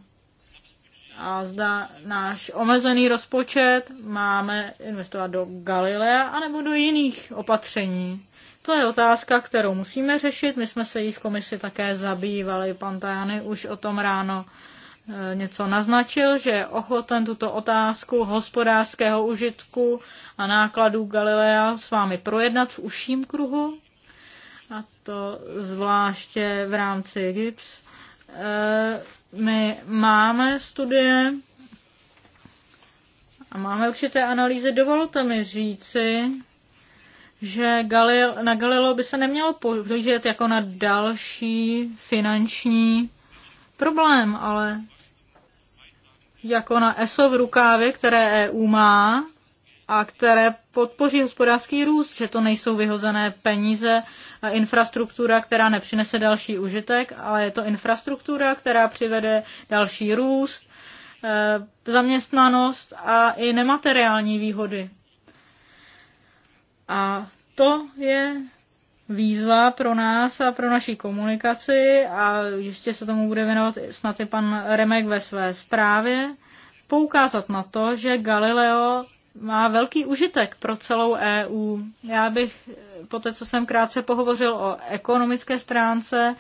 a zda náš omezený rozpočet máme investovat do Galilea anebo do jiných opatření. To je otázka, kterou musíme řešit. My jsme se jich komisi také zabývali. Pan Tajany už o tom ráno E, něco naznačil, že je ochoten tuto otázku hospodářského užitku a nákladů Galilea s vámi projednat v užším kruhu, a to zvláště v rámci GIPS. E, my máme studie a máme určité analýzy. Dovolte mi říci, že Galil, na Galileo by se nemělo pohlížet jako na další finanční problém, ale jako na ESO v rukávě, které EU má a které podpoří hospodářský růst, že to nejsou vyhozené peníze a infrastruktura, která nepřinese další užitek, ale je to infrastruktura, která přivede další růst, e, zaměstnanost a i nemateriální výhody. A to je výzva pro nás a pro naši komunikaci a jistě se tomu bude věnovat snad i pan Remek ve své zprávě, poukázat na to, že Galileo má velký užitek pro celou EU. Já bych po té, co jsem krátce pohovořil o ekonomické stránce,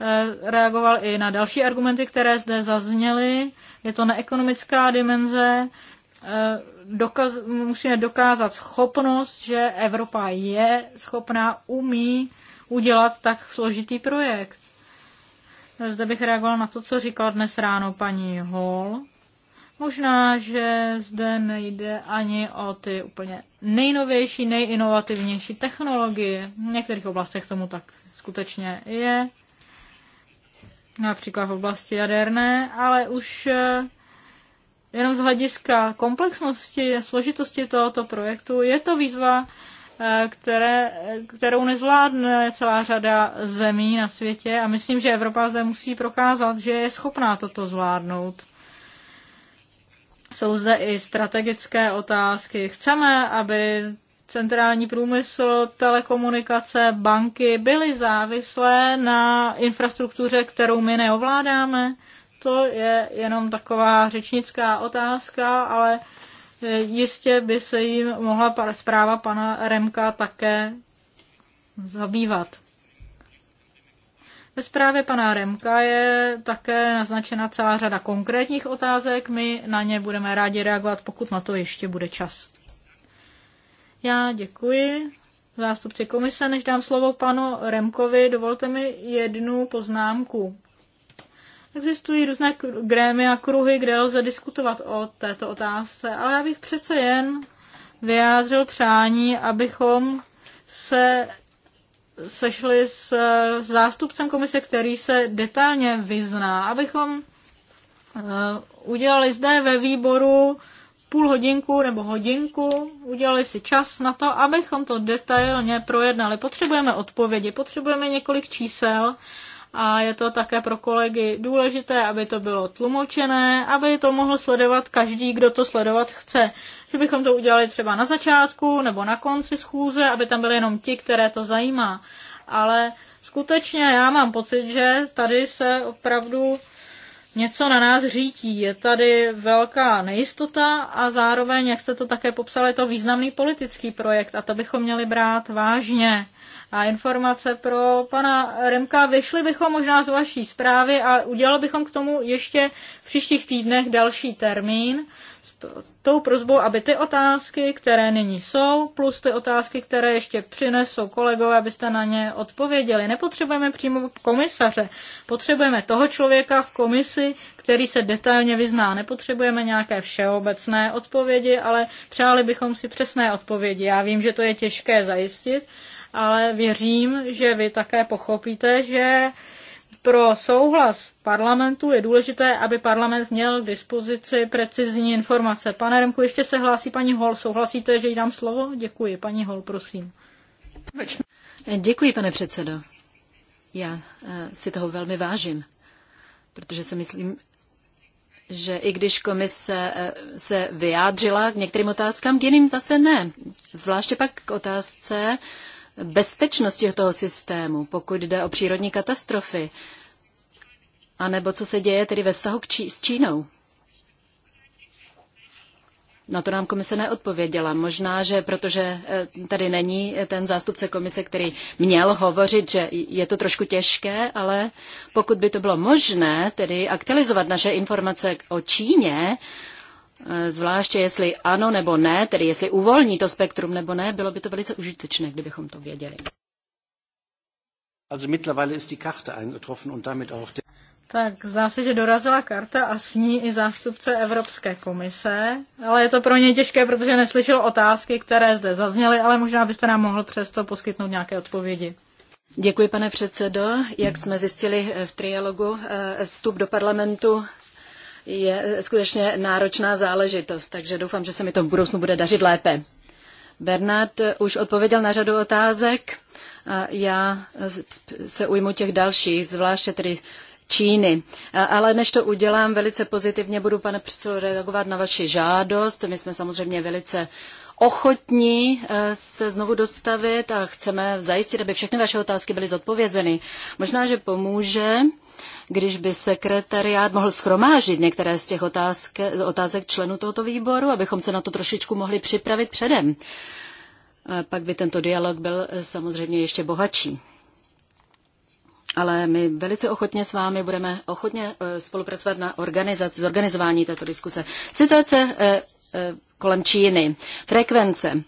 eh, reagoval i na další argumenty, které zde zazněly. Je to neekonomická dimenze, dokaz, musíme dokázat schopnost, že Evropa je schopná, umí udělat tak složitý projekt. Zde bych reagoval na to, co říkala dnes ráno paní Hall. Možná, že zde nejde ani o ty úplně nejnovější, nejinovativnější technologie. V některých oblastech tomu tak skutečně je. Například v oblasti jaderné, ale už eh, jenom z hlediska komplexnosti a složitosti tohoto projektu je to výzva, eh, které, kterou nezvládne celá řada zemí na světě a myslím, že Evropa zde musí prokázat, že je schopná toto zvládnout. Jsou zde i strategické otázky. Chceme, aby centrální průmysl, telekomunikace, banky byly závislé na infrastruktuře, kterou my neovládáme to je jenom taková řečnická otázka, ale e, jistě by se jim mohla zpráva pana Remka také zabývat. Ve zprávě pana Remka je také naznačena celá řada konkrétních otázek. My na ně budeme rádi reagovat, pokud na to ještě bude čas. Já děkuji. Zástupci komise, než dám slovo panu Remkovi, dovolte mi jednu poznámku. Existují různé grémy a kruhy, kde lze diskutovat o této otázce, ale já bych přece jen vyjádřil přání, abychom se sešli s zástupcem komise, který se detailně vyzná, abychom eh, udělali zde ve výboru půl hodinku nebo hodinku, udělali si čas na to, abychom to detailně projednali. Potřebujeme odpovědi, potřebujeme několik čísel a je to také pro kolegy důležité, aby to bylo tlumočené, aby to mohl sledovat každý, kdo to sledovat chce. Že bychom to udělali třeba na začátku nebo na konci schůze, aby tam byli jenom ti, které to zajímá. Ale skutečně já mám pocit, že tady se opravdu něco na nás řítí. Je tady velká nejistota a zároveň, jak jste to také popsal, je to významný politický projekt a to bychom měli brát vážně. A informace pro pana Remka vyšly bychom možná z vaší zprávy a udělali bychom k tomu ještě v příštích týdnech další termín, tou prozbou, aby ty otázky, které nyní jsou, plus ty otázky, které ještě přinesou kolegové, abyste na ně odpověděli. Nepotřebujeme přímo komisaře, potřebujeme toho člověka v komisi, který se detailně vyzná. Nepotřebujeme nějaké všeobecné odpovědi, ale přáli bychom si přesné odpovědi. Já vím, že to je těžké zajistit, ale věřím, že vy také pochopíte, že pro souhlas parlamentu je důležité, aby parlament měl k dispozici precizní informace. Pane Remku, ještě se hlásí paní Hol. Souhlasíte, že jí dám slovo? Děkuji. Paní Hol, prosím. Děkuji, pane předsedo. Já eh, si toho velmi vážím, protože si myslím, že i když komise eh, se vyjádřila k některým otázkám, k jiným zase ne. Zvláště pak k otázce bezpečnosti toho systému, pokud jde o přírodní katastrofy, anebo co se děje tedy ve vztahu k Čí- s Čínou? Na to nám komise neodpověděla. Možná, že protože eh, tady není ten zástupce komise, který měl hovořit, že je to trošku těžké, ale pokud by to bylo možné, tedy aktualizovat naše informace o Číně, Eh, zvláště jestli ano nebo ne, tedy jestli uvolní to spektrum nebo ne, bylo by to velice užitečné, kdybychom to věděli. tak zdá se, že dorazila karta a s ní i zástupce Evropské komise, ale je to pro něj těžké, protože neslyšel otázky, které zde zazněly, ale možná byste nám mohl přesto poskytnout nějaké odpovědi. Děkuji, pane předsedo. Jak jsme zjistili eh, v trialogu, eh, vstup do parlamentu je skutečně náročná záležitost, takže doufám, že se mi to v budoucnu bude dařit lépe. Bernard už odpověděl na řadu otázek a já se ujmu těch dalších, zvláště tedy Číny. Ale než to udělám, velice pozitivně budu, pane předsedo, reagovat na vaši žádost. My jsme samozřejmě velice ochotní e, se znovu dostavit a chceme zajistit, aby všechny vaše otázky byly zodpovězeny. Možná, že pomůže, když by sekretariát mohl schromážit některé z těch otázek, otázek členů tohoto výboru, abychom se na to trošičku mohli připravit předem. A pak by tento dialog byl samozřejmě ještě bohatší. Ale my velice ochotně s vámi budeme ochotně e, spolupracovat na organizaci, zorganizování této diskuse. Situace e, e, kolem Číny, frekvence.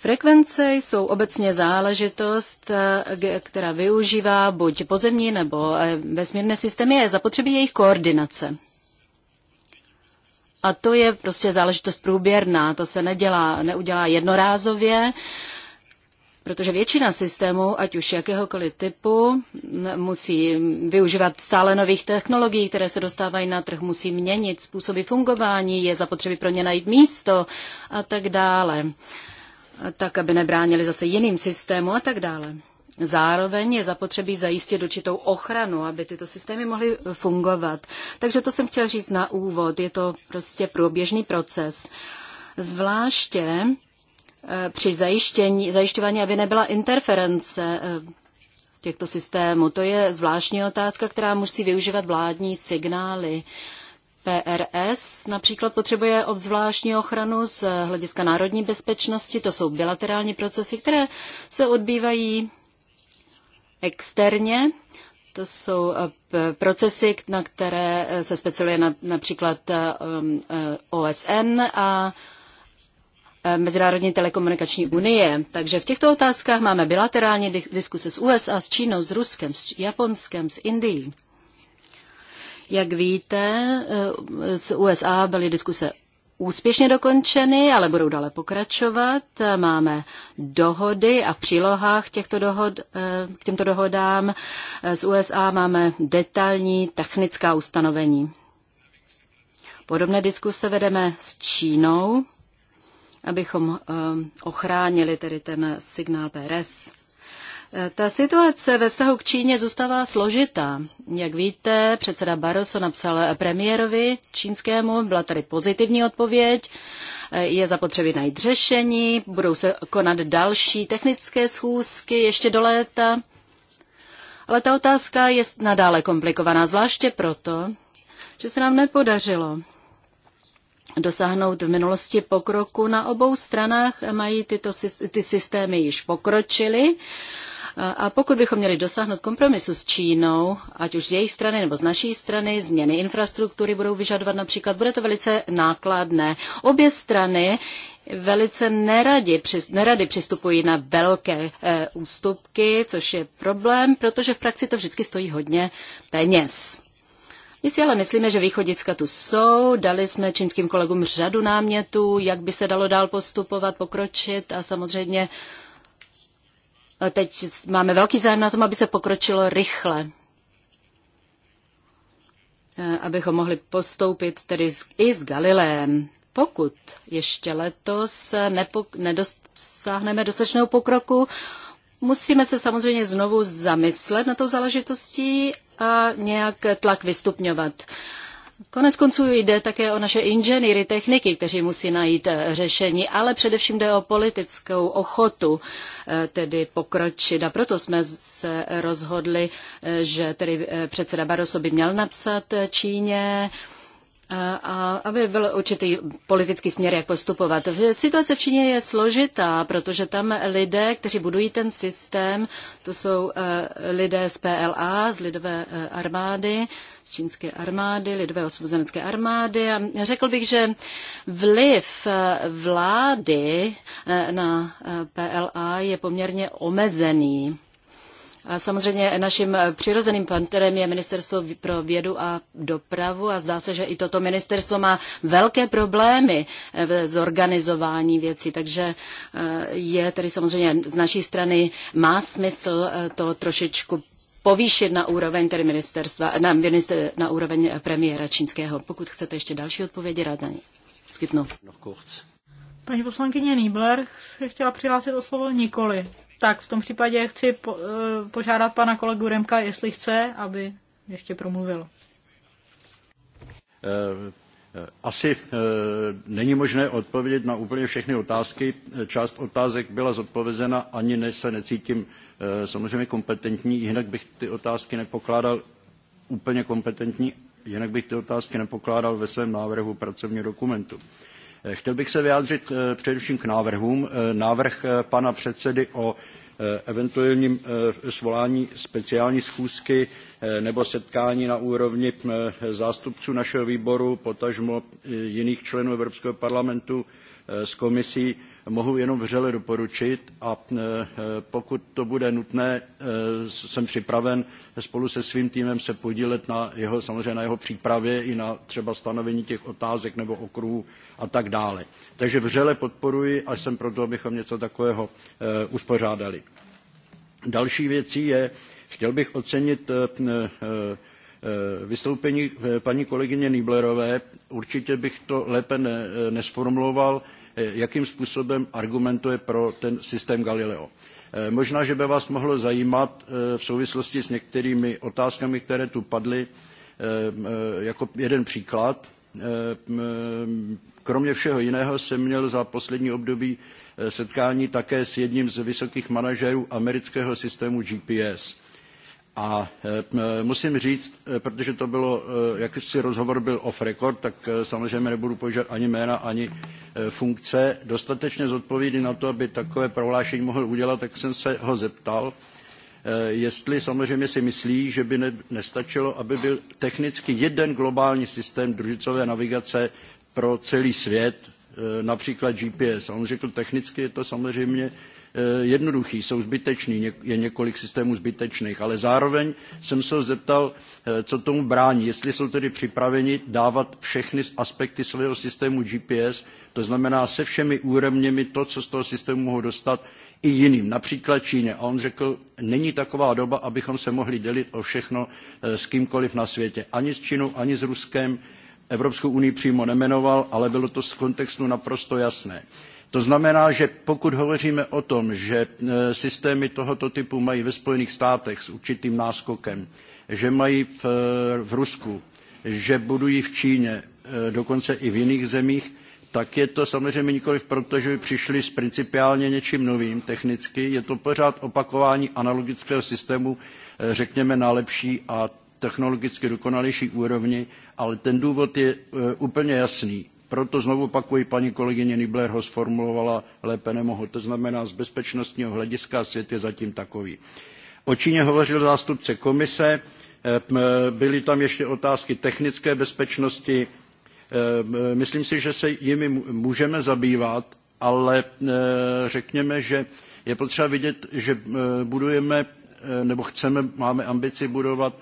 Frekvence jsou obecně záležitost, eh, která využívá buď pozemní nebo eh, vesmírné systémy, je zapotřebí jejich koordinace. A to je prostě záležitost průběrná, to se nedělá, neudělá jednorázově, protože většina systémů, ať už jakéhokoliv typu, musí využívat stále nových technologií, které se dostávají na trh, musí měnit způsoby fungování, je zapotřebí pro ně najít místo a tak dále tak aby nebránili zase jiným systému a tak dále. Zároveň je zapotřebí zajistit určitou ochranu, aby tyto systémy mohly fungovat. Takže to jsem chtěl říct na úvod. Je to prostě průběžný proces. Zvláště eh, při zajištění, zajišťování, aby nebyla interference eh, těchto systémů. To je zvláštní otázka, která musí využívat vládní signály PRS například potřebuje obzvláštní ochranu z hlediska národní bezpečnosti. To jsou bilaterální procesy, které se odbývají externě. To jsou eh, procesy, na které eh, se specializuje například eh, um, OSN a Mezinárodní telekomunikační unie. Takže v těchto otázkách máme bilaterální diskuse s USA, s Čínou, s Ruskem, s Japonskem, s Indií. Jak víte, eh, z USA byly diskuse úspěšně dokončeny, ale budou dále pokračovat. Máme dohody a v přílohách těchto dohod, eh, k těmto dohodám eh, z USA máme detailní technická ustanovení. Podobné diskuse vedeme s Čínou, abychom ochránili tedy ten signál PRS. Eh, ta situace ve vztahu k Číně zůstává složitá. Jak víte, předseda Barroso napsal premiérovi čínskému, byla tady pozitivní odpověď, eh, je zapotřebí najít řešení, budou se konat další technické schůzky ještě do léta. Ale ta otázka je nadále komplikovaná, zvláště proto, že se nám nepodařilo dosáhnout v minulosti pokroku. Na obou stranách mají tyto, ty systémy již pokročily a pokud bychom měli dosáhnout kompromisu s Čínou, ať už z její strany nebo z naší strany, změny infrastruktury budou vyžadovat například, bude to velice nákladné. Obě strany velice neradi, neradi přistupují na velké e, ústupky, což je problém, protože v praxi to vždycky stojí hodně peněz. My si ale myslíme, že východiska tu jsou, dali jsme čínským kolegům řadu námětů, jak by se dalo dál postupovat, pokročit a samozřejmě Teď máme velký zájem na tom, aby se pokročilo rychle, eh, abychom mohli postoupit tedy i s Galileem. Pokud ještě letos nedosáhneme dostatečného pokroku, musíme se samozřejmě znovu zamyslet na to záležitostí a nějak tlak vystupňovat. Konec konců jde také o naše inženýry, techniky, kteří musí najít eh, řešení, ale především jde o politickou ochotu eh, tedy pokročit. A proto jsme se rozhodli, eh, že tedy předseda Baroso by měl napsat Číně, a aby byl určitý politický směr, jak postupovat. Situace v Číně je složitá, protože tam lidé, kteří budují ten systém, to jsou eh, lidé z PLA, z lidové eh, armády, z čínské armády, lidové osvobozenecké armády. A řekl bych, že vliv eh, vlády na PLA je poměrně omezený. Samozřejmě naším přirozeným panterem je Ministerstvo pro vědu a dopravu a zdá se, že i toto ministerstvo má velké problémy eh, v zorganizování věcí, takže eh, je tedy samozřejmě z naší strany má smysl eh, to trošičku povýšit na úroveň tedy ministerstva, na, minister, na úroveň premiéra čínského. Pokud chcete ještě další odpovědi, rád na ně skytnu. Paní poslankyně Nýbler se chtěla přihlásit o slovo nikoli. Tak v tom případě chci po, eh, požádat pana kolegu Remka, jestli chce, aby ještě promluvil. Eh, eh, asi není možné odpovědět na úplně všechny otázky. Část otázek byla zodpovězena, ani ne, se necítím samozřejmě kompetentní, jinak bych ty otázky nepokládal úplně kompetentní, jinak bych ty otázky nepokládal ve svém návrhu pracovního dokumentu. Eh, chtěl bych se vyjádřit eh, především k návrhům. Eh, návrh pana předsedy o eventuálním svolání speciální schůzky nebo setkání na úrovni zástupců našeho výboru, potažmo jiných členů Evropského parlamentu s komisí, mohu jenom vřele doporučit a pokud to bude nutné, jsem připraven spolu se svým týmem se podílet na jeho, samozřejmě na jeho přípravě i na třeba stanovení těch otázek nebo okruhů a tak dále. Takže vřele podporuji a jsem proto, abychom něco takového eh, uspořádali. Další věcí je, chtěl bych ocenit eh, eh, vystoupení paní kolegyně Nýblerové. Určitě bych to lépe ne, nesformuloval, jakým způsobem argumentuje pro ten systém Galileo. Možná, že by vás mohlo zajímat v souvislosti s některými otázkami, které tu padly, jako jeden příklad. Kromě všeho jiného jsem měl za poslední období eh, setkání také s jedním z vysokých manažerů amerického systému GPS. A eh, musím říct, eh, protože to bylo, jak si rozhovor byl off record, tak samozřejmě nebudu používat ani jména, ani funkce, dostatečně zodpovědný na to, aby takové prohlášení mohl udělat, tak jsem se ho zeptal, jestli samozřejmě si myslí, že by nestačilo, aby byl technicky jeden globální systém družicové navigace pro celý svět, e, například GPS. A on řekl, technicky je to samozřejmě e, jednoduchý, jsou zbytečný, je několik systémů zbytečných, ale zároveň jsem se ho zeptal, e, co tomu brání, jestli jsou tedy připraveni dávat všechny aspekty svého systému GPS, to znamená se všemi úrovněmi to, co z toho systému mohou dostat, i jiným, například Číně. A on řekl, není taková doba, abychom se mohli dělit o všechno s kýmkoliv na světě, ani s Čínou, ani s Ruskem, Evropskou unii přímo nemenoval, ale bylo to z kontextu naprosto jasné. To znamená, že pokud hovoříme o tom, že e, systémy tohoto typu mají ve Spojených státech s určitým náskokem, že mají v, e, v Rusku, že budují v Číně, e, dokonce i v jiných zemích, tak je to samozřejmě nikoliv proto, že by přišli s principiálně něčím novým technicky, je to pořád opakování analogického systému, řekněme, na lepší a technologicky dokonalejší úrovni, ale ten důvod je e, úplně jasný. Proto znovu opakuji, paní kolegyně Nibler ho sformulovala lépe nemohu. To znamená, z bezpečnostního hlediska svět je zatím takový. O Číně hovořil zástupce komise, e, e, byly tam ještě otázky technické bezpečnosti. Myslím si, že se jimi můžeme zabývat, ale řekněme, že je potřeba vidět, že budujeme nebo chceme, máme ambici budovat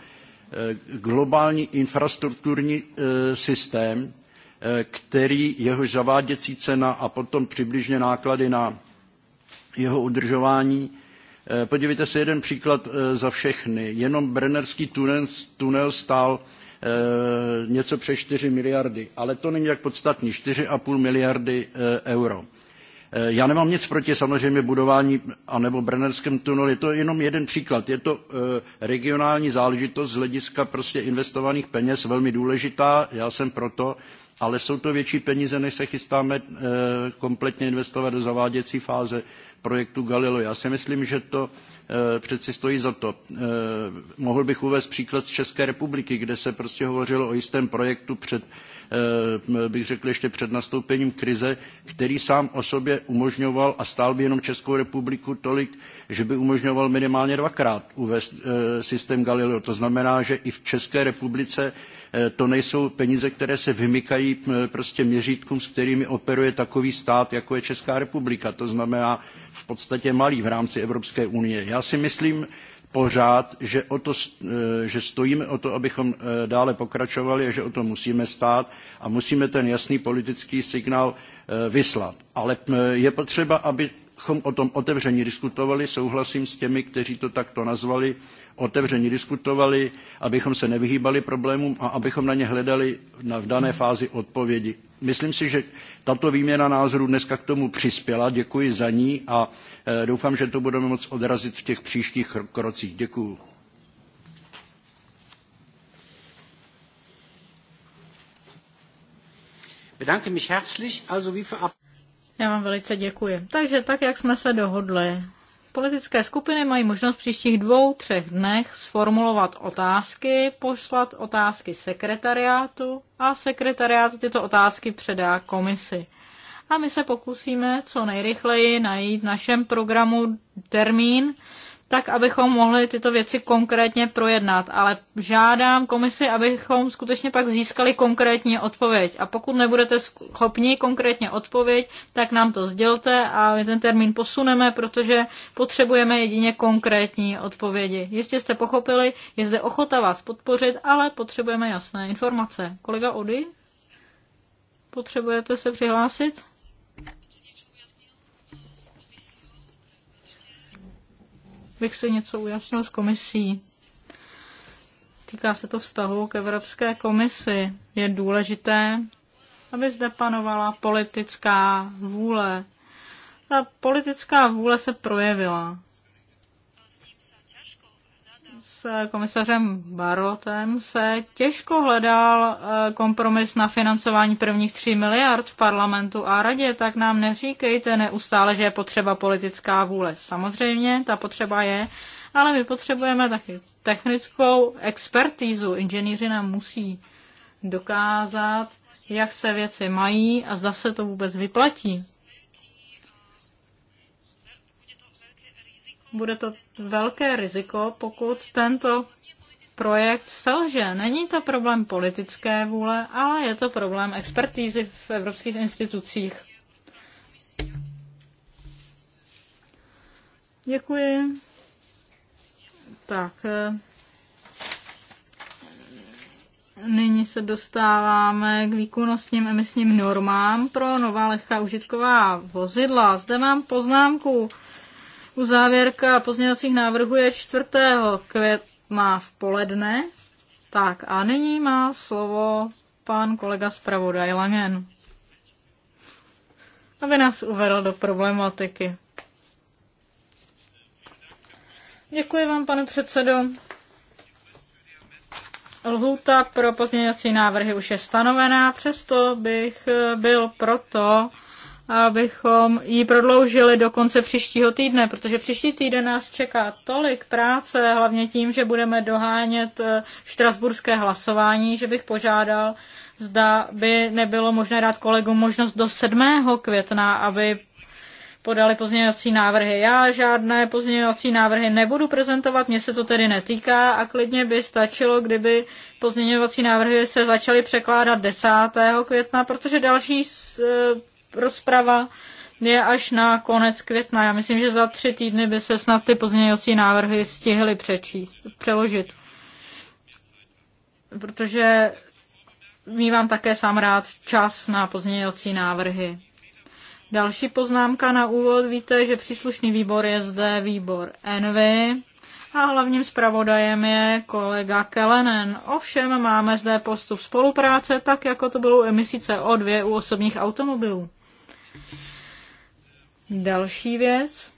Eh, globální infrastrukturní eh, systém, eh, který jeho zaváděcí cena a potom přibližně náklady na jeho udržování. Podívejte se jeden příklad za všechny. Jenom Brennerský tunel, tunel stál něco přes 4 miliardy, ale to není tak podstatný, 4,5 miliardy euro. Eh, já nemám nic proti samozřejmě budování anebo Brennerském tunelu, je to jenom jeden příklad. Je to eh, regionální záležitost z hlediska prostě investovaných peněz velmi důležitá, já jsem proto, ale jsou to větší peníze, než se chystáme eh, kompletně investovat do zaváděcí fáze projektu Galileo. Já si myslím, že to přeci stojí za to. Mohl bych uvést příklad z České republiky, kde se prostě hovořilo o jistém projektu před Eh, bych řekl ještě před nastoupením krize, který sám o sobě umožňoval a stál by jenom Českou republiku tolik, že by umožňoval minimálně dvakrát uvést eh, systém Galileo. To znamená, že i v České republice eh, to nejsou peníze, které se vymykají prostě měřítkům, s kterými operuje takový stát, jako je Česká republika. To znamená v podstatě malý v rámci Evropské unie. Já si myslím, pořád, že, o to, eh, že stojíme o to, abychom eh, dále pokračovali a že o to musíme stát a musíme ten jasný politický signál eh, vyslat. Ale je potřeba, abychom o tom otevřeně diskutovali, souhlasím s těmi, kteří to takto nazvali, otevřeně diskutovali, abychom se nevyhýbali problémům a abychom na ně hledali v dané fázi odpovědi. Myslím si, že tato výměna názorů dneska k tomu přispěla. Děkuji za ní a eh, doufám, že to budeme moct odrazit v těch příštích krocích. Děkuji. Já vám velice děkuji. Takže tak, jak jsme se dohodli, Politické skupiny mají možnost v příštích dvou, třech dnech sformulovat otázky, poslat otázky sekretariátu a sekretariát tyto otázky předá komisi. A my se pokusíme co nejrychleji najít v našem programu termín, tak abychom mohli tyto věci konkrétně projednat. Ale žádám komisi, abychom skutečně pak získali konkrétní odpověď. A pokud nebudete schopni konkrétně odpověď, tak nám to sdělte a my ten termín posuneme, protože potřebujeme jedině konkrétní odpovědi. Jistě jste pochopili, je zde ochota vás podpořit, ale potřebujeme jasné informace. Kolega Ody, potřebujete se přihlásit? bych si něco ujasnil s komisí. Týká se to vztahu k Evropské komisi. Je důležité, aby zde panovala politická vůle. Ta politická vůle se projevila komisařem Barotem se těžko hledal eh, kompromis na financování prvních 3 miliard v parlamentu a radě, tak nám neříkejte neustále, že je potřeba politická vůle. Samozřejmě, ta potřeba je, ale my potřebujeme taky technickou expertízu. Inženýři nám musí dokázat, jak se věci mají a zda se to vůbec vyplatí. bude to velké riziko, pokud tento projekt selže. Není to problém politické vůle, ale je to problém expertízy v evropských institucích. Děkuji. Tak. Eh, nyní se dostáváme k výkonnostním emisním normám pro nová lehká užitková vozidla. Zde mám poznámku Uzávěrka pozměňovacích návrhů je 4. května v poledne. Tak a nyní má slovo pan kolega zpravodaj Langen, aby nás uvedl do problematiky. Děkuji vám, pane předsedo. Lhůta pro pozměňovací návrhy už je stanovená, přesto bych byl proto, abychom ji prodloužili do konce příštího týdne, protože příští týden nás čeká tolik práce, hlavně tím, že budeme dohánět eh, štrasburské hlasování, že bych požádal, zda by nebylo možné dát kolegům možnost do 7. května, aby podali pozměňovací návrhy. Já žádné pozměňovací návrhy nebudu prezentovat, mě se to tedy netýká a klidně by stačilo, kdyby pozměňovací návrhy se začaly překládat 10. května, protože další eh, rozprava je až na konec května. Já myslím, že za tři týdny by se snad ty pozměňovací návrhy stihly přečíst, přeložit. Protože mývám také sám rád čas na pozměňovací návrhy. Další poznámka na úvod. Víte, že příslušný výbor je zde výbor Envy a hlavním zpravodajem je kolega Kelenen. Ovšem máme zde postup spolupráce, tak jako to bylo u emisí CO2 u osobních automobilů. Další věc.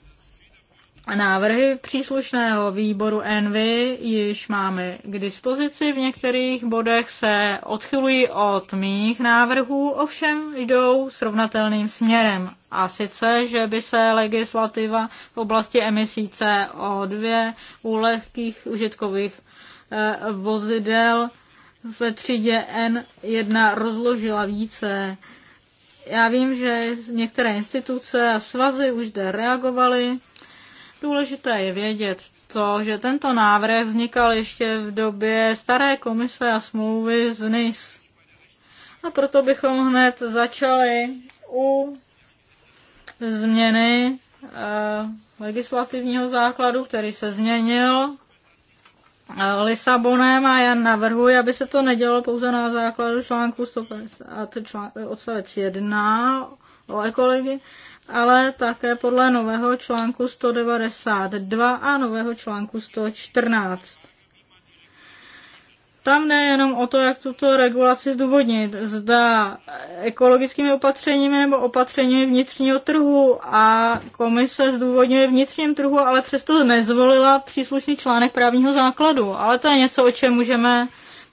Návrhy příslušného výboru NV již máme k dispozici. V některých bodech se odchylují od mých návrhů, ovšem jdou srovnatelným směrem. A sice, že by se legislativa v oblasti emisí CO2 u lehkých užitkových eh, vozidel ve třídě N1 rozložila více já vím, že některé instituce a svazy už zde reagovaly. Důležité je vědět to, že tento návrh vznikal ještě v době staré komise a smlouvy z NIS. A proto bychom hned začali u změny eh, legislativního základu, který se změnil Lisabonem a já navrhuji, aby se to nedělo pouze na základu článku 150 článk, odstavec 1 o ekologii, ale také podle nového článku 192 a nového článku 114. Tam jde jenom o to, jak tuto regulaci zdůvodnit. Zda ekologickými opatřeními nebo opatřeními vnitřního trhu a komise zdůvodňuje vnitřním trhu, ale přesto nezvolila příslušný článek právního základu. Ale to je něco, o čem můžeme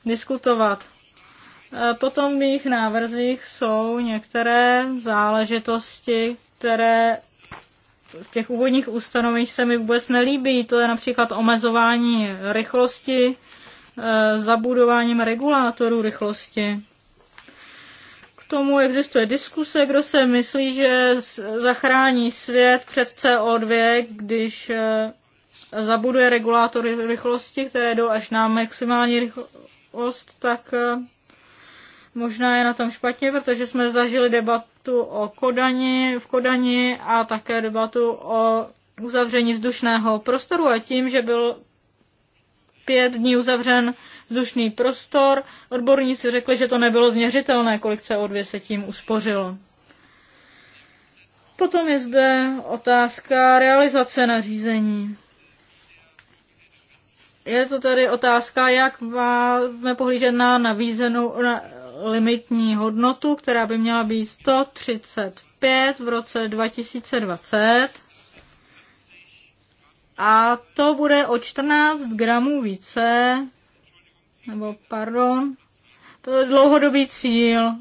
diskutovat. E, potom v jejich návrzích jsou některé záležitosti, které v těch úvodních ustanoveních se mi vůbec nelíbí. To je například omezování rychlosti, Eh, zabudováním regulátorů rychlosti. K tomu existuje diskuse, kdo se myslí, že zachrání svět před CO2, když eh, zabuduje regulátory rychlosti, které jdou až na maximální rychlost, tak eh, možná je na tom špatně, protože jsme zažili debatu o Kodani, v Kodani a také debatu o uzavření vzdušného prostoru a tím, že byl pět dní uzavřen vzdušný prostor. Odborníci řekli, že to nebylo změřitelné, kolik CO2 se tím uspořilo. Potom je zde otázka realizace nařízení. Je to tedy otázka, jak máme pohlížet na navízenou na limitní hodnotu, která by měla být 135 v roce 2020. A to bude o 14 gramů více, nebo pardon, to je dlouhodobý cíl.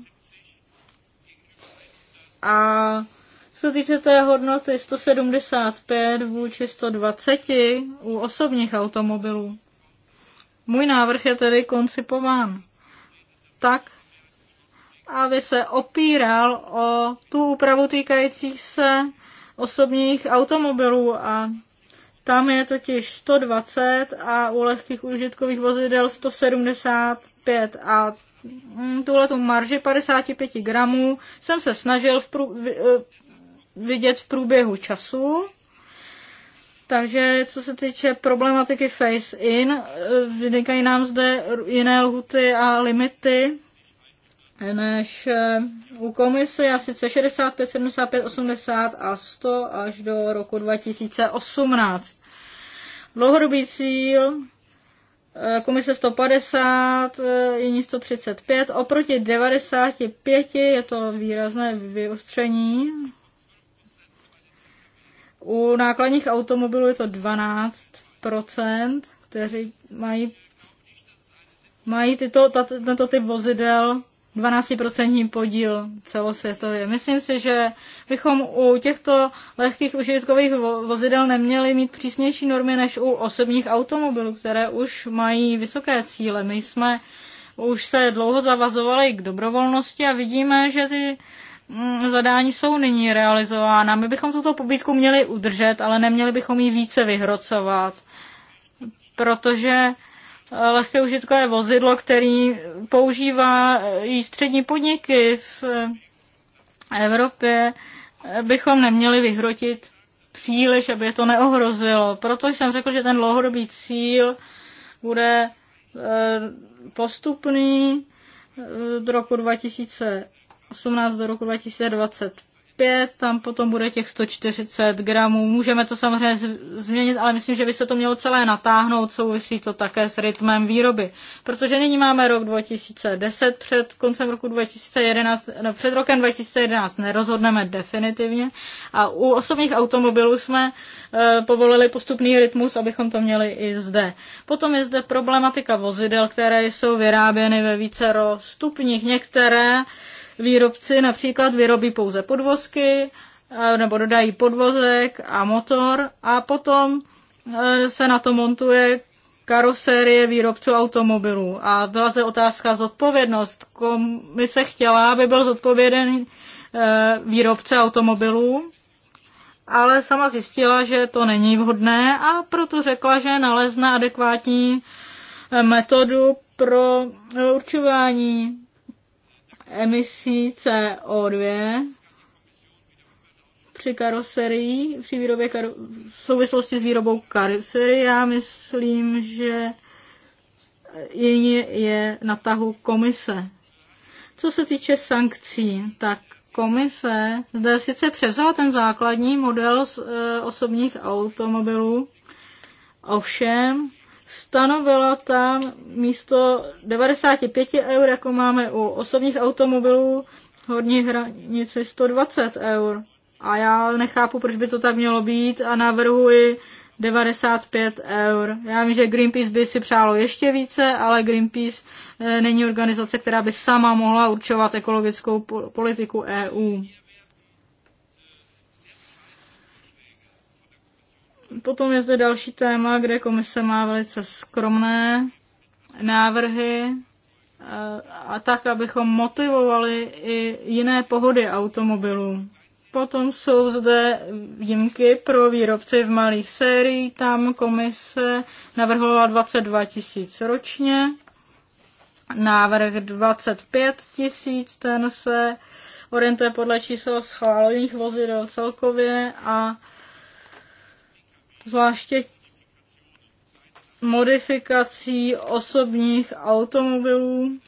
A co týče té hodnoty 175 vůči 120 u osobních automobilů. Můj návrh je tedy koncipován tak, aby se opíral o tu úpravu týkajících se osobních automobilů a tam je totiž 120 a u lehkých užitkových vozidel 175 a mm, tuhle tu marži 55 gramů jsem se snažil v prů, eh, vidět v průběhu času. Takže co se týče problematiky face in, eh, vynikají nám zde jiné lhuty a limity než eh, u komise asi 65, 75, 80 a 100 až do roku 2018. Dlouhodobý cíl eh, komise 150, jiní 135, oproti 95 je to výrazné vyostření. U nákladních automobilů je to 12%, kteří mají, mají tyto, tato, tento typ vozidel 12% podíl celosvětově. Myslím si, že bychom u těchto lehkých užitkových vozidel neměli mít přísnější normy než u osobních automobilů, které už mají vysoké cíle. My jsme už se dlouho zavazovali k dobrovolnosti a vidíme, že ty mm, zadání jsou nyní realizována. My bychom tuto pobídku měli udržet, ale neměli bychom ji více vyhrocovat, protože lehké užitkové vozidlo, který používá i střední podniky v Evropě, bychom neměli vyhrotit příliš, aby je to neohrozilo. Proto jsem řekl, že ten dlouhodobý cíl bude e, postupný e, do roku 2018 do roku 2025 5, tam potom bude těch 140 gramů. Můžeme to samozřejmě změnit, ale myslím, že by se to mělo celé natáhnout, souvisí to také s rytmem výroby. Protože nyní máme rok 2010, před koncem roku 2011, no, před rokem 2011 nerozhodneme definitivně a u osobních automobilů jsme e, povolili postupný rytmus, abychom to měli i zde. Potom je zde problematika vozidel, které jsou vyráběny ve více stupních. Některé výrobci například vyrobí pouze podvozky eh, nebo dodají podvozek a motor a potom eh, se na to montuje karosérie výrobců automobilů. A byla zde otázka zodpovědnost. Komise chtěla, aby byl zodpověden eh, výrobce automobilů, ale sama zjistila, že to není vhodné a proto řekla, že nalezne adekvátní metodu pro určování emisí CO2 při karoserii, při výrobě kar- v souvislosti s výrobou karoserii. Já myslím, že jedině je na tahu komise. Co se týče sankcí, tak komise zde sice převzala ten základní model z e, osobních automobilů, ovšem stanovila tam místo 95 eur, jako máme u osobních automobilů, horní hranice 120 eur. A já nechápu, proč by to tak mělo být a navrhuji 95 eur. Já vím, že Greenpeace by si přálo ještě více, ale Greenpeace eh, není organizace, která by sama mohla určovat ekologickou politiku EU. Potom je zde další téma, kde komise má velice skromné návrhy eh, a tak, abychom motivovali i jiné pohody automobilů. Potom jsou zde výjimky pro výrobce v malých sériích. Tam komise navrhovala 22 tisíc ročně. Návrh 25 tisíc, ten se orientuje podle čísel schválených vozidel celkově a zvláště modifikací osobních automobilů.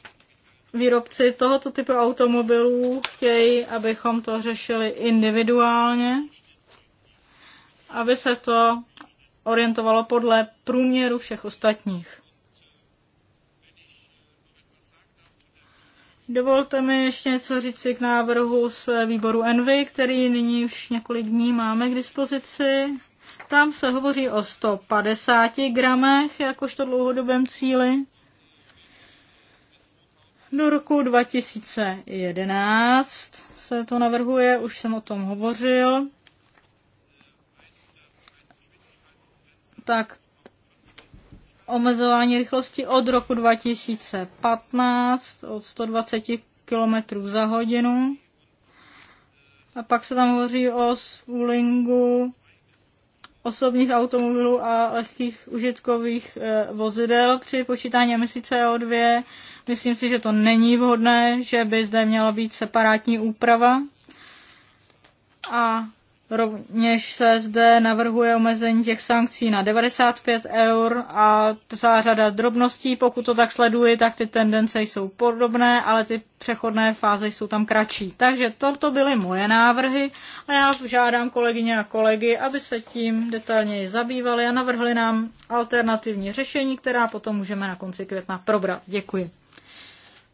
Výrobci tohoto typu automobilů chtějí, abychom to řešili individuálně, aby se to orientovalo podle průměru všech ostatních. Dovolte mi ještě něco říci k návrhu z výboru Envy, který nyní už několik dní máme k dispozici. Tam se hovoří o 150 gramech jakožto dlouhodobém cíli. Do roku 2011 se to navrhuje, už jsem o tom hovořil. Tak omezování rychlosti od roku 2015 od 120 km za hodinu. A pak se tam hovoří o spoolingu osobních automobilů a lehkých užitkových eh, vozidel při počítání emisí CO2. Myslím si, že to není vhodné, že by zde měla být separátní úprava. A Rovněž se zde navrhuje omezení těch sankcí na 95 eur a celá řada drobností. Pokud to tak sleduji, tak ty tendence jsou podobné, ale ty přechodné fáze jsou tam kratší. Takže toto byly moje návrhy a já žádám kolegyně a kolegy, aby se tím detailněji zabývali a navrhli nám alternativní řešení, která potom můžeme na konci května probrat. Děkuji.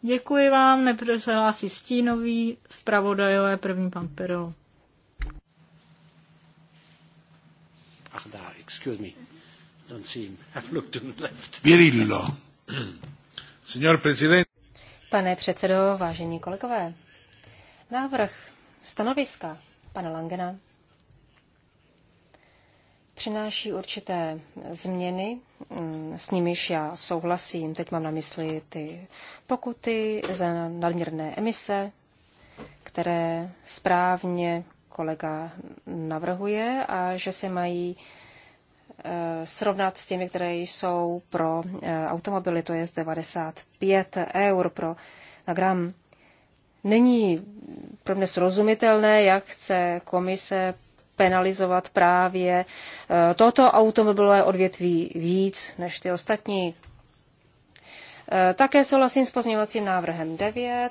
Děkuji vám, nepřehlásí stínový, zpravodajové první pan Perlo. Ahdar, excuse me. Don't see him. I've looked to the left. Pirillo. Signor Presidente. Pane předsedo, vážení kolegové, návrh stanoviska pana Langena přináší určité změny, mm, s nimiž já souhlasím. Teď mám na mysli ty pokuty za nadměrné emise, které správně kolega navrhuje a že se mají eh, srovnat s těmi, které jsou pro eh, automobily, to je z 95 eur pro na gram. Není pro mě srozumitelné, jak chce komise penalizovat právě eh, toto automobilové odvětví víc než ty ostatní. Také souhlasím s pozměňovacím návrhem 9,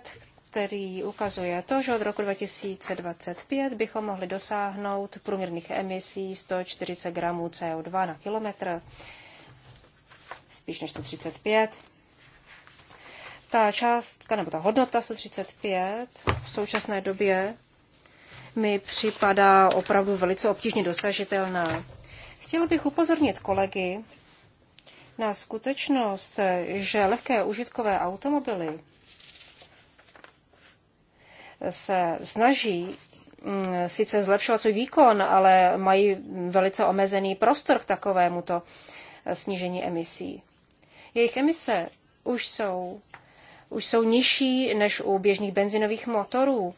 který ukazuje to, že od roku 2025 bychom mohli dosáhnout průměrných emisí 140 gramů CO2 na kilometr, spíš než 135. Ta částka nebo ta hodnota 135 v současné době mi připadá opravdu velice obtížně dosažitelná. Chtěla bych upozornit kolegy na skutečnost, že lehké užitkové automobily se snaží mm, sice zlepšovat svůj výkon, ale mají velice omezený prostor k takovémuto eh, snížení emisí. Jejich emise už jsou, už jsou nižší než u běžných benzinových motorů.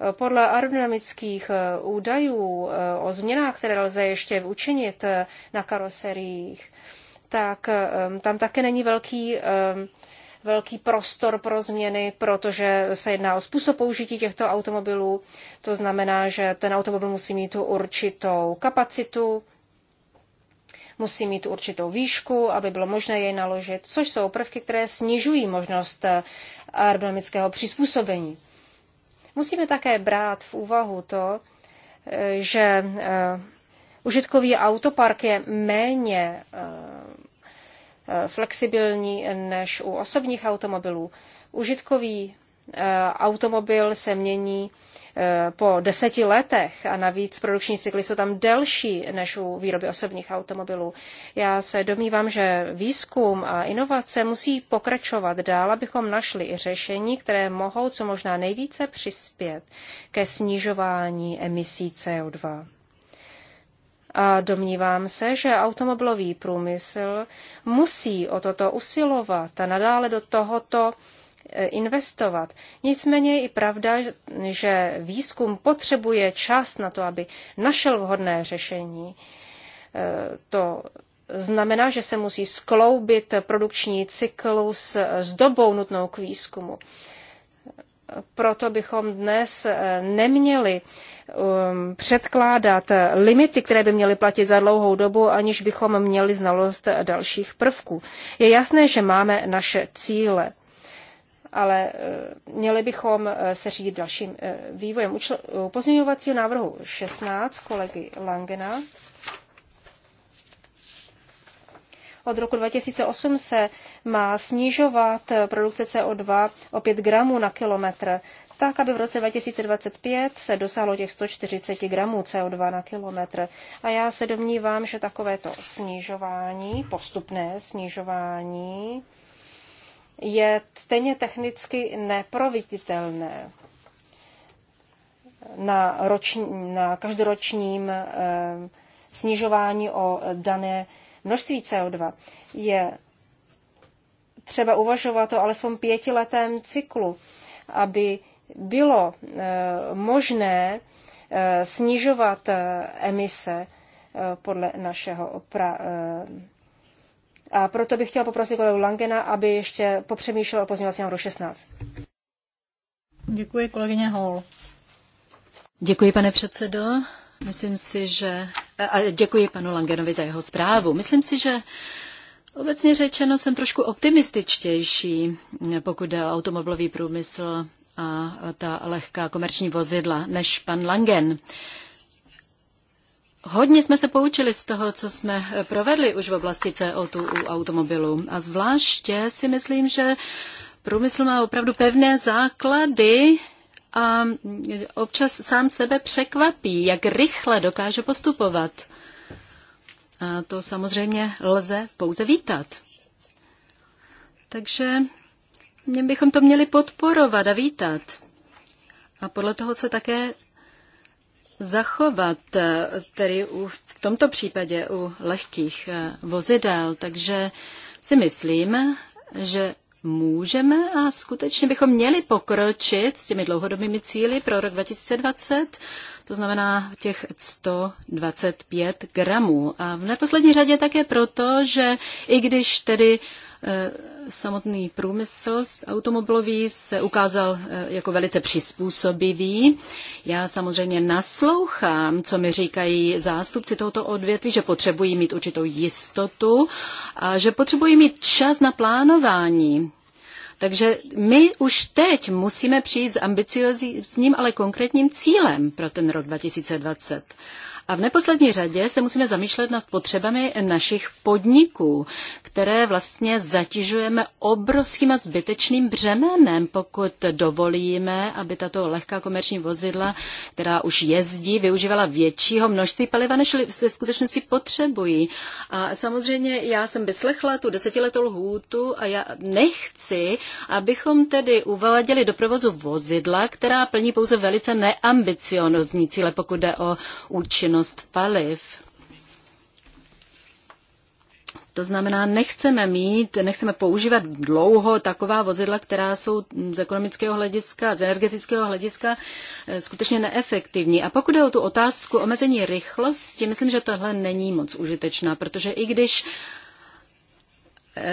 Eh, podle aerodynamických eh, údajů o změnách, které lze ještě učinit na karoseriích, tak tam také není velký velký prostor pro změny, protože se jedná o způsob použití těchto automobilů. To znamená, že ten automobil musí mít tu určitou kapacitu, musí mít určitou výšku, aby bylo možné jej naložit, což jsou prvky, které snižují možnost eh, aerodynamického přizpůsobení. Musíme také brát v úvahu to, eh, že eh, užitkový autopark je méně flexibilní než u osobních automobilů. Užitkový eh, automobil se mění eh, po deseti letech a navíc produkční cykly jsou tam delší než u výroby osobních automobilů. Já se domnívám, že výzkum a inovace musí pokračovat dál, abychom našli i řešení, které mohou co možná nejvíce přispět ke snižování emisí CO2. A domnívám se, že automobilový průmysl musí o toto usilovat a nadále do tohoto e, investovat. Nicméně je i pravda, že výzkum potřebuje čas na to, aby našel vhodné řešení. E, to znamená, že se musí skloubit produkční cyklus s dobou nutnou k výzkumu proto bychom dnes eh, neměli um, předkládat limity, které by měly platit za dlouhou dobu, aniž bychom měli znalost dalších prvků. Je jasné, že máme naše cíle, ale eh, měli bychom eh, se řídit dalším vývojem. U pozměňovacího návrhu 16 kolegy Langena Od roku 2008 se má snižovat produkce CO2 o 5 gramů na kilometr, tak aby v roce 2025 se dosáhlo těch 140 gramů CO2 na kilometr. A já se domnívám, že takovéto snižování, postupné snižování, je stejně technicky neproviditelné na, roční, na každoročním eh, snižování o dané množství CO2, je třeba uvažovat o alespoň pětiletém cyklu, aby bylo e, možné e, snižovat e, emise podle našeho pra- a proto bych chtěla poprosit kolegu Langena, aby ještě popřemýšlel o pozměňovacím návrhu 16. Děkuji, kolegyně Hall. Děkuji, pane předsedo. Myslím si, že a děkuji panu Langenovi za jeho zprávu. Myslím si, že obecně řečeno jsem trošku optimističtější, pokud jde o automobilový průmysl a ta lehká komerční vozidla, než pan Langen. Hodně jsme se poučili z toho, co jsme provedli už v oblasti CO2 u automobilů. A zvláště si myslím, že průmysl má opravdu pevné základy a občas sám sebe překvapí, jak rychle dokáže postupovat. A to samozřejmě lze pouze vítat. Takže mě bychom to měli podporovat a vítat. A podle toho se také zachovat, tedy u, v tomto případě u lehkých vozidel. Takže si myslím, že můžeme a skutečně bychom měli pokročit s těmi dlouhodobými cíly pro rok 2020, to znamená těch 125 gramů. A v neposlední řadě také proto, že i když tedy eh, samotný průmysl automobilový se ukázal eh, jako velice přizpůsobivý. Já samozřejmě naslouchám, co mi říkají zástupci tohoto odvětví, že potřebují mít určitou jistotu a že potřebují mít čas na plánování. Takže my už teď musíme přijít s ambiciozním, ale konkrétním cílem pro ten rok 2020. A v neposlední řadě se musíme zamýšlet nad potřebami našich podniků, které vlastně zatěžujeme obrovským a zbytečným břemenem, pokud dovolíme, aby tato lehká komerční vozidla, která už jezdí, využívala většího množství paliva, než ve skutečnosti potřebují. A samozřejmě já jsem vyslechla tu desetiletou lhůtu a já nechci, abychom tedy uváděli do provozu vozidla, která plní pouze velice neambicionozní cíle, pokud jde o účinnost bezpečnost paliv. To znamená, nechceme mít, nechceme používat dlouho taková vozidla, která jsou z ekonomického hlediska, z energetického hlediska eh, skutečně neefektivní. A pokud je o tu otázku omezení rychlosti, myslím, že tohle není moc užitečná, protože i když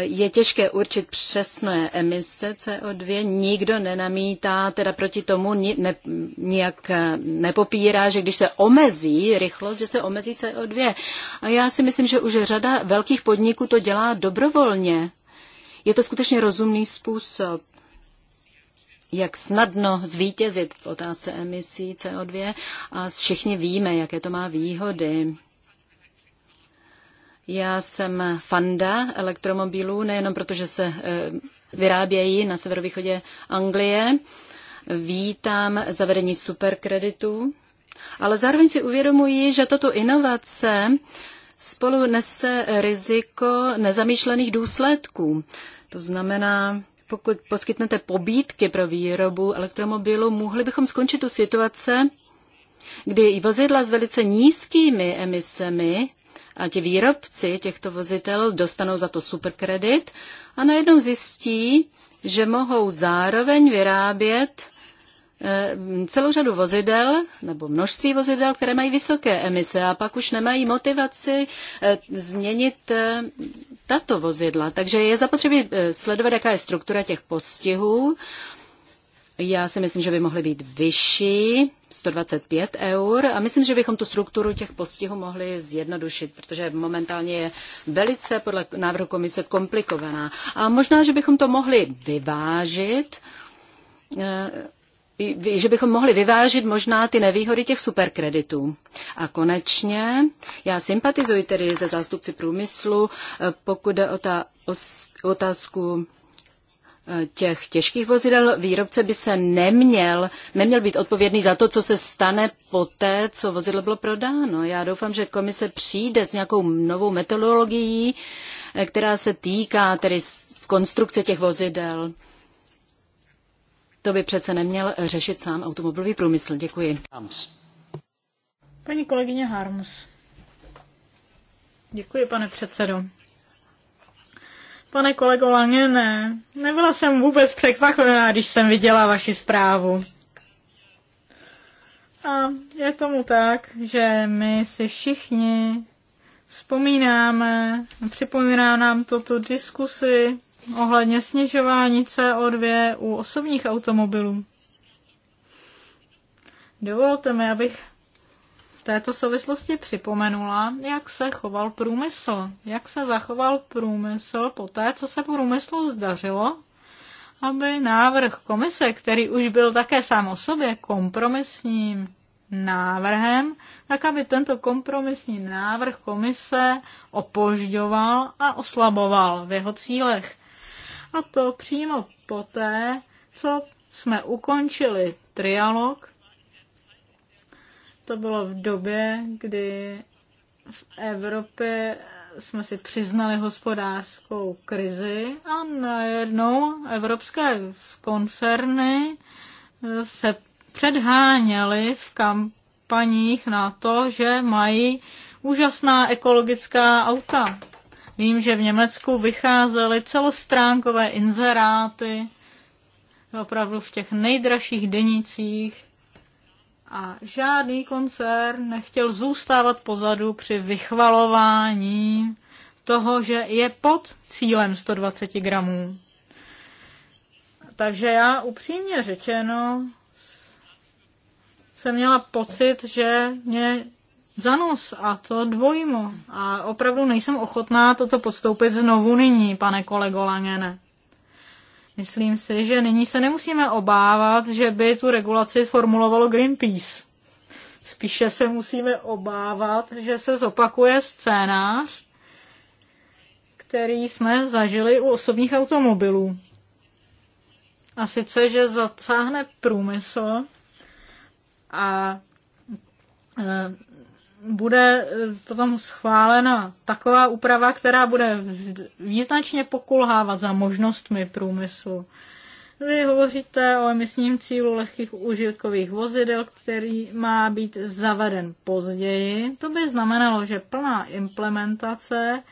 je těžké určit přesné emise CO2. Nikdo nenamítá, teda proti tomu ni, ne, nijak eh, nepopírá, že když se omezí rychlost, že se omezí CO2. A já si myslím, že už řada velkých podniků to dělá dobrovolně. Je to skutečně rozumný způsob jak snadno zvítězit v otázce emisí CO2 a všichni víme, jaké to má výhody. Já jsem fanda elektromobilů, nejenom protože se eh, vyrábějí na severovýchodě Anglie. Vítám zavedení superkreditů, ale zároveň si uvědomuji, že tato inovace spolu nese riziko nezamýšlených důsledků. To znamená, pokud poskytnete pobídky pro výrobu elektromobilu, mohli bychom skončit tu situace, kdy vozidla s velice nízkými emisemi a ti výrobci těchto vozitel dostanou za to superkredit a najednou zjistí, že mohou zároveň vyrábět eh, celou řadu vozidel nebo množství vozidel, které mají vysoké emise a pak už nemají motivaci eh, změnit eh, tato vozidla. Takže je zapotřebí sledovat, jaká je struktura těch postihů já si myslím, že by mohly být vyšší, 125 eur. A myslím, že bychom tu strukturu těch postihů mohli zjednodušit, protože momentálně je velice podle návrhu komise komplikovaná. A možná, že bychom to mohli vyvážit eh, že bychom mohli vyvážit možná ty nevýhody těch superkreditů. A konečně, já sympatizuji tedy ze zástupci průmyslu, eh, pokud jde o ta otázku těch těžkých vozidel výrobce by se neměl, neměl být odpovědný za to, co se stane poté, co vozidlo bylo prodáno. Já doufám, že komise přijde s nějakou novou metodologií, eh, která se týká tedy konstrukce těch vozidel. To by přece neměl řešit sám automobilový průmysl. Děkuji. Harms. Paní kolegyně Harms. Děkuji, pane předsedo. Pane kolego Lange, ne. Nebyla jsem vůbec překvapená, když jsem viděla vaši zprávu. A je tomu tak, že my si všichni vzpomínáme, připomíná nám to tu diskusi ohledně snižování CO2 u osobních automobilů. Dovolte mi, abych této souvislosti připomenula, jak se choval průmysl, jak se zachoval průmysl po té, co se průmyslu zdařilo, aby návrh komise, který už byl také sám o sobě kompromisním návrhem, tak aby tento kompromisní návrh komise opožďoval a oslaboval v jeho cílech. A to přímo poté, co jsme ukončili trialog, to bylo v době, kdy v Evropě jsme si přiznali hospodářskou krizi a najednou evropské koncerny se předháněly v kampaních na to, že mají úžasná ekologická auta. Vím, že v Německu vycházely celostránkové inzeráty opravdu v těch nejdražších denicích a žádný koncern nechtěl zůstávat pozadu při vychvalování toho, že je pod cílem 120 gramů. Takže já upřímně řečeno jsem měla pocit, že mě zanos a to dvojmo. A opravdu nejsem ochotná toto podstoupit znovu nyní, pane kolego Langene. Myslím si, že nyní se nemusíme obávat, že by tu regulaci formulovalo Greenpeace. Spíše se musíme obávat, že se zopakuje scénář, který jsme zažili u osobních automobilů. A sice, že zacáhne průmysl a e, bude eh, potom schválena taková úprava, která bude význačně pokulhávat za možnostmi průmyslu. Vy hovoříte o emisním cílu lehkých užitkových vozidel, který má být zaveden později. To by znamenalo, že plná implementace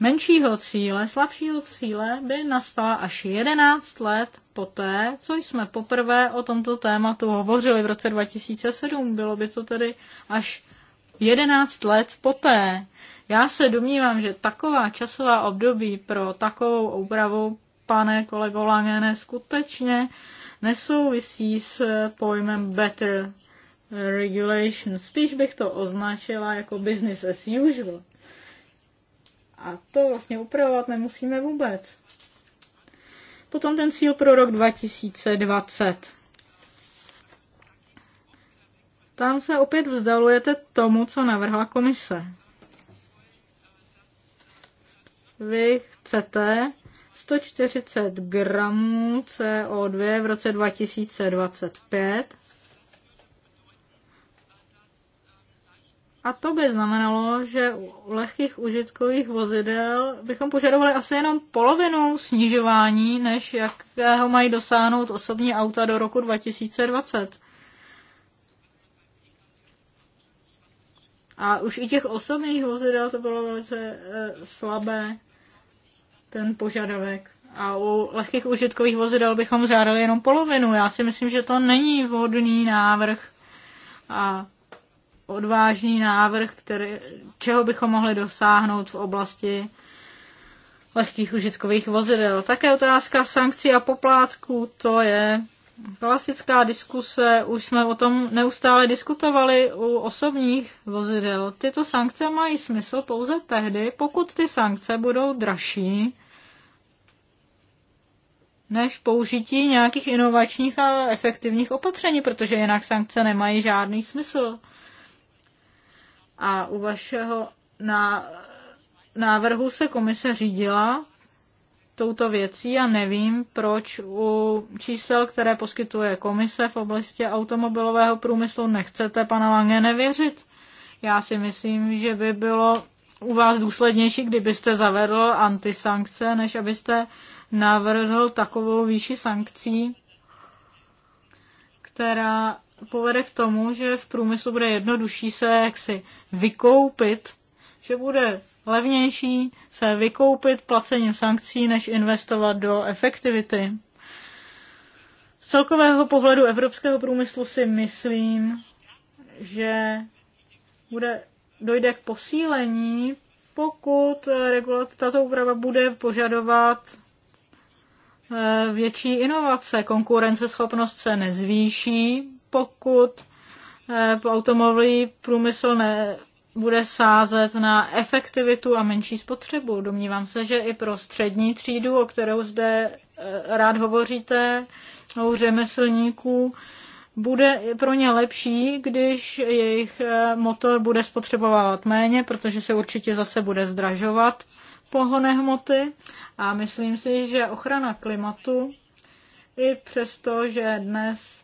menšího cíle, slabšího cíle by nastala až 11 let poté, co jsme poprvé o tomto tématu hovořili v roce 2007. Bylo by to tedy až 11 let poté. Já se domnívám, že taková časová období pro takovou úpravu, pane kolego Langene, skutečně nesouvisí s pojmem better regulation. Spíš bych to označila jako business as usual. A to vlastně upravovat nemusíme vůbec. Potom ten cíl pro rok 2020. Tam se opět vzdalujete tomu, co navrhla komise. Vy chcete 140 gramů CO2 v roce 2025 A to by znamenalo, že u lehkých užitkových vozidel bychom požadovali asi jenom polovinu snižování, než jakého mají dosáhnout osobní auta do roku 2020. A už i těch osobních vozidel to bylo velice eh, slabé, ten požadavek. A u lehkých užitkových vozidel bychom žádali jenom polovinu. Já si myslím, že to není vhodný návrh a odvážný návrh, který, čeho bychom mohli dosáhnout v oblasti lehkých užitkových vozidel. Také otázka sankcí a poplatků, to je klasická diskuse, už jsme o tom neustále diskutovali u osobních vozidel. Tyto sankce mají smysl pouze tehdy, pokud ty sankce budou dražší než použití nějakých inovačních a efektivních opatření, protože jinak sankce nemají žádný smysl. A u vašeho na návrhu se komise řídila touto věcí a nevím, proč u čísel, které poskytuje komise v oblasti automobilového průmyslu, nechcete pana Lange nevěřit. Já si myslím, že by bylo u vás důslednější, kdybyste zavedl antisankce, než abyste navrhl takovou výši sankcí, která povede k tomu, že v průmyslu bude jednodušší se jaksi vykoupit, že bude levnější se vykoupit placením sankcí, než investovat do efektivity. Z celkového pohledu evropského průmyslu si myslím, že bude, dojde k posílení, pokud eh, tato úprava bude požadovat eh, větší inovace. Konkurenceschopnost se nezvýší, pokud eh, automobilový průmysl ne, bude sázet na efektivitu a menší spotřebu. Domnívám se, že i pro střední třídu, o kterou zde e, rád hovoříte, o řemeslníků, bude pro ně lepší, když jejich e, motor bude spotřebovávat méně, protože se určitě zase bude zdražovat pohonné hmoty. A myslím si, že ochrana klimatu, i přesto, že dnes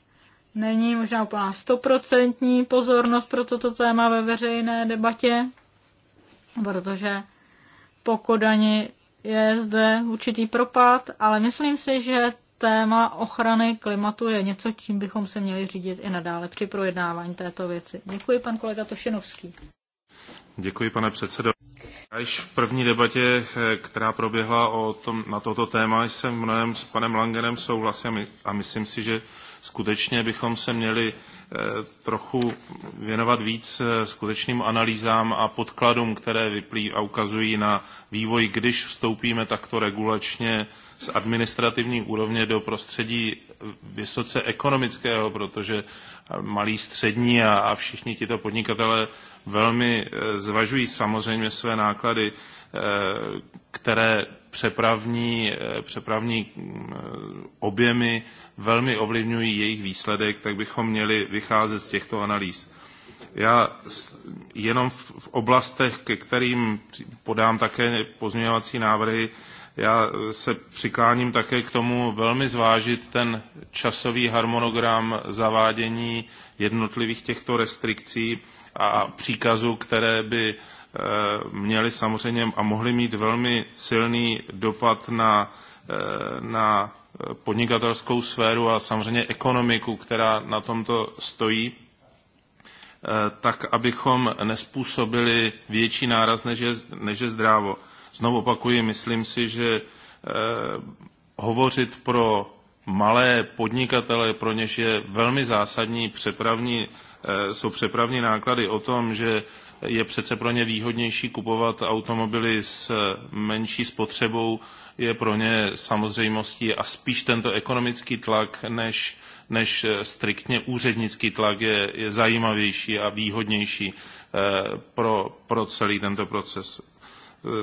není možná úplná stoprocentní pozornost pro toto téma ve veřejné debatě, protože po Kodani je zde určitý propad, ale myslím si, že téma ochrany klimatu je něco, čím bychom se měli řídit i nadále při projednávání této věci. Děkuji, pan kolega Tošinovský. Děkuji, pane předsedo. Já již v první debatě, eh, která proběhla o tom, na toto téma, jsem mnohem s panem Langenem souhlasil a myslím si, že skutečně bychom se měli eh, trochu věnovat víc eh, skutečným analýzám a podkladům, které vyplý a ukazují na vývoj, když vstoupíme takto regulačně z administrativní úrovně do prostředí vysoce ekonomického, protože malí střední a, a všichni tito podnikatele velmi eh, zvažují samozřejmě své náklady, které přepravní, eh, přepravní mm, objemy velmi ovlivňují jejich výsledek, tak bychom měli vycházet z těchto analýz. Já jenom v oblastech, ke kterým podám také pozměňovací návrhy, já se přikláním také k tomu velmi zvážit ten časový harmonogram zavádění jednotlivých těchto restrikcí a příkazů, které by Eh, měly samozřejmě a mohly mít velmi silný dopad na, eh, na podnikatelskou sféru a samozřejmě ekonomiku, která na tomto stojí, eh, tak abychom nespůsobili větší náraz, než je, než je zdrávo. Znovu opakuji, myslím si, že hovořit pro malé podnikatele, pro něž je velmi zásadní přepravní, jsou přepravní náklady o tom, že je přece pro ně výhodnější kupovat automobily s menší spotřebou, je pro ně samozřejmostí a spíš tento ekonomický tlak než, než striktně úřednický tlak je, je zajímavější a výhodnější eh, pro, pro celý tento proces.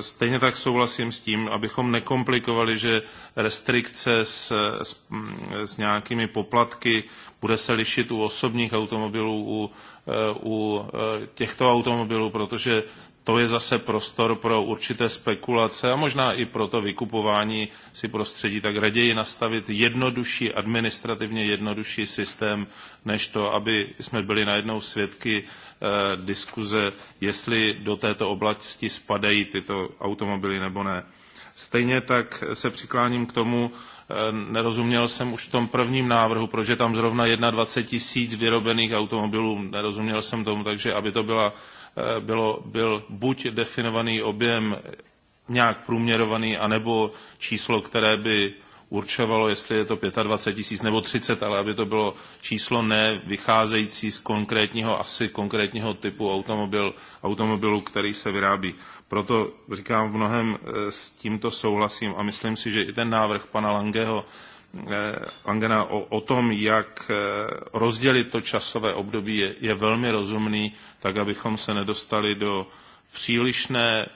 Stejně tak souhlasím s tím, abychom nekomplikovali, že restrikce s, s, s nějakými poplatky bude se lišit u osobních automobilů, u, u těchto automobilů, protože to je zase prostor pro určité spekulace a možná i pro to vykupování si prostředí, tak raději nastavit jednodušší, administrativně jednodušší systém, než to, aby jsme byli najednou svědky eh, diskuze, jestli do této oblasti spadají tyto automobily nebo ne. Stejně tak se přikláním k tomu, eh, nerozuměl jsem už v tom prvním návrhu, protože tam zrovna 21 tisíc vyrobených automobilů, nerozuměl jsem tomu, takže aby to byla Eh, bylo, byl buď definovaný objem nějak průměrovaný, anebo číslo, které by určovalo, jestli je to 25 tisíc nebo 30, ale aby to bylo číslo ne vycházející z konkrétního, asi konkrétního typu automobil, automobilu, který se vyrábí. Proto říkám v mnohem eh, s tímto souhlasím a myslím si, že i ten návrh pana Langeho eh, Langena o, o tom, jak rozdělit to časové období, je, je velmi rozumný tak abychom se nedostali do přílišné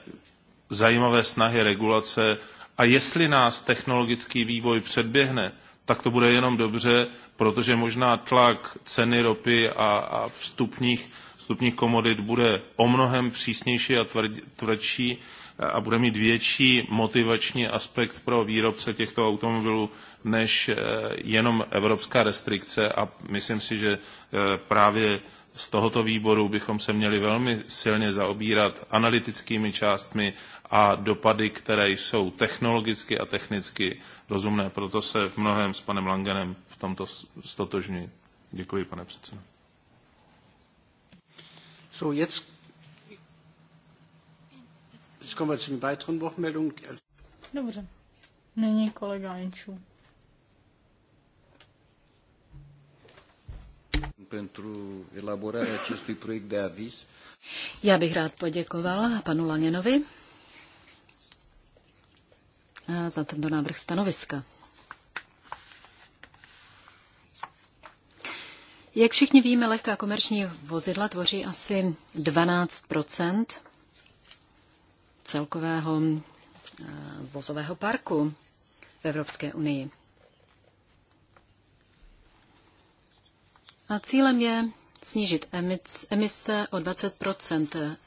zajímavé snahy regulace. A jestli nás technologický vývoj předběhne, tak to bude jenom dobře, protože možná tlak ceny ropy a, a vstupních, vstupních komodit bude o mnohem přísnější a tvrd, tvrdší a bude mít větší motivační aspekt pro výrobce těchto automobilů než eh, jenom evropská restrikce a myslím si, že eh, právě z tohoto výboru bychom se měli velmi silně zaobírat analytickými částmi a dopady, které jsou technologicky a technicky rozumné. Proto se v mnohem s panem Langenem v tomto stotožňuji. Děkuji, pane předsedo. So, jetzt, jetzt kommen wir zu den weiteren Wortmeldungen. Dobře. není kolega Jenčů. pentru elaborarea acestui proiect de Já bych rád poděkovala panu Laněnovi eh, za tento návrh stanoviska. Jak všichni víme, lehká komerční vozidla tvoří asi 12 celkového eh, vozového parku v Evropské unii. A cílem je snížit emise o 20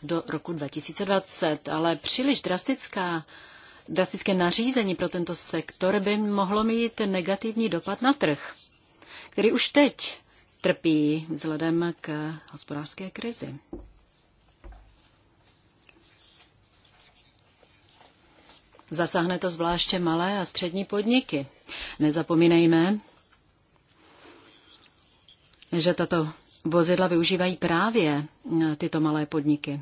do roku 2020, ale příliš drastická drastické nařízení pro tento sektor by mohlo mít negativní dopad na trh, který už teď trpí vzhledem k hospodářské krizi. Zasáhne to zvláště malé a střední podniky. Nezapomínejme, že tato vozidla využívají právě e, tyto malé podniky.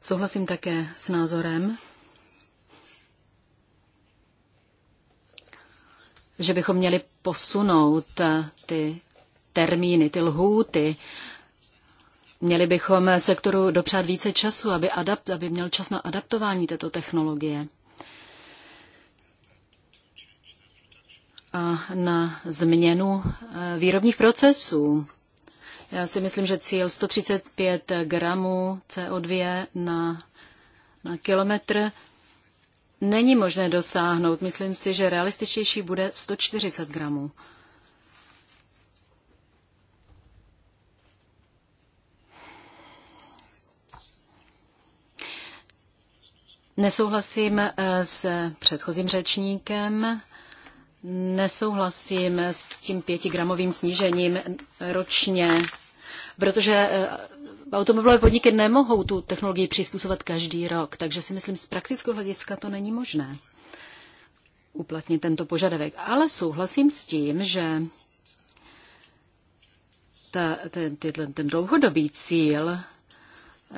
Souhlasím také s názorem, že bychom měli posunout e, ty termíny, ty lhůty. Měli bychom sektoru dopřát více času, aby, adapt, aby měl čas na adaptování této technologie. a na změnu eh, výrobních procesů. Já si myslím, že cíl 135 gramů CO2 na, na kilometr není možné dosáhnout. Myslím si, že realističtější bude 140 gramů. Nesouhlasím eh, s předchozím řečníkem Nesouhlasím s tím pětigramovým snížením ročně, protože eh, automobilové podniky nemohou tu technologii přizpůsobovat každý rok, takže si myslím, z praktického hlediska to není možné uplatnit tento požadavek. Ale souhlasím s tím, že ta, ten, ten, ten dlouhodobý cíl,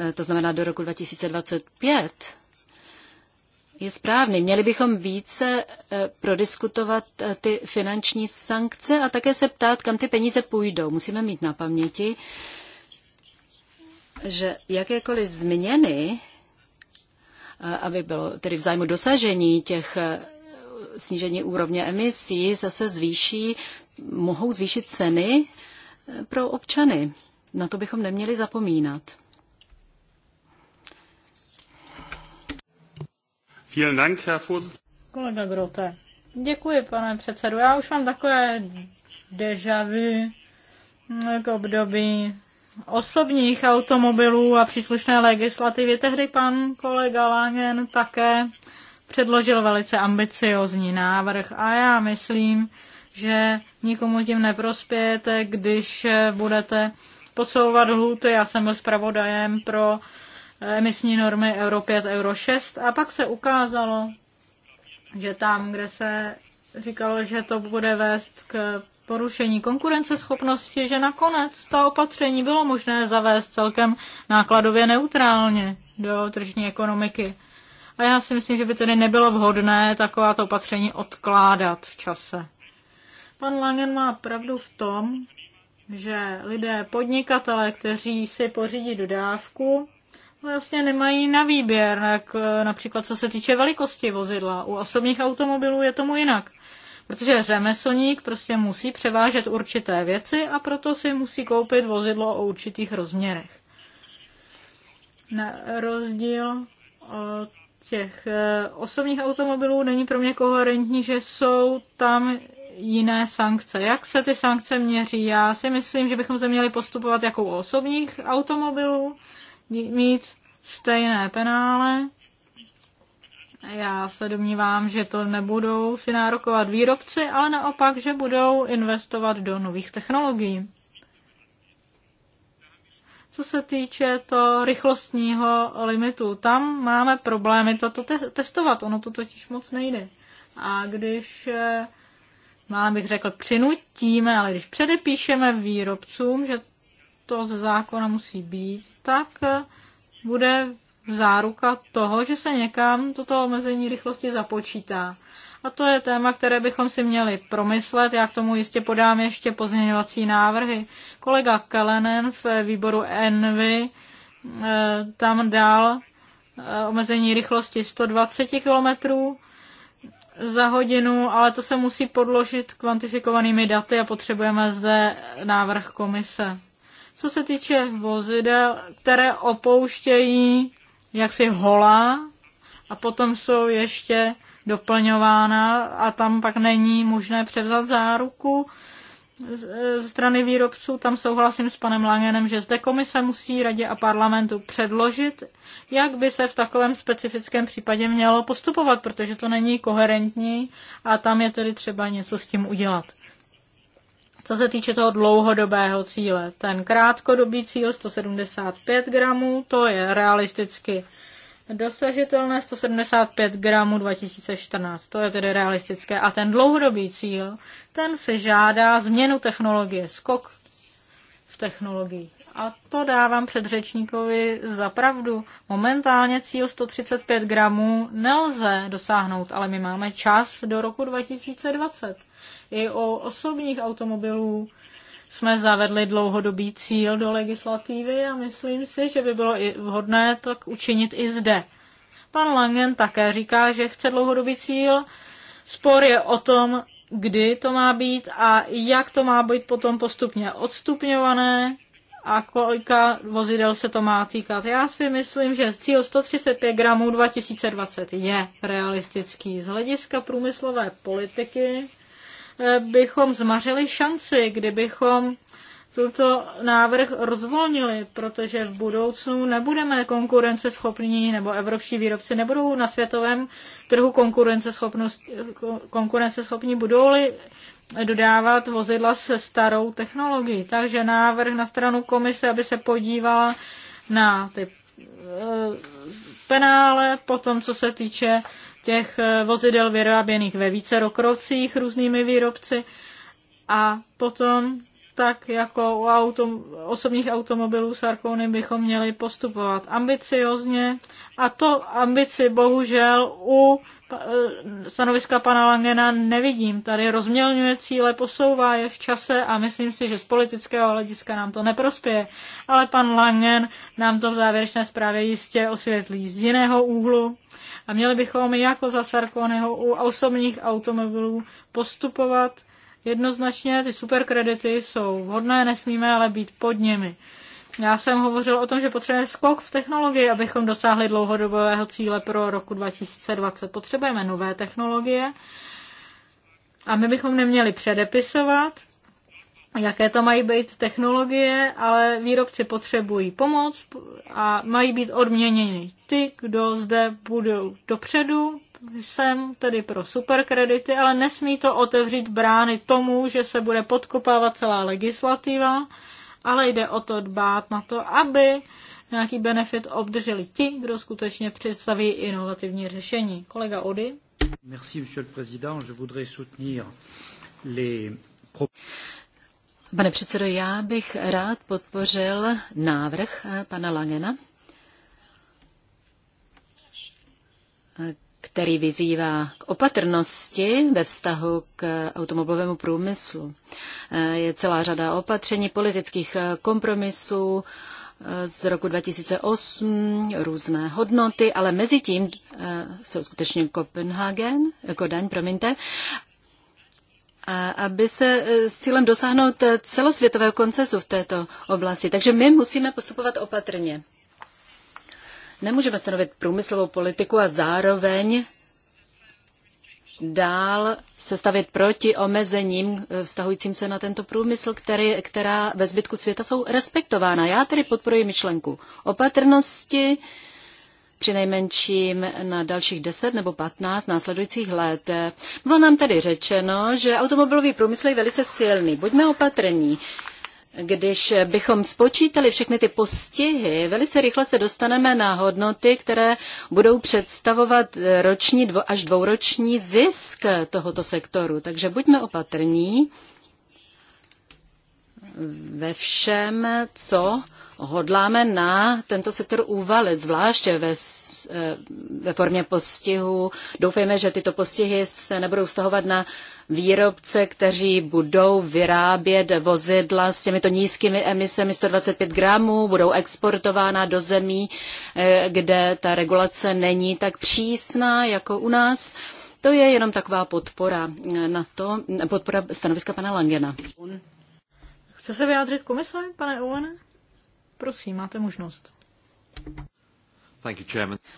eh, to znamená do roku 2025, je správný. Měli bychom více eh, prodiskutovat eh, ty finanční sankce a také se ptát, kam ty peníze půjdou. Musíme mít na paměti, že jakékoliv změny, eh, aby bylo tedy v zájmu dosažení těch snížení úrovně emisí, zase zvýší, mohou zvýšit ceny pro občany. Na to bychom neměli zapomínat. Kolega Grote. Děkuji, pane předsedu. Já už mám takové deja vu k období osobních automobilů a příslušné legislativy. Tehdy pan kolega Langen také předložil velice ambiciozní návrh a já myslím, že nikomu tím neprospějete, když budete posouvat lhůty. Já jsem byl zpravodajem pro emisní normy Euro 5, Euro 6 a pak se ukázalo, že tam, kde se říkalo, že to bude vést k porušení konkurenceschopnosti, že nakonec to opatření bylo možné zavést celkem nákladově neutrálně do tržní ekonomiky. A já si myslím, že by tedy nebylo vhodné takováto opatření odkládat v čase. Pan Langen má pravdu v tom, že lidé podnikatele, kteří si pořídí dodávku, vlastně nemají na výběr, jak například co se týče velikosti vozidla. U osobních automobilů je tomu jinak. Protože řemeslník prostě musí převážet určité věci a proto si musí koupit vozidlo o určitých rozměrech. Na rozdíl od těch eh, osobních automobilů není pro mě koherentní, že jsou tam jiné sankce. Jak se ty sankce měří? Já si myslím, že bychom se měli postupovat jako u osobních automobilů, mít stejné penále. Já se domnívám, že to nebudou si nárokovat výrobci, ale naopak, že budou investovat do nových technologií. Co se týče to rychlostního limitu, tam máme problémy toto te- testovat, ono to totiž moc nejde. A když eh, mám bych řekl, přinutíme, ale když předepíšeme výrobcům, že to ze zákona musí být, tak bude záruka toho, že se někam toto omezení rychlosti započítá. A to je téma, které bychom si měli promyslet. Já k tomu jistě podám ještě pozměňovací návrhy. Kolega Kalenen v výboru Envy eh, tam dal eh, omezení rychlosti 120 km za hodinu, ale to se musí podložit kvantifikovanými daty a potřebujeme zde návrh komise. Co se týče vozidel, které opouštějí jaksi holá a potom jsou ještě doplňována a tam pak není možné převzat záruku e, ze strany výrobců. Tam souhlasím s panem Langenem, že zde komise musí radě a parlamentu předložit, jak by se v takovém specifickém případě mělo postupovat, protože to není koherentní a tam je tedy třeba něco s tím udělat. Co se týče toho dlouhodobého cíle, ten krátkodobý cíl 175 gramů, to je realisticky dosažitelné 175 gramů 2014, to je tedy realistické. A ten dlouhodobý cíl, ten se žádá změnu technologie, skok v technologii. A to dávám předřečníkovi za pravdu. Momentálně cíl 135 gramů nelze dosáhnout, ale my máme čas do roku 2020. I u osobních automobilů jsme zavedli dlouhodobý cíl do legislativy a myslím si, že by bylo i vhodné tak učinit i zde. Pan Langen také říká, že chce dlouhodobý cíl. Spor je o tom, kdy to má být a jak to má být potom postupně odstupňované a kolika vozidel se to má týkat. Já si myslím, že cíl 135 gramů 2020 je realistický. Z hlediska průmyslové politiky bychom zmařili šanci, kdybychom tuto návrh rozvolnili, protože v budoucnu nebudeme konkurenceschopní nebo evropští výrobci nebudou na světovém trhu konkurenceschopní, budou-li dodávat vozidla se starou technologií. Takže návrh na stranu komise, aby se podívala na ty eh, penále, potom co se týče těch eh, vozidel vyráběných ve více rokrocích různými výrobci a potom tak jako u autom, osobních automobilů Sarkony bychom měli postupovat ambiciozně a to ambici bohužel u Eh, stanoviska pana Langena nevidím. Tady rozmělňuje cíle, posouvá je v čase a myslím si, že z politického hlediska nám to neprospěje. Ale pan Langen nám to v závěrečné zprávě jistě osvětlí z jiného úhlu a měli bychom jako za Sarkoneho u osobních automobilů postupovat jednoznačně. Ty superkredity jsou vhodné, nesmíme ale být pod nimi. Já jsem hovořil o tom, že potřebujeme skok v technologii, abychom dosáhli dlouhodobého cíle pro roku 2020. Potřebujeme nové technologie a my bychom neměli předepisovat, jaké to mají být technologie, ale výrobci potřebují pomoc a mají být odměněni ty, kdo zde budou dopředu. Jsem tedy pro superkredity, ale nesmí to otevřít brány tomu, že se bude podkopávat celá legislativa ale jde o to dbát na to, aby nějaký benefit obdrželi ti, kdo skutečně představí inovativní řešení. Kolega Ody. Merci, monsieur le président. Je voudrais soutenir les... Pane předsedo, já bych rád podpořil návrh pana Langena, který vyzývá k opatrnosti ve vztahu k automobilovému průmyslu. Eh, je celá řada opatření, politických eh, kompromisů eh, z roku 2008, různé hodnoty, ale mezi tím se uskutečnil Kopenhagen, daň, promiňte, aby se s cílem dosáhnout celosvětového koncesu v této oblasti. Takže my musíme postupovat opatrně. Nemůžeme stanovit průmyslovou politiku a zároveň dál se stavit proti omezením vztahujícím se na tento průmysl, který, která ve zbytku světa jsou respektována. Já tedy podporuji myšlenku opatrnosti, přinejmenším na dalších 10 nebo 15 následujících let. Bylo nám tedy řečeno, že automobilový průmysl je velice silný. Buďme opatrní. Když bychom spočítali všechny ty postihy, velice rychle se dostaneme na hodnoty, které budou představovat roční dvo, až dvouroční zisk tohoto sektoru. Takže buďme opatrní ve všem, co hodláme na tento sektor uvalit, zvláště ve, eh, ve formě postihu. Doufejme, že tyto postihy se nebudou vztahovat na výrobce, kteří budou vyrábět vozidla s těmito nízkými emisemi 125 gramů, budou exportována do zemí, eh, kde ta regulace není tak přísná jako u nás. To je jenom taková podpora eh, na to, podpora stanoviska pana Langena. Chce se vyjádřit komise, pane Owen? Prosím, máte možnost.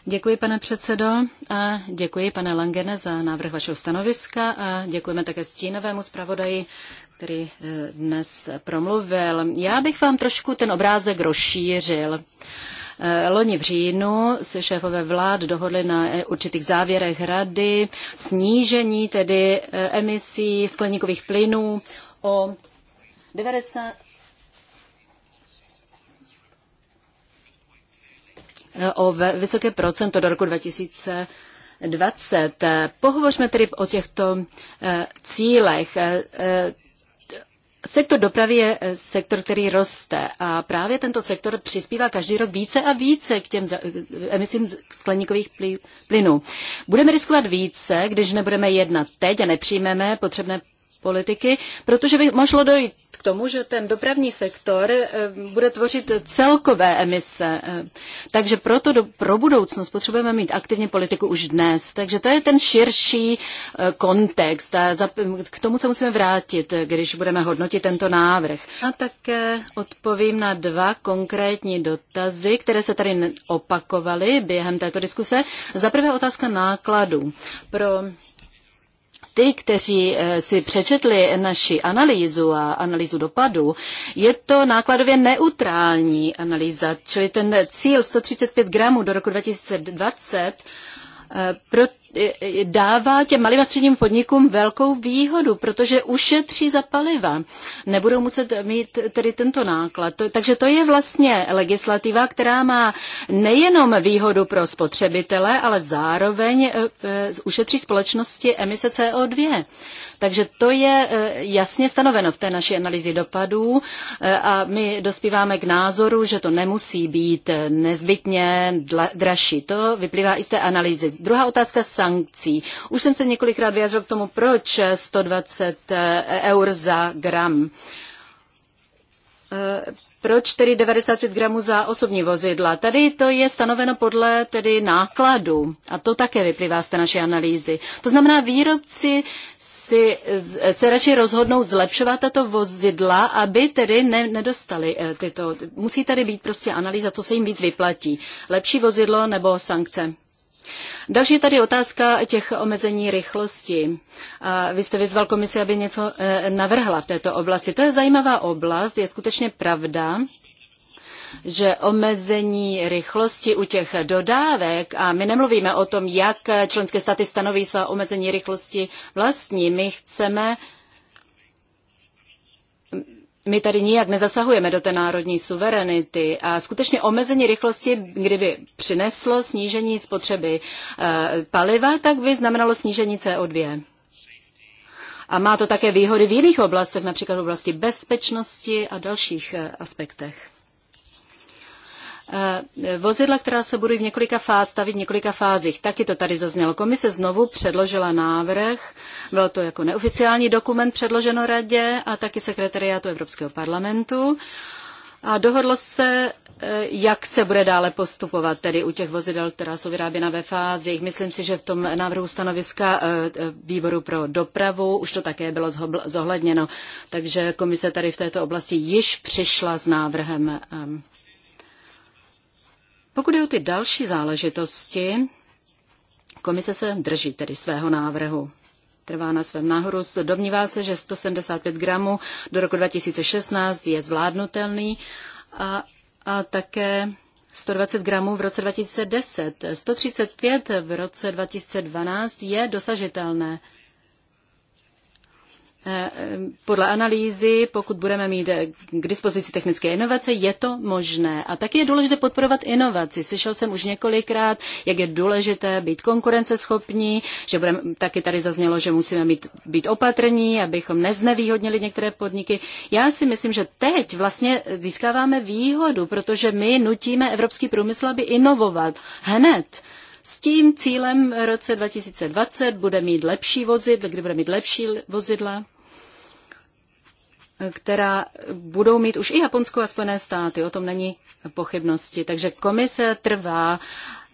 Děkuji, pane předsedo, a děkuji, pane Langene, za návrh vašeho stanoviska a děkujeme také stínovému zpravodaji, který eh, dnes promluvil. Já bych vám trošku ten obrázek rozšířil. Eh, loni v říjnu se šéfové vlád dohodli na eh, určitých závěrech rady snížení tedy emisí skleníkových plynů o 90, o vysoké procento do roku 2000. 20. Pohovořme tedy o těchto e, cílech. E, e, sektor dopravy je sektor, který roste a právě tento sektor přispívá každý rok více a více k těm emisím skleníkových plynů. Budeme riskovat více, když nebudeme jednat teď a nepřijmeme potřebné politiky, protože by možlo dojít k tomu, že ten dopravní sektor eh, bude tvořit celkové emise. Eh, takže proto do, pro budoucnost potřebujeme mít aktivní politiku už dnes. Takže to je ten širší eh, kontext a za, k tomu se musíme vrátit, když budeme hodnotit tento návrh. A také odpovím na dva konkrétní dotazy, které se tady opakovaly během této diskuse. Za prvé otázka nákladů. Pro ty, kteří eh, si přečetli naši analýzu a analýzu dopadu, je to nákladově neutrální analýza, čili ten cíl 135 gramů do roku 2020 eh, proto E, e, dává těm malým a středním podnikům velkou výhodu, protože ušetří za paliva. Nebudou muset mít tedy tento náklad. takže to je vlastně legislativa, která má nejenom výhodu pro spotřebitele, ale zároveň e, ušetří společnosti emise CO2. Takže to je eh, jasně stanoveno v té naší analýzi dopadů eh, a my dospíváme k názoru, že to nemusí být eh, nezbytně dražší. To vyplývá i z té analýzy. Druhá otázka sankcí. Už jsem se několikrát vyjádřil k tomu, proč 120 eur za gram. Uh, Eh, proč tedy 95 gramů za osobní vozidla? Tady to je stanoveno podle tedy nákladu a to také vyplývá z té naší analýzy. To znamená, výrobci si, se radši rozhodnou zlepšovat tato vozidla, aby tedy ne, nedostali eh, tyto. Musí tady být prostě analýza, co se jim víc vyplatí. Lepší vozidlo nebo sankce? Další je tady otázka těch omezení rychlosti. Vy jste vyzval komisi, aby něco e, navrhla v této oblasti. To je zajímavá oblast, je skutečně pravda, že omezení rychlosti u těch dodávek, a my nemluvíme o tom, jak členské státy stanoví svá omezení rychlosti vlastní, my chceme my tady nijak nezasahujeme do té národní suverenity a skutečně omezení rychlosti, kdyby přineslo snížení spotřeby eh, paliva, tak by znamenalo snížení CO2. A má to také výhody v jiných oblastech, například v oblasti bezpečnosti a dalších eh, aspektech. Eh, vozidla, která se budou v několika fáz stavit v několika fázích, taky to tady zaznělo. Komise znovu předložila návrh byl to jako neoficiální dokument předloženo radě a taky sekretariátu Evropského parlamentu. A dohodlo se, eh, jak se bude dále postupovat tedy u těch vozidel, která jsou vyráběna ve fázi. Myslím si, že v tom návrhu stanoviska eh, eh, výboru pro dopravu už to také bylo zohledněno. Takže komise tady v této oblasti již přišla s návrhem. Ehm. Pokud je o ty další záležitosti, komise se drží tedy svého návrhu trvá na svém nahoru. Domnívá se, že 175 gramů do roku 2016 je zvládnutelný a, a také 120 gramů v roce 2010, 135 v roce 2012 je dosažitelné. Eh, podle analýzy, pokud budeme mít eh, k dispozici technické inovace, je to možné. A taky je důležité podporovat inovaci. Slyšel jsem už několikrát, jak je důležité být konkurenceschopní, že budeme, taky tady zaznělo, že musíme být, být opatrní, abychom neznevýhodnili některé podniky. Já si myslím, že teď vlastně získáváme výhodu, protože my nutíme evropský průmysl, aby inovoval hned s tím cílem v roce 2020 bude mít lepší vozidla, kdy bude mít lepší vozidla, která budou mít už i Japonsko a Spojené státy. O tom není pochybnosti. Takže komise trvá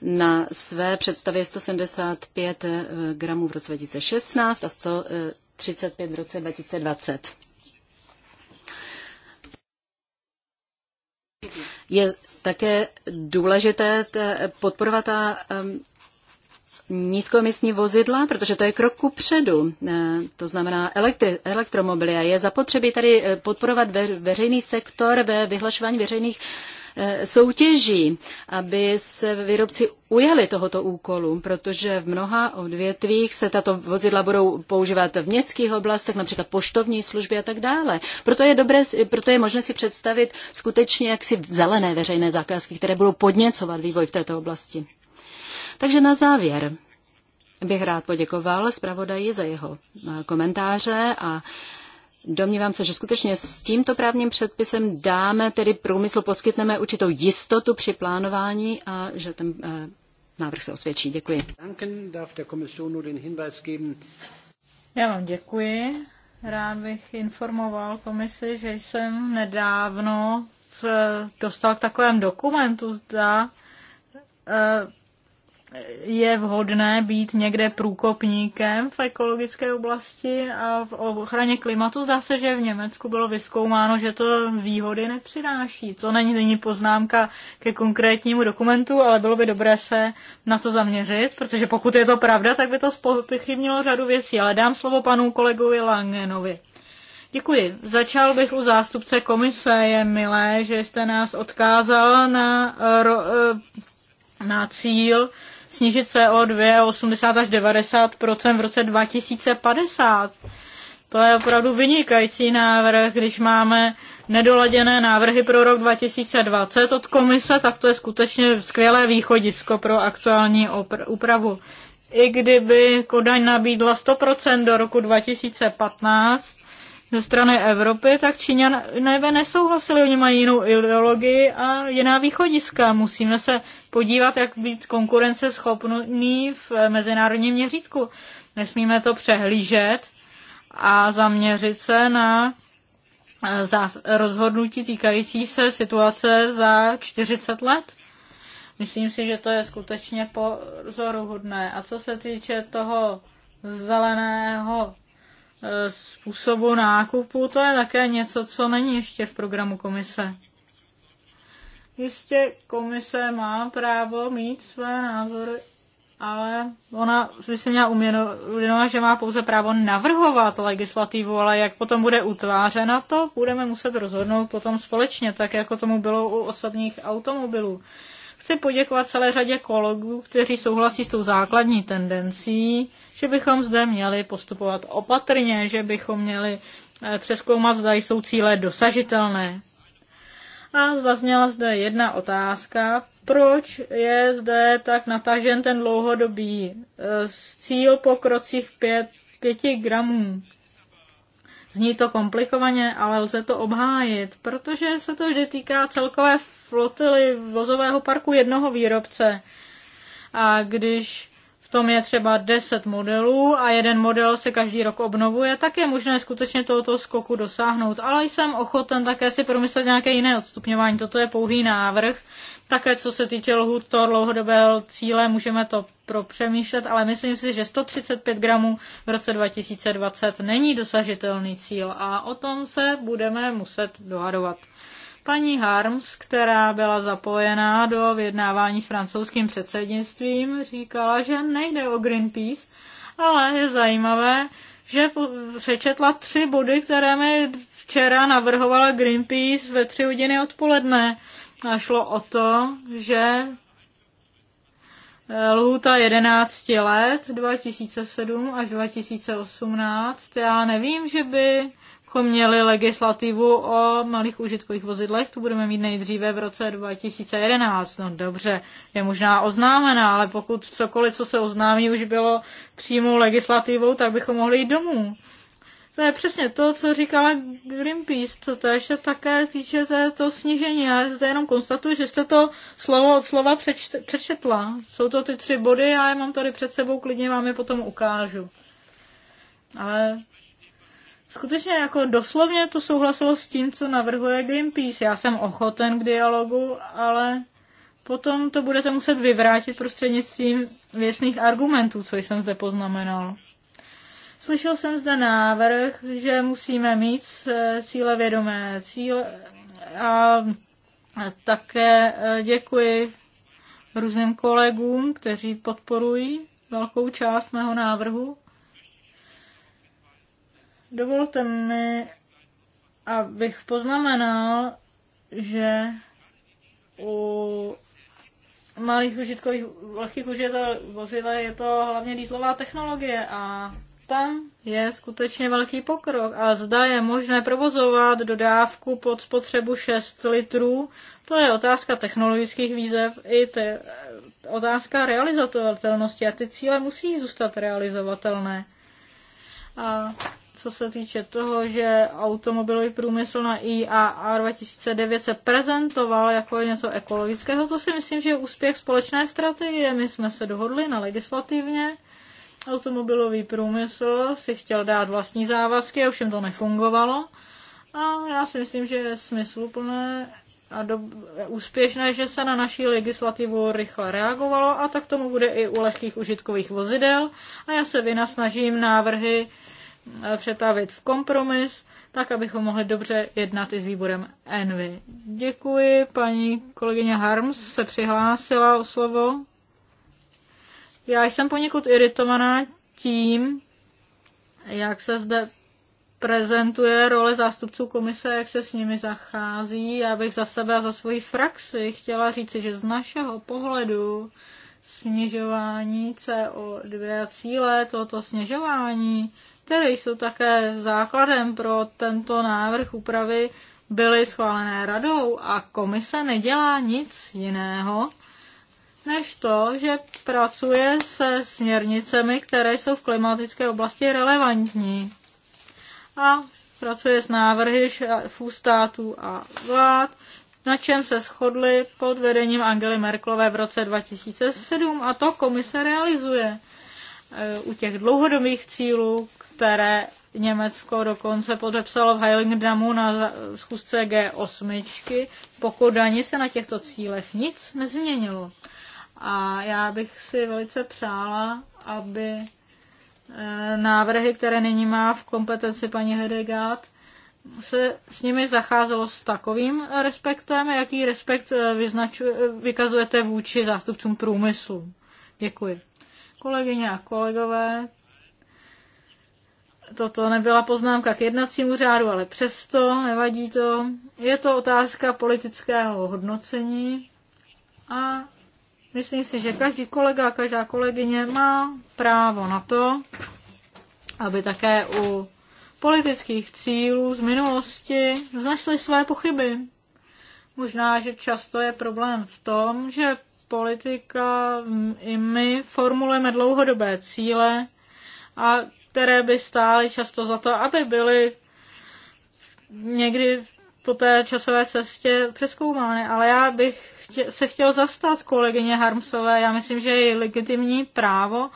na své představě 175 eh, gramů v roce 2016 a 135 eh, v roce 2020. Je také důležité podporovat ta nízkoemisní vozidla, protože to je krok ku předu, e, to znamená elektri- elektromobily. A je zapotřebí tady e, podporovat ve- veřejný sektor ve vyhlašování veřejných Eh, soutěží, aby se výrobci ujeli tohoto úkolu, protože v mnoha odvětvích se tato vozidla budou používat v městských oblastech, například poštovní služby a tak dále. Proto je, dobré, proto je možné si představit skutečně jaksi zelené veřejné zakázky, které budou podněcovat vývoj v této oblasti. Takže na závěr bych rád poděkoval zpravodaji za jeho eh, komentáře a Domnívám se, že skutečně s tímto právním předpisem dáme, tedy průmyslu poskytneme určitou jistotu při plánování a že ten eh, návrh se osvědčí. Děkuji. Já vám děkuji. Rád bych informoval komisi, že jsem nedávno dostal k takovém dokumentu, zda eh, je vhodné být někde průkopníkem v ekologické oblasti a v ochraně klimatu. Zdá se, že v Německu bylo vyskoumáno, že to výhody nepřináší. Co není, není poznámka ke konkrétnímu dokumentu, ale bylo by dobré se na to zaměřit, protože pokud je to pravda, tak by to spochybnilo řadu věcí. Ale dám slovo panu kolegovi Langenovi. Děkuji. Začal bych u zástupce komise. Je milé, že jste nás odkázal na, na cíl snížit CO2 o 80 až 90 v roce 2050. To je opravdu vynikající návrh, když máme nedoladěné návrhy pro rok 2020 od komise, tak to je skutečně skvělé východisko pro aktuální úpravu. I kdyby Kodaň nabídla 100% do roku 2015, ze strany Evropy, tak Číňané nesouhlasili, oni mají jinou ideologii a jiná východiska. Musíme se podívat, jak být konkurenceschopný v mezinárodním měřítku. Nesmíme to přehlížet a zaměřit se na eh, rozhodnutí týkající se situace za 40 let. Myslím si, že to je skutečně pozoruhodné. A co se týče toho zeleného E, způsobu nákupu, to je také něco, co není ještě v programu komise. Jistě komise má právo mít své názory, ale ona by si měla uvědomit, že má pouze právo navrhovat legislativu, ale jak potom bude utvářena, to budeme muset rozhodnout potom společně, tak jako tomu bylo u osobních automobilů. Chci poděkovat celé řadě kolegů, kteří souhlasí s tou základní tendencí, že bychom zde měli postupovat opatrně, že bychom měli eh, přeskoumat, zda jsou cíle dosažitelné. A zazněla zde jedna otázka, proč je zde tak natažen ten dlouhodobý eh, cíl po krocích 5, 5 gramů. Zní to komplikovaně, ale lze to obhájit, protože se to vždy týká celkové flotily vozového parku jednoho výrobce. A když v tom je třeba 10 modelů a jeden model se každý rok obnovuje, tak je možné skutečně tohoto skoku dosáhnout. Ale jsem ochoten také si promyslet nějaké jiné odstupňování. Toto je pouhý návrh, také co se týče lhůt toho dlouhodobého cíle, můžeme to propřemýšlet, ale myslím si, že 135 gramů v roce 2020 není dosažitelný cíl a o tom se budeme muset dohadovat. Paní Harms, která byla zapojená do vyjednávání s francouzským předsednictvím, říkala, že nejde o Greenpeace, ale je zajímavé, že přečetla tři body, které mi včera navrhovala Greenpeace ve tři hodiny odpoledne šlo o to, že eh, lhůta 11 let 2007 až 2018. Já nevím, že by měli legislativu o malých užitkových vozidlech, tu budeme mít nejdříve v roce 2011. No dobře, je možná oznámená, ale pokud cokoliv, co se oznámí, už bylo přímou legislativou, tak bychom mohli jít domů. To je přesně to, co říkala Greenpeace, co to ještě také týče to snížení. Já zde jenom konstatuji, že jste to slovo od slova přečte, přečetla. Jsou to ty tři body a já je mám tady před sebou, klidně vám je potom ukážu. Ale skutečně jako doslovně to souhlasilo s tím, co navrhuje Greenpeace. Já jsem ochoten k dialogu, ale potom to budete muset vyvrátit prostřednictvím věcných argumentů, co jsem zde poznamenal. Slyšel jsem zde návrh, že musíme mít eh, cíle vědomé cíle a také eh, děkuji různým kolegům, kteří podporují velkou část mého návrhu. Dovolte mi, abych poznamenal, že u malých užitkových lehkých užitel vozidel je to hlavně dýzlová technologie a tam je skutečně velký pokrok a zda je možné provozovat dodávku pod spotřebu 6 litrů, to je otázka technologických výzev i te, otázka realizovatelnosti a ty cíle musí zůstat realizovatelné. A co se týče toho, že automobilový průmysl na IAA 2009 se prezentoval jako něco ekologického, to si myslím, že je úspěch společné strategie. My jsme se dohodli na legislativně, automobilový průmysl si chtěl dát vlastní závazky, ovšem to nefungovalo. A já si myslím, že je smysluplné a do, úspěšné, že se na naší legislativu rychle reagovalo a tak tomu bude i u lehkých užitkových vozidel. A já se vynasnažím návrhy eh, přetavit v kompromis, tak abychom mohli dobře jednat i s výborem Envy. Děkuji, paní kolegyně Harms se přihlásila o slovo. Já jsem poněkud iritovaná tím, jak se zde prezentuje role zástupců komise, jak se s nimi zachází. Já bych za sebe a za svoji fraxi chtěla říci, že z našeho pohledu snižování CO2 a cíle tohoto snižování, které jsou také základem pro tento návrh úpravy, byly schválené radou a komise nedělá nic jiného, než to, že pracuje se směrnicemi, které jsou v klimatické oblasti relevantní. A pracuje s návrhy šéfů států a vlád, na čem se shodli pod vedením Angely Merklové v roce 2007 a to komise realizuje eh, u těch dlouhodobých cílů, které Německo dokonce podepsalo v Heiligendamu na zkusce G8. Pokud ani se na těchto cílech nic nezměnilo. A já bych si velice přála, aby eh, návrhy, které nyní má v kompetenci paní Hedegát, se s nimi zacházelo s takovým respektem, jaký respekt eh, vyznaču, eh, vykazujete vůči zástupcům průmyslu. Děkuji. Kolegyně a kolegové, toto nebyla poznámka k jednacímu řádu, ale přesto nevadí to. Je to otázka politického hodnocení a Myslím si, že každý kolega, každá kolegyně má právo na to, aby také u politických cílů z minulosti znašli své pochyby. Možná, že často je problém v tom, že politika i my formulujeme dlouhodobé cíle, a které by stály často za to, aby byly někdy po té časové cestě přeskoumány, ale já bych se chtěl zastat kolegyně Harmsové. Já myslím, že je legitimní právo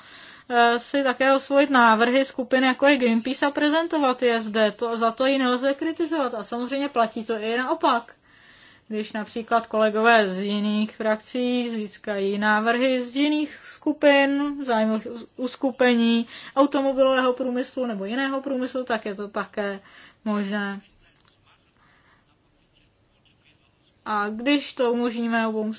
eh, si také osvojit návrhy skupiny jako je Greenpeace, a prezentovat je zde. To, za to ji nelze kritizovat. A samozřejmě platí to i naopak. Když například kolegové z jiných frakcí získají návrhy z jiných skupin, zájmových uskupení, automobilového průmyslu nebo jiného průmyslu, tak je to také možné A když to umožníme obou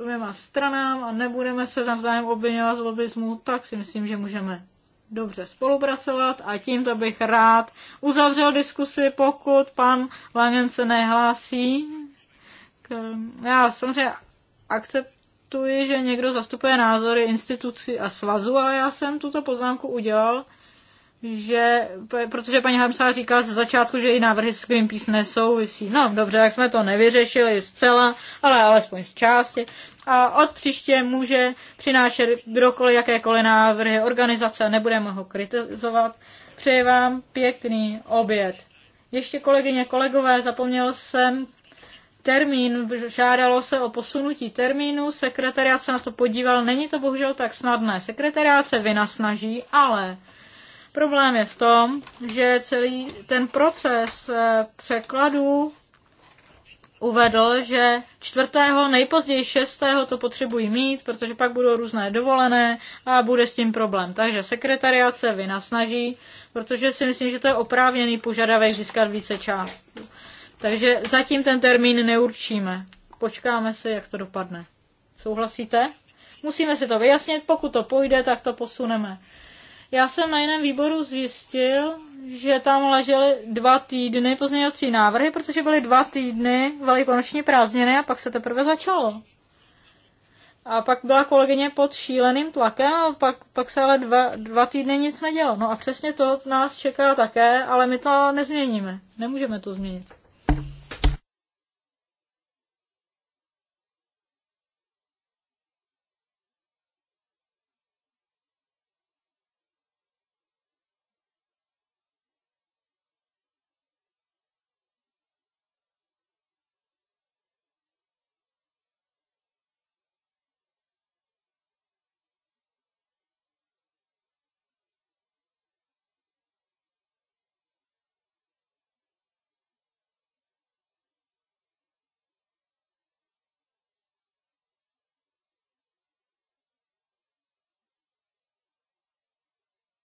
oběma stranám a nebudeme se navzájem obvinovat z lobismu, tak si myslím, že můžeme dobře spolupracovat a tímto bych rád uzavřel diskusi, pokud pan Langen se nehlásí. Já samozřejmě akceptuji, že někdo zastupuje názory institucí a svazu, ale já jsem tuto poznámku udělal, že, protože paní Hamsá říkala ze začátku, že i návrhy s Greenpeace nesouvisí. No dobře, jak jsme to nevyřešili zcela, ale alespoň z části. A od příště může přinášet kdokoliv jakékoliv návrhy organizace, nebudeme ho kritizovat. Přeji vám pěkný oběd. Ještě kolegyně, kolegové, zapomněl jsem termín, žádalo se o posunutí termínu, sekretariát se na to podíval, není to bohužel tak snadné. Sekretariát se vynasnaží, ale Problém je v tom, že celý ten proces eh, překladu uvedl, že čtvrtého, nejpozději šestého to potřebují mít, protože pak budou různé dovolené a bude s tím problém. Takže sekretariát se vynasnaží, protože si myslím, že to je oprávněný požadavek získat více částů. Takže zatím ten termín neurčíme. Počkáme si, jak to dopadne. Souhlasíte? Musíme si to vyjasnit, pokud to půjde, tak to posuneme. Já jsem na jiném výboru zjistil, že tam ležely dva týdny pozměňovací návrhy, protože byly dva týdny velikonoční prázdniny a pak se teprve začalo. A pak byla kolegyně pod šíleným tlakem a pak, pak se ale dva, dva týdny nic nedělo. No a přesně to nás čeká také, ale my to nezměníme. Nemůžeme to změnit.